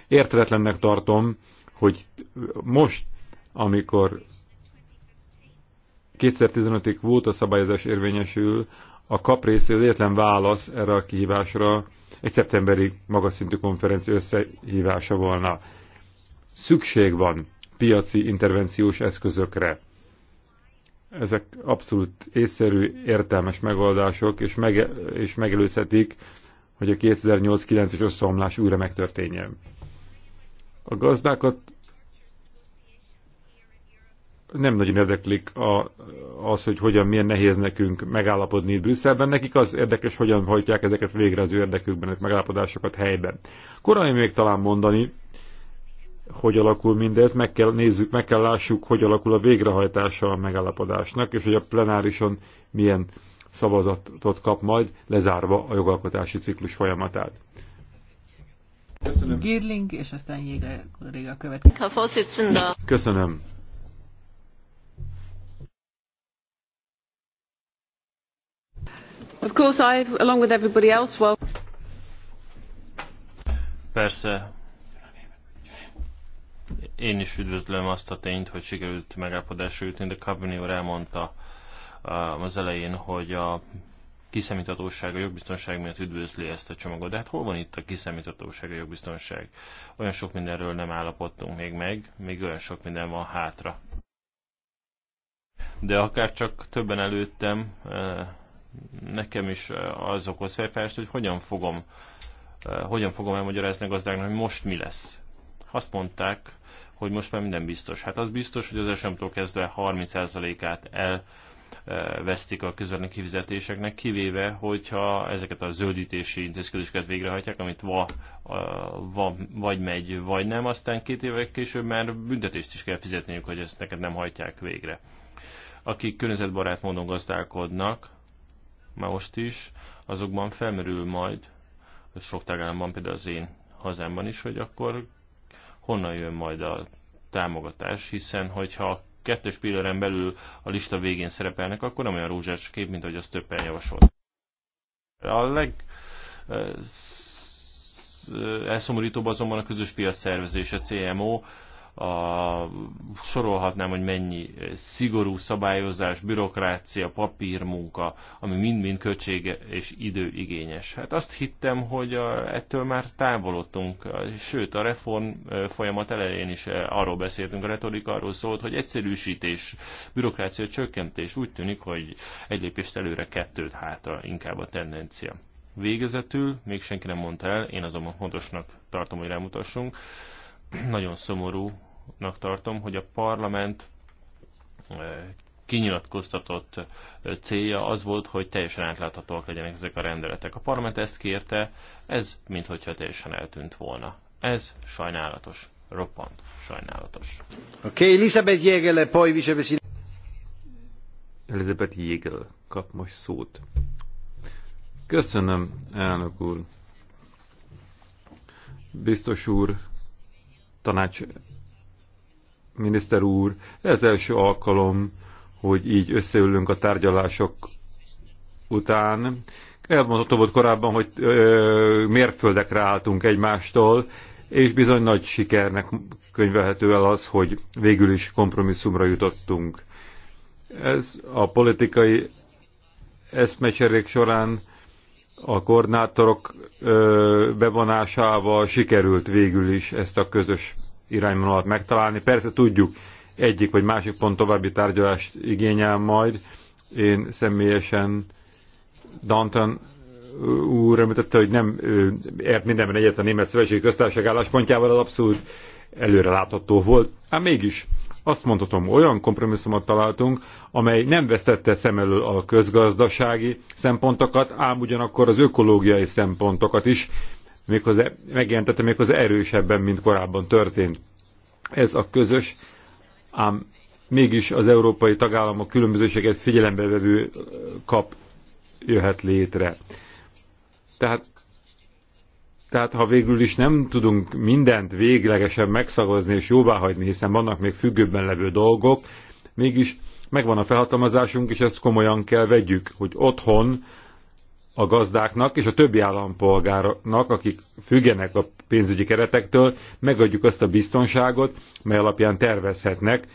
Értetlennek tartom, hogy most, amikor 2015-ig volt a szabályozás érvényesül, a kap részé az egyetlen válasz erre a kihívásra egy szeptemberi magas szintű konferencia összehívása volna. Szükség van piaci intervenciós eszközökre ezek abszolút észszerű, értelmes megoldások, és, meg, és megelőzhetik, hogy a 2008-9-es összeomlás újra megtörténjen. A gazdákat nem nagyon érdeklik a, az, hogy hogyan, milyen nehéz nekünk megállapodni itt Brüsszelben. Nekik az érdekes, hogyan hajtják ezeket végre az ő érdekükben, ezek megállapodásokat helyben. Korai még talán mondani, hogy alakul mindez, meg kell nézzük, meg kell lássuk, hogy alakul a végrehajtása a megállapodásnak, és hogy a plenárison milyen szavazatot kap majd, lezárva a jogalkotási ciklus folyamatát. Köszönöm. Girling, és aztán Jéga következő. Köszönöm. Of course I, along with everybody else, well... Persze, én is üdvözlöm azt a tényt, hogy sikerült megállapodásra jutni, de Cavani úr elmondta uh, az elején, hogy a kiszemíthatóság, a jogbiztonság miatt üdvözli ezt a csomagot. De hát hol van itt a kiszemíthatóság, a jogbiztonság? Olyan sok mindenről nem állapodtunk még meg, még olyan sok minden van hátra. De akár csak többen előttem, uh, nekem is uh, az okoz felfájást, hogy hogyan fogom, hogyan fogom elmagyarázni a gazdáknak, hogy most mi lesz. Azt mondták, hogy most már minden biztos. Hát az biztos, hogy az SM-tól kezdve 30%-át elvesztik a közvetlen kifizetéseknek, kivéve, hogyha ezeket a zöldítési intézkedéseket végrehajtják, amit va, va, vagy megy, vagy nem, aztán két évek később már büntetést is kell fizetniük, hogy ezt neked nem hajtják végre. Akik környezetbarát módon gazdálkodnak, már most is, azokban felmerül majd, sok tagállamban, például az én hazámban is, hogy akkor honnan jön majd a támogatás, hiszen hogyha a kettős pilleren belül a lista végén szerepelnek, akkor nem olyan rózsás kép, mint ahogy azt többen javasolt. A leg eh, eh, elszomorítóbb azonban a közös piac szervezése, CMO, a, sorolhatnám, hogy mennyi eh, szigorú szabályozás, bürokrácia, papírmunka, ami mind-mind költsége és időigényes. Hát azt hittem, hogy a, eh, ettől már távolodtunk, eh, sőt a reform folyamat elején is arról beszéltünk, a retorika arról szólt, hogy egyszerűsítés, bürokrácia csökkentés, úgy tűnik, hogy egy lépést előre, kettőt hátra inkább a tendencia. Végezetül, még senki nem mondta el, én azonban fontosnak tartom, hogy rámutassunk, nagyon szomorú fontosnak tartom, hogy a parlament eh, kinyilatkoztatott eh, célja az volt, hogy teljesen átláthatóak legyenek ezek a rendeletek. A parlament ezt kérte, ez minthogyha teljesen eltűnt volna. Ez sajnálatos, roppant sajnálatos. Oké, okay, Elizabeth Jégele, poi vicepresident. Elizabeth Jégele, kap most szót. Köszönöm, elnök úr. Biztos úr, tanács miniszter úr, ez első alkalom, hogy így összeülünk a tárgyalások után. Elmondható volt korábban, hogy ö, mérföldekre álltunk egymástól, és bizony nagy sikernek könyvelhető el az, hogy végül is kompromisszumra jutottunk. Ez a politikai eszmecserék során a koordinátorok bevonásával sikerült végül is ezt a közös irányvonalat megtalálni. Persze tudjuk, egyik vagy másik pont további tárgyalást igényel majd. Én személyesen Danton úr említette, hogy nem ért mindenben egyet a Német Szövetségi Köztársaság álláspontjával, az abszolút előrelátható volt. Ám mégis azt mondhatom, olyan kompromisszumot találtunk, amely nem vesztette szem elől a közgazdasági szempontokat, ám ugyanakkor az ökológiai szempontokat is méghozzá, e, megjelentette méghozzá erősebben, mint korábban történt. Ez a közös, ám mégis az európai tagállamok különbözőséget figyelembe vevő kap jöhet létre. Tehát, tehát ha végül is nem tudunk mindent véglegesen megszagozni és hagyni, hiszen vannak még függőben levő dolgok, mégis megvan a felhatalmazásunk, és ezt komolyan kell vegyük, hogy otthon a gazdáknak és a többi állampolgárnak, akik függenek a pénzügyi keretektől, megadjuk azt a biztonságot, mely alapján tervezhetnek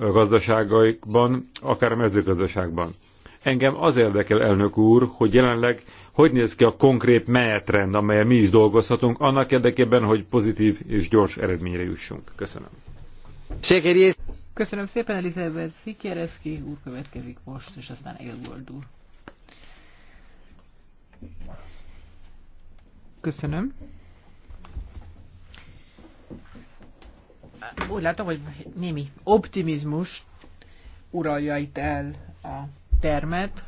a gazdaságaikban, akár a mezőgazdaságban. Engem az érdekel, elnök úr, hogy jelenleg hogy néz ki a konkrét menetrend, amelyen mi is dolgozhatunk, annak érdekében, hogy pozitív és gyors eredményre jussunk. Köszönöm. Köszönöm szépen, Elizabeth Szikereszki úr következik most, és aztán Elgold úr. Köszönöm. Úgy látom, hogy némi optimizmus uralja itt el a termet.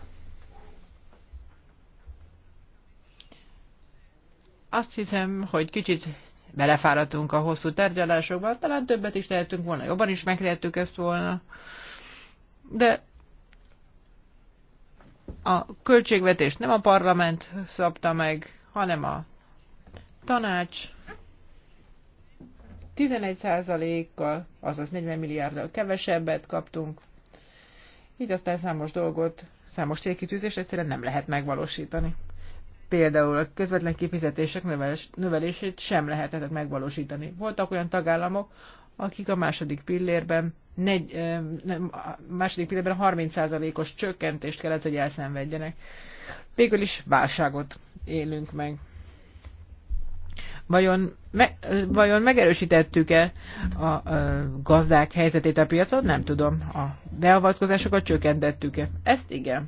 Azt hiszem, hogy kicsit belefáradtunk a hosszú tárgyalásokba, talán többet is tehetünk volna, jobban is megtehettük ezt volna, de a költségvetést nem a parlament szabta meg, hanem a tanács 11%-kal, azaz 40 milliárddal kevesebbet kaptunk. Így aztán számos dolgot, számos célkitűzést egyszerűen nem lehet megvalósítani. Például a közvetlen kifizetések növelését sem lehetett megvalósítani. Voltak olyan tagállamok, akik a második pillérben negy, második pillanatban 30%-os csökkentést kellett, hogy elszenvedjenek. Végül is válságot élünk meg. Vajon, me, vajon megerősítettük-e a, a gazdák helyzetét a piacon? Nem tudom. A beavatkozásokat csökkentettük-e? Ezt igen.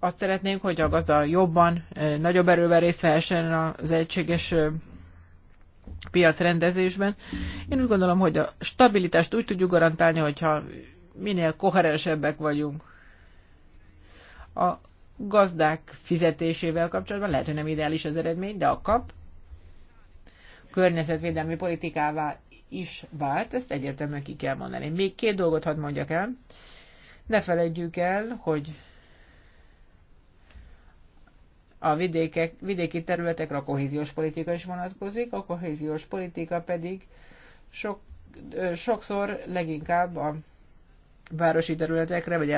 Azt szeretnénk, hogy a gazda jobban, nagyobb erővel részt vehessen az egységes piacrendezésben. Én úgy gondolom, hogy a stabilitást úgy tudjuk garantálni, hogyha minél koherensebbek vagyunk. A gazdák fizetésével kapcsolatban lehet, hogy nem ideális az eredmény, de a kap környezetvédelmi politikává is vált, ezt egyértelműen ki kell mondani. Még két dolgot hadd mondjak el. Ne felejtjük el, hogy a vidékek, vidéki területekre a kohéziós politika is vonatkozik, a kohéziós politika pedig sok, sokszor leginkább a városi területekre, vagy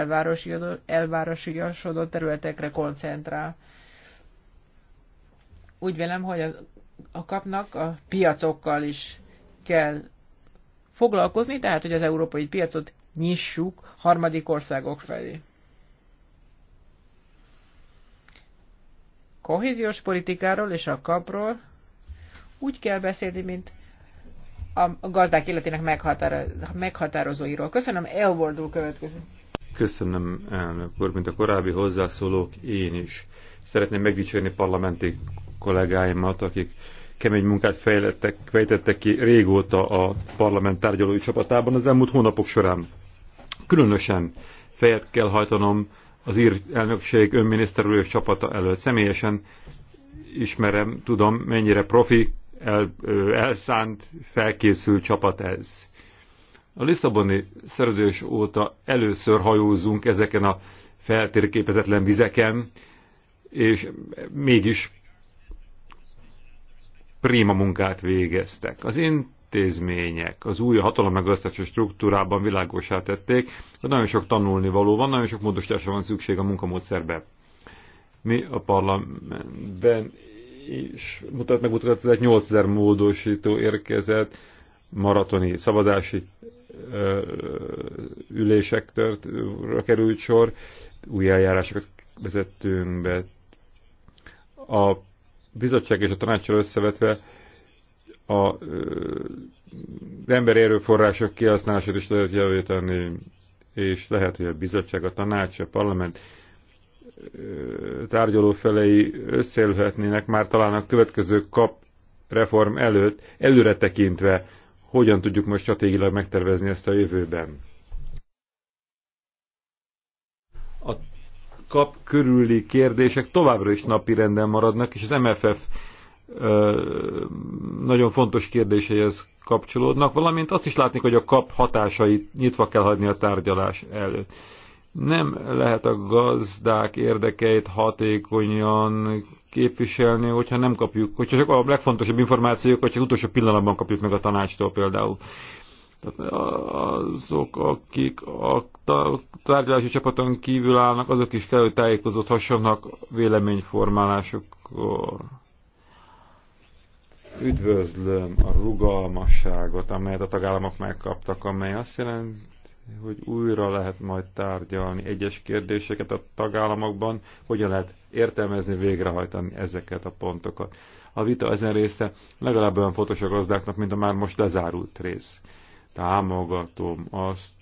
elvárosiasodott területekre koncentrál. Úgy vélem, hogy az, a kapnak a piacokkal is kell foglalkozni, tehát hogy az európai piacot nyissuk harmadik országok felé. kohéziós politikáról és a kapról úgy kell beszélni, mint a gazdák életének meghatározóiról. Köszönöm, elvordul következő. Köszönöm, elnök úr, mint a korábbi hozzászólók, én is. Szeretném megdicsérni parlamenti kollégáimat, akik kemény munkát fejlettek, fejtettek ki régóta a parlament tárgyalói csapatában az elmúlt hónapok során. Különösen fejet kell hajtanom az ír elnökség önminiszterülő csapata előtt. Személyesen ismerem, tudom, mennyire profi, el, elszánt, felkészült csapat ez. A Lisszaboni szerződés óta először hajózunk ezeken a feltérképezetlen vizeken, és mégis prima munkát végeztek. Az én intézmények az új hatalom hatalommegasztási struktúrában világosá tették, hogy nagyon sok tanulni való van, nagyon sok módosításra van szükség a munkamódszerbe. Mi a parlamentben is mutat hogy 8000 módosító érkezett, maratoni szabadási ö, ülések tört, került sor, új eljárásokat vezettünk be. A bizottság és a tanácsra összevetve a, az emberi erőforrások kihasználását is lehet javítani, és lehet, hogy a bizottság, a tanács, a parlament tárgyalófelei összeülhetnének már talán a következő kap reform előtt, előre tekintve, hogyan tudjuk most stratégilag megtervezni ezt a jövőben. A kap körüli kérdések továbbra is napi renden maradnak, és az MFF nagyon fontos kérdéseihez kapcsolódnak, valamint azt is látni, hogy a kap hatásait nyitva kell hagyni a tárgyalás előtt. Nem lehet a gazdák érdekeit hatékonyan képviselni, hogyha nem kapjuk, hogyha csak a legfontosabb információk, hogyha utolsó pillanatban kapjuk meg a tanácstól például. Tehát azok, akik a tárgyalási csapaton kívül állnak, azok is kell, hogy tájékozódhassanak véleményformálásukról. Üdvözlöm a rugalmasságot, amelyet a tagállamok megkaptak, amely azt jelenti, hogy újra lehet majd tárgyalni egyes kérdéseket a tagállamokban, hogyan lehet értelmezni, végrehajtani ezeket a pontokat. A vita ezen része legalább olyan fontos a gazdáknak, mint a már most lezárult rész. Támogatom azt,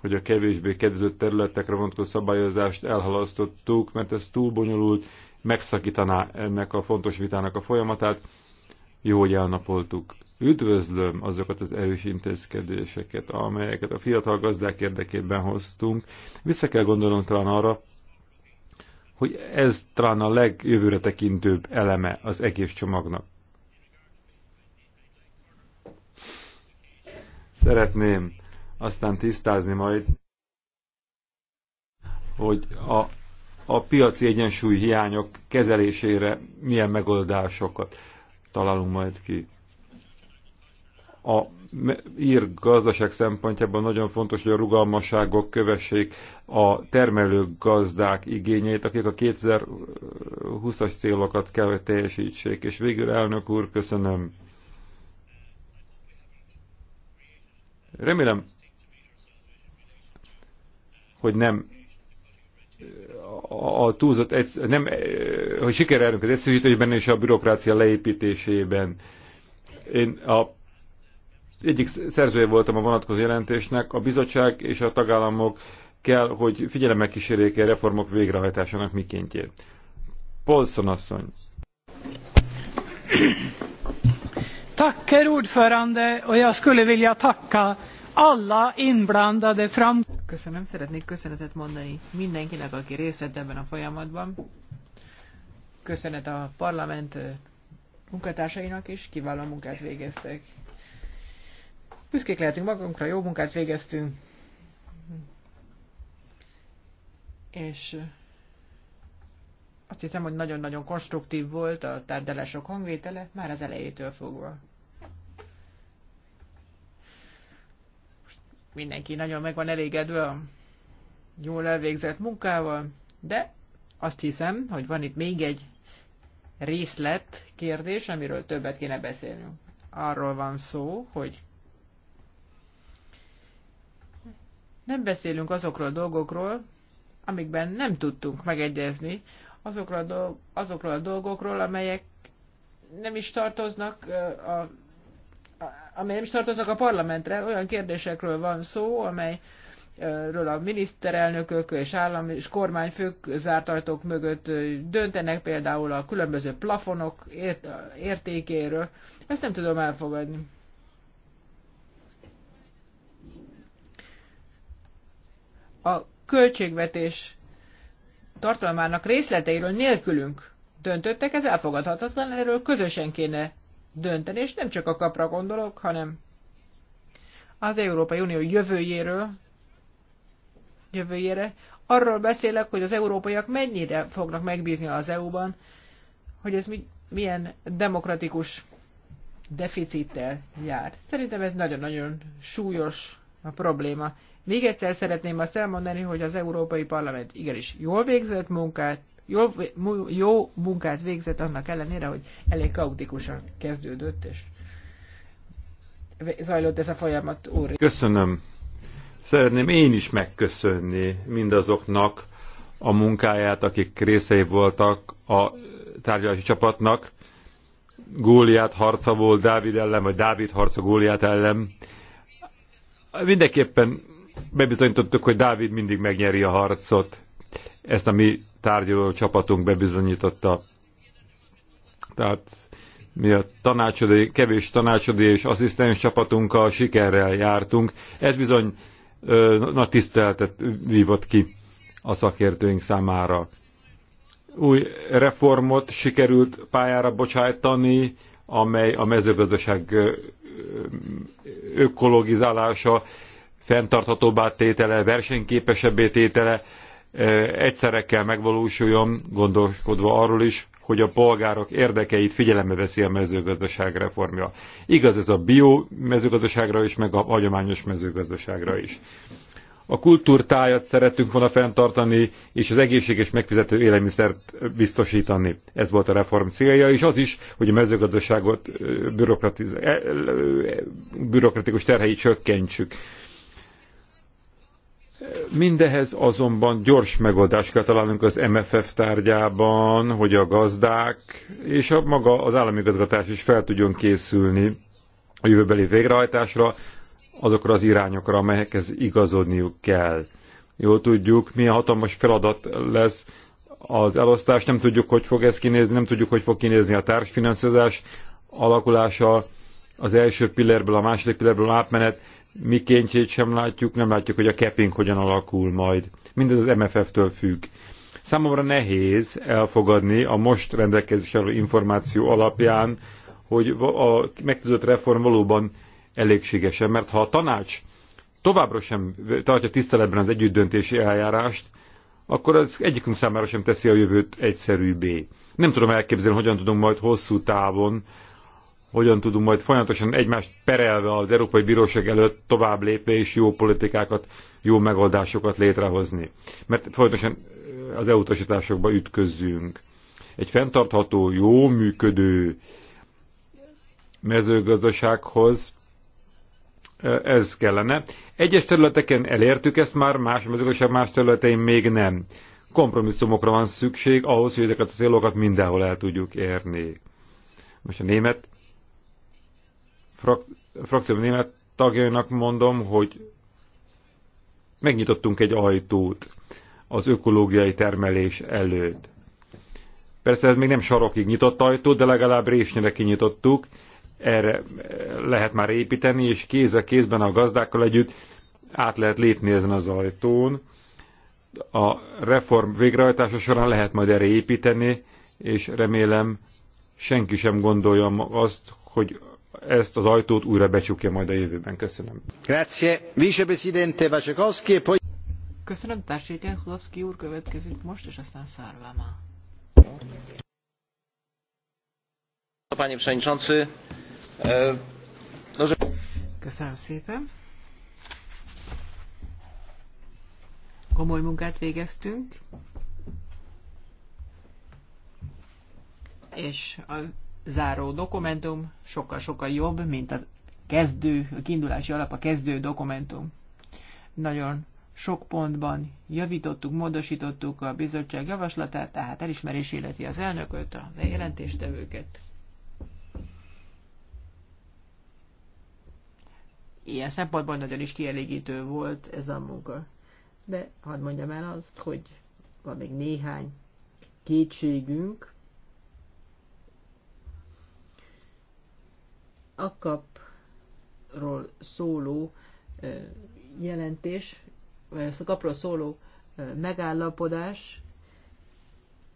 hogy a kevésbé kedvező területekre vonatkozó szabályozást elhalasztottuk, mert ez túl bonyolult, megszakítaná ennek a fontos vitának a folyamatát, jó, hogy elnapoltuk. Üdvözlöm azokat az erős intézkedéseket, amelyeket a fiatal gazdák érdekében hoztunk. Vissza kell gondolnunk talán arra, hogy ez talán a legjövőre tekintőbb eleme az egész csomagnak. Szeretném aztán tisztázni majd, hogy a, a piaci egyensúly hiányok kezelésére milyen megoldásokat találunk majd ki. A ír gazdaság szempontjából nagyon fontos, hogy a rugalmasságok kövessék a termelő gazdák igényeit, akik a 2020-as célokat kell, hogy teljesítsék. És végül elnök úr, köszönöm. Remélem, hogy nem a túlzott, nem, eh, hogy sikerre elünk az eszűhítésben és a bürokrácia leépítésében. Én a egyik szerzője voltam a vonatkozó jelentésnek, a bizottság és a tagállamok kell, hogy figyelemmel kísérjék a reformok végrehajtásának mikéntjét. Polszon asszony. Tack, herr ordförande, och jag skulle vilja tacka alla inblandade fram... Köszönöm, szeretnék köszönetet mondani mindenkinek, aki részt vett ebben a folyamatban. Köszönet a parlament munkatársainak is, kiváló munkát végeztek. Büszkék lehetünk magunkra, jó munkát végeztünk. És azt hiszem, hogy nagyon-nagyon konstruktív volt a tárgyalások hangvétele, már az elejétől fogva. mindenki nagyon meg van elégedve a jól elvégzett munkával, de azt hiszem, hogy van itt még egy részlet kérdés, amiről többet kéne beszélnünk. Arról van szó, hogy nem beszélünk azokról a dolgokról, amikben nem tudtunk megegyezni, azokról a, dolg, azokról a dolgokról, amelyek nem is tartoznak a amely nem is tartoznak a parlamentre, olyan kérdésekről van szó, amely ről a miniszterelnökök és állam és kormányfők zárt ajtók mögött döntenek, például a különböző plafonok ért, értékéről. Ezt nem tudom elfogadni. A költségvetés tartalmának részleteiről nélkülünk döntöttek, ez elfogadhatatlan, erről közösen kéne dönteni, és nem csak a kapra gondolok, hanem az Európai Unió jövőjéről, jövőjére. Arról beszélek, hogy az európaiak mennyire fognak megbízni az EU-ban, hogy ez mi, milyen demokratikus deficittel jár. Szerintem ez nagyon-nagyon súlyos a probléma. Még egyszer szeretném azt elmondani, hogy az Európai Parlament igenis jól végzett munkát, jó, jó munkát végzett annak ellenére, hogy elég kaotikusan kezdődött, és zajlott ez a folyamat óri. Köszönöm. Szeretném én is megköszönni mindazoknak a munkáját, akik részei voltak a tárgyalási csapatnak. Góliát harca volt Dávid ellen, vagy Dávid harca Góliát ellen. Mindenképpen bebizonyítottuk, hogy Dávid mindig megnyeri a harcot. Ezt a mi tárgyaló csapatunk bebizonyította. Tehát mi a tanácsadói, kevés tanácsadói és asszisztens csapatunkkal sikerrel jártunk. Ez bizony ö, nagy tiszteletet vívott ki a szakértőink számára. Új reformot sikerült pályára bocsájtani, amely a mezőgazdaság ökologizálása, fenntarthatóbbá tétele, versenyképesebbé tétele egyszerre kell megvalósuljon, gondolkodva arról is, hogy a polgárok érdekeit figyelembe veszi a mezőgazdaság reformja. Igaz ez a bio mezőgazdaságra is, meg a hagyományos mezőgazdaságra is. A kultúrtájat szeretünk volna fenntartani, és az egészséges megfizető élelmiszert biztosítani. Ez volt a reform célja, és az is, hogy a mezőgazdaságot bürokratikus terheit csökkentsük. Mindehez azonban gyors megoldást kell találnunk az MFF tárgyában, hogy a gazdák és a maga az államigazgatás is fel tudjon készülni a jövőbeli végrehajtásra, azokra az irányokra, amelyekhez igazodniuk kell. Jól tudjuk, milyen hatalmas feladat lesz az elosztás, nem tudjuk, hogy fog ez kinézni, nem tudjuk, hogy fog kinézni a társfinanszírozás alakulása, az első pillérből a második pillérből átmenet, mikéntjét sem látjuk, nem látjuk, hogy a capping hogyan alakul majd. Mindez az MFF-től függ. Számomra nehéz elfogadni a most rendelkezésre álló információ alapján, hogy a megtűzött reform valóban elégségesen, mert ha a tanács továbbra sem tartja tiszteletben az együttdöntési eljárást, akkor az egyikünk számára sem teszi a jövőt egyszerűbbé. Nem tudom elképzelni, hogyan tudom majd hosszú távon hogyan tudunk majd folyamatosan egymást perelve az Európai Bíróság előtt tovább lépve és jó politikákat, jó megoldásokat létrehozni. Mert folyamatosan az elutasításokba ütközzünk. Egy fenntartható, jó működő mezőgazdasághoz ez kellene. Egyes területeken elértük ezt már, más mezőgazdaság más területein még nem. Kompromisszumokra van szükség ahhoz, hogy ezeket a célokat mindenhol el tudjuk érni. Most a német frak frakció német tagjainak mondom, hogy megnyitottunk egy ajtót az ökológiai termelés előtt. Persze ez még nem sarokig nyitott ajtó, de legalább résnyire kinyitottuk, erre lehet már építeni, és kéz a kézben a gazdákkal együtt át lehet lépni ezen az ajtón. A reform végrehajtása során lehet majd erre építeni, és remélem senki sem gondolja azt, hogy ezt az ajtót újra becsukja majd a jövőben. Köszönöm. Grazie. Vicepresidente Vacekowski, poi... Köszönöm, társadalmi Kulovszki úr következik most, és aztán Szárvámá. Panie Przewodniczący, e, Köszönöm szépen. Komoly munkát végeztünk, és a záró dokumentum sokkal-sokkal jobb, mint az kezdő, a kiindulási alap a kezdő dokumentum. Nagyon sok pontban javítottuk, módosítottuk a bizottság javaslatát, tehát elismerés életi az elnököt, a jelentéstevőket. Ilyen szempontból nagyon is kielégítő volt ez a munka. De hadd mondjam el azt, hogy van még néhány kétségünk, akapról szóló jelentés, vagy a kapról szóló megállapodás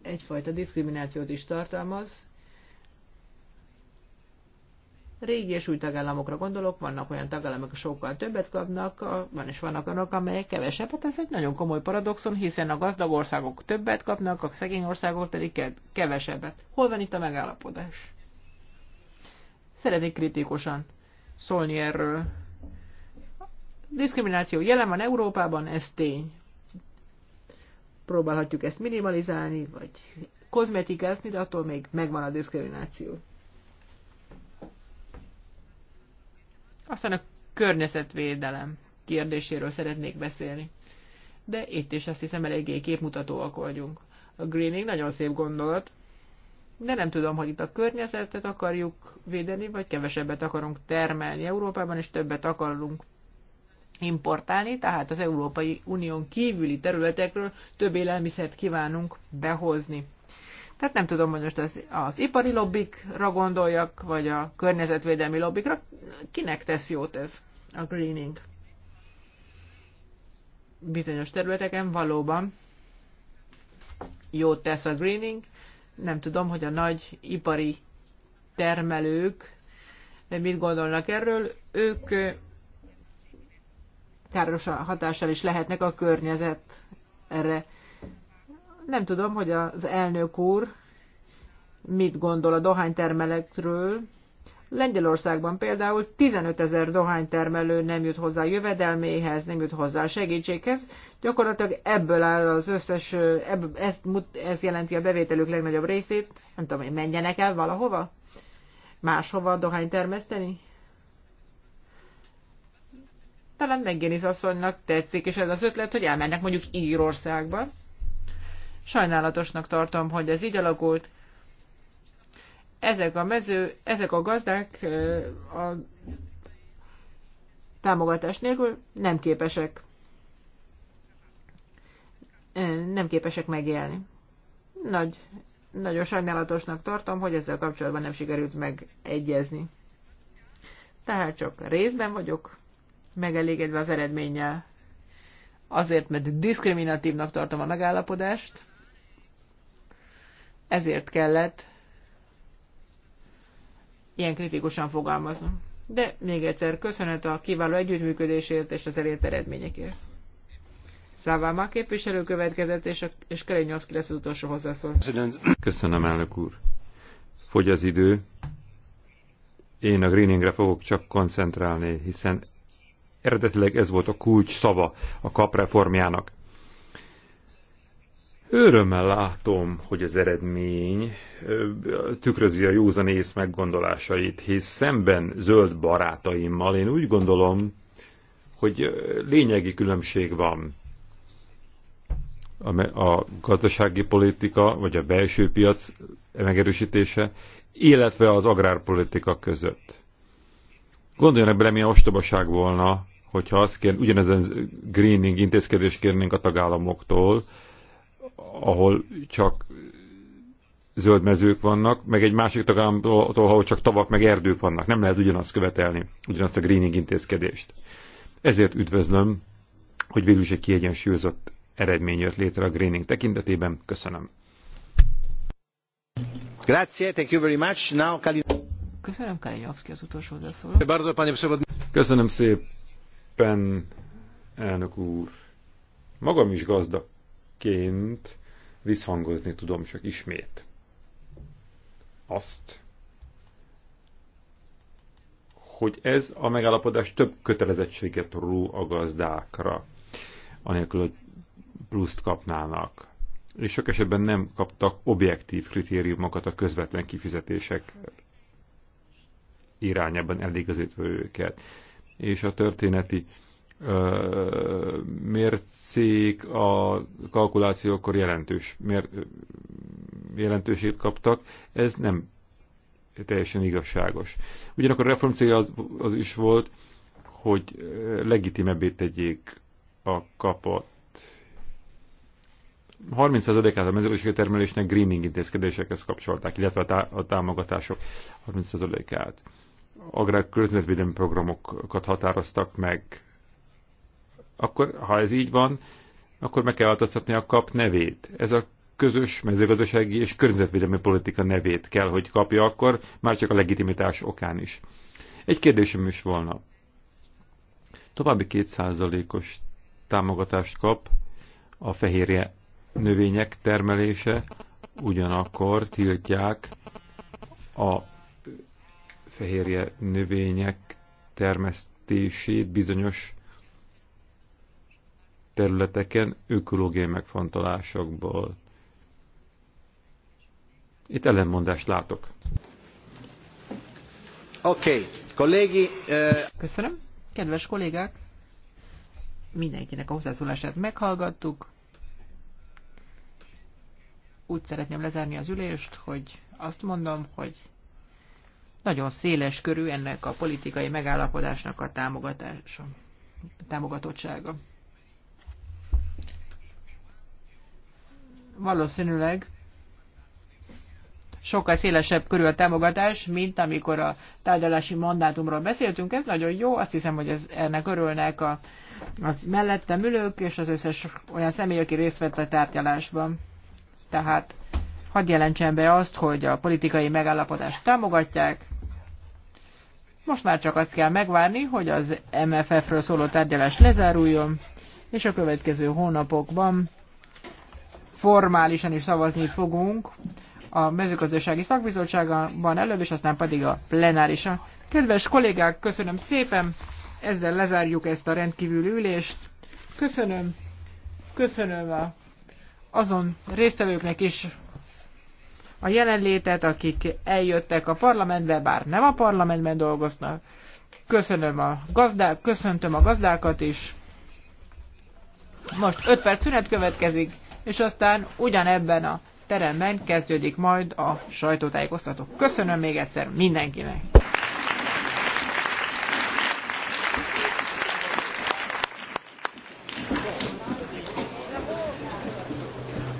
egyfajta diszkriminációt is tartalmaz. Régi és új tagállamokra gondolok, vannak olyan tagállamok, sokkal többet kapnak, van és vannak olyanok, amelyek kevesebbet. Hát ez egy nagyon komoly paradoxon, hiszen a gazdag országok többet kapnak, a szegény országok pedig kevesebbet. Hol van itt a megállapodás? Szeretnék kritikusan szólni erről. Diszkrimináció jelen van Európában, ez tény. Próbálhatjuk ezt minimalizálni, vagy kozmetikázni, de attól még megvan a diszkrimináció. Aztán a környezetvédelem kérdéséről szeretnék beszélni. De itt is azt hiszem eléggé képmutatóak vagyunk. A greening nagyon szép gondolat, de nem tudom, hogy itt a környezetet akarjuk védeni, vagy kevesebbet akarunk termelni Európában, és többet akarunk importálni, tehát az Európai Unión kívüli területekről több élelmiszert kívánunk behozni. Tehát nem tudom, hogy most az, az ipari lobbikra gondoljak, vagy a környezetvédelmi lobbikra. Kinek tesz jót ez a greening? Bizonyos területeken valóban jót tesz a greening, nem tudom, hogy a nagy ipari termelők mit gondolnak erről. Ők káros hatással is lehetnek a környezet erre. Nem tudom, hogy az elnök úr mit gondol a dohánytermelekről, Lengyelországban például 15 ezer dohánytermelő nem jut hozzá jövedelméhez, nem jut hozzá segítséghez. Gyakorlatilag ebből áll az összes, ez, ez jelenti a bevételük legnagyobb részét. Nem tudom, hogy menjenek el valahova? Máshova a dohány termeszteni? Talán Meggéniz asszonynak tetszik, és ez az ötlet, hogy elmennek mondjuk Írországba. Sajnálatosnak tartom, hogy ez így alakult, ezek a mező, ezek a gazdák a támogatás nélkül nem képesek nem képesek megélni. Nagy, nagyon sajnálatosnak tartom, hogy ezzel kapcsolatban nem sikerült megegyezni. Tehát csak részben vagyok megelégedve az eredménnyel. Azért, mert diszkriminatívnak tartom a megállapodást, ezért kellett ilyen kritikusan fogalmazom, De még egyszer köszönet a kiváló együttműködésért és az elért eredményekért. már képviselő következett, és, a, és Kerenyovszki lesz az utolsó hozzászól. Köszönöm, elnök úr. Fogy az idő. Én a greeningre fogok csak koncentrálni, hiszen eredetileg ez volt a kulcs szava a kapreformjának. Örömmel látom, hogy az eredmény tükrözi a józan ész meggondolásait, hisz szemben zöld barátaimmal én úgy gondolom, hogy lényegi különbség van a gazdasági politika, vagy a belső piac megerősítése, illetve az agrárpolitika között. Gondoljanak bele, milyen ostobaság volna, hogyha azt kér, ugyanezen greening intézkedést kérnénk a tagállamoktól, ahol csak zöld mezők vannak, meg egy másik tagállamtól, ahol csak tavak meg erdők vannak. Nem lehet ugyanazt követelni, ugyanazt a greening intézkedést. Ezért üdvözlöm, hogy végül is egy kiegyensúlyozott eredmény jött létre a greening tekintetében. Köszönöm. Grazie, thank you very much. Now, Kalin... Köszönöm, Kalinowski az utolsó hozzászóló. Köszönöm szépen, elnök úr. Magam is gazdag ként visszhangozni tudom csak ismét. Azt, hogy ez a megállapodás több kötelezettséget ró a gazdákra, anélkül, hogy pluszt kapnának. És sok esetben nem kaptak objektív kritériumokat a közvetlen kifizetések irányában eligazítva őket. És a történeti mércék a kalkulációkor jelentős, mér, jelentősét kaptak, ez nem teljesen igazságos. Ugyanakkor a reform célja az, az is volt, hogy legitimebbé tegyék a kapott. 30%-át a mezőgazdasági termelésnek greening intézkedésekhez kapcsolták, illetve a, tá a támogatások 30%-át. Agrár környezetvédelmi programokat határoztak meg, akkor ha ez így van, akkor meg kell változtatni a kap nevét. Ez a közös mezőgazdasági és környezetvédelmi politika nevét kell, hogy kapja akkor, már csak a legitimitás okán is. Egy kérdésem is volna. További kétszázalékos támogatást kap a fehérje növények termelése, ugyanakkor tiltják a fehérje növények termesztését bizonyos területeken ökológiai megfontolásokból. Itt ellenmondást látok. Oké, okay. kollégi... Uh... Köszönöm. Kedves kollégák, mindenkinek a hozzászólását meghallgattuk. Úgy szeretném lezárni az ülést, hogy azt mondom, hogy nagyon széles körű ennek a politikai megállapodásnak a támogatása, támogatottsága. valószínűleg sokkal szélesebb körül a támogatás, mint amikor a tárgyalási mandátumról beszéltünk. Ez nagyon jó, azt hiszem, hogy ez, ennek örülnek a, az mellettem ülők és az összes olyan személy, aki részt vett a tárgyalásban. Tehát hadd jelentsen be azt, hogy a politikai megállapodást támogatják. Most már csak azt kell megvárni, hogy az MFF-ről szóló tárgyalás lezáruljon, és a következő hónapokban formálisan is szavazni fogunk a mezőgazdasági szakbizottságban előbb, és aztán pedig a plenárisan. Kedves kollégák, köszönöm szépen, ezzel lezárjuk ezt a rendkívüli ülést. Köszönöm, köszönöm a, azon résztvevőknek is a jelenlétet, akik eljöttek a parlamentbe, bár nem a parlamentben dolgoznak. Köszönöm a gazdák, köszöntöm a gazdákat is. Most 5 perc szünet következik és aztán ugyanebben a teremben kezdődik majd a sajtótájékoztató. Köszönöm még egyszer mindenkinek!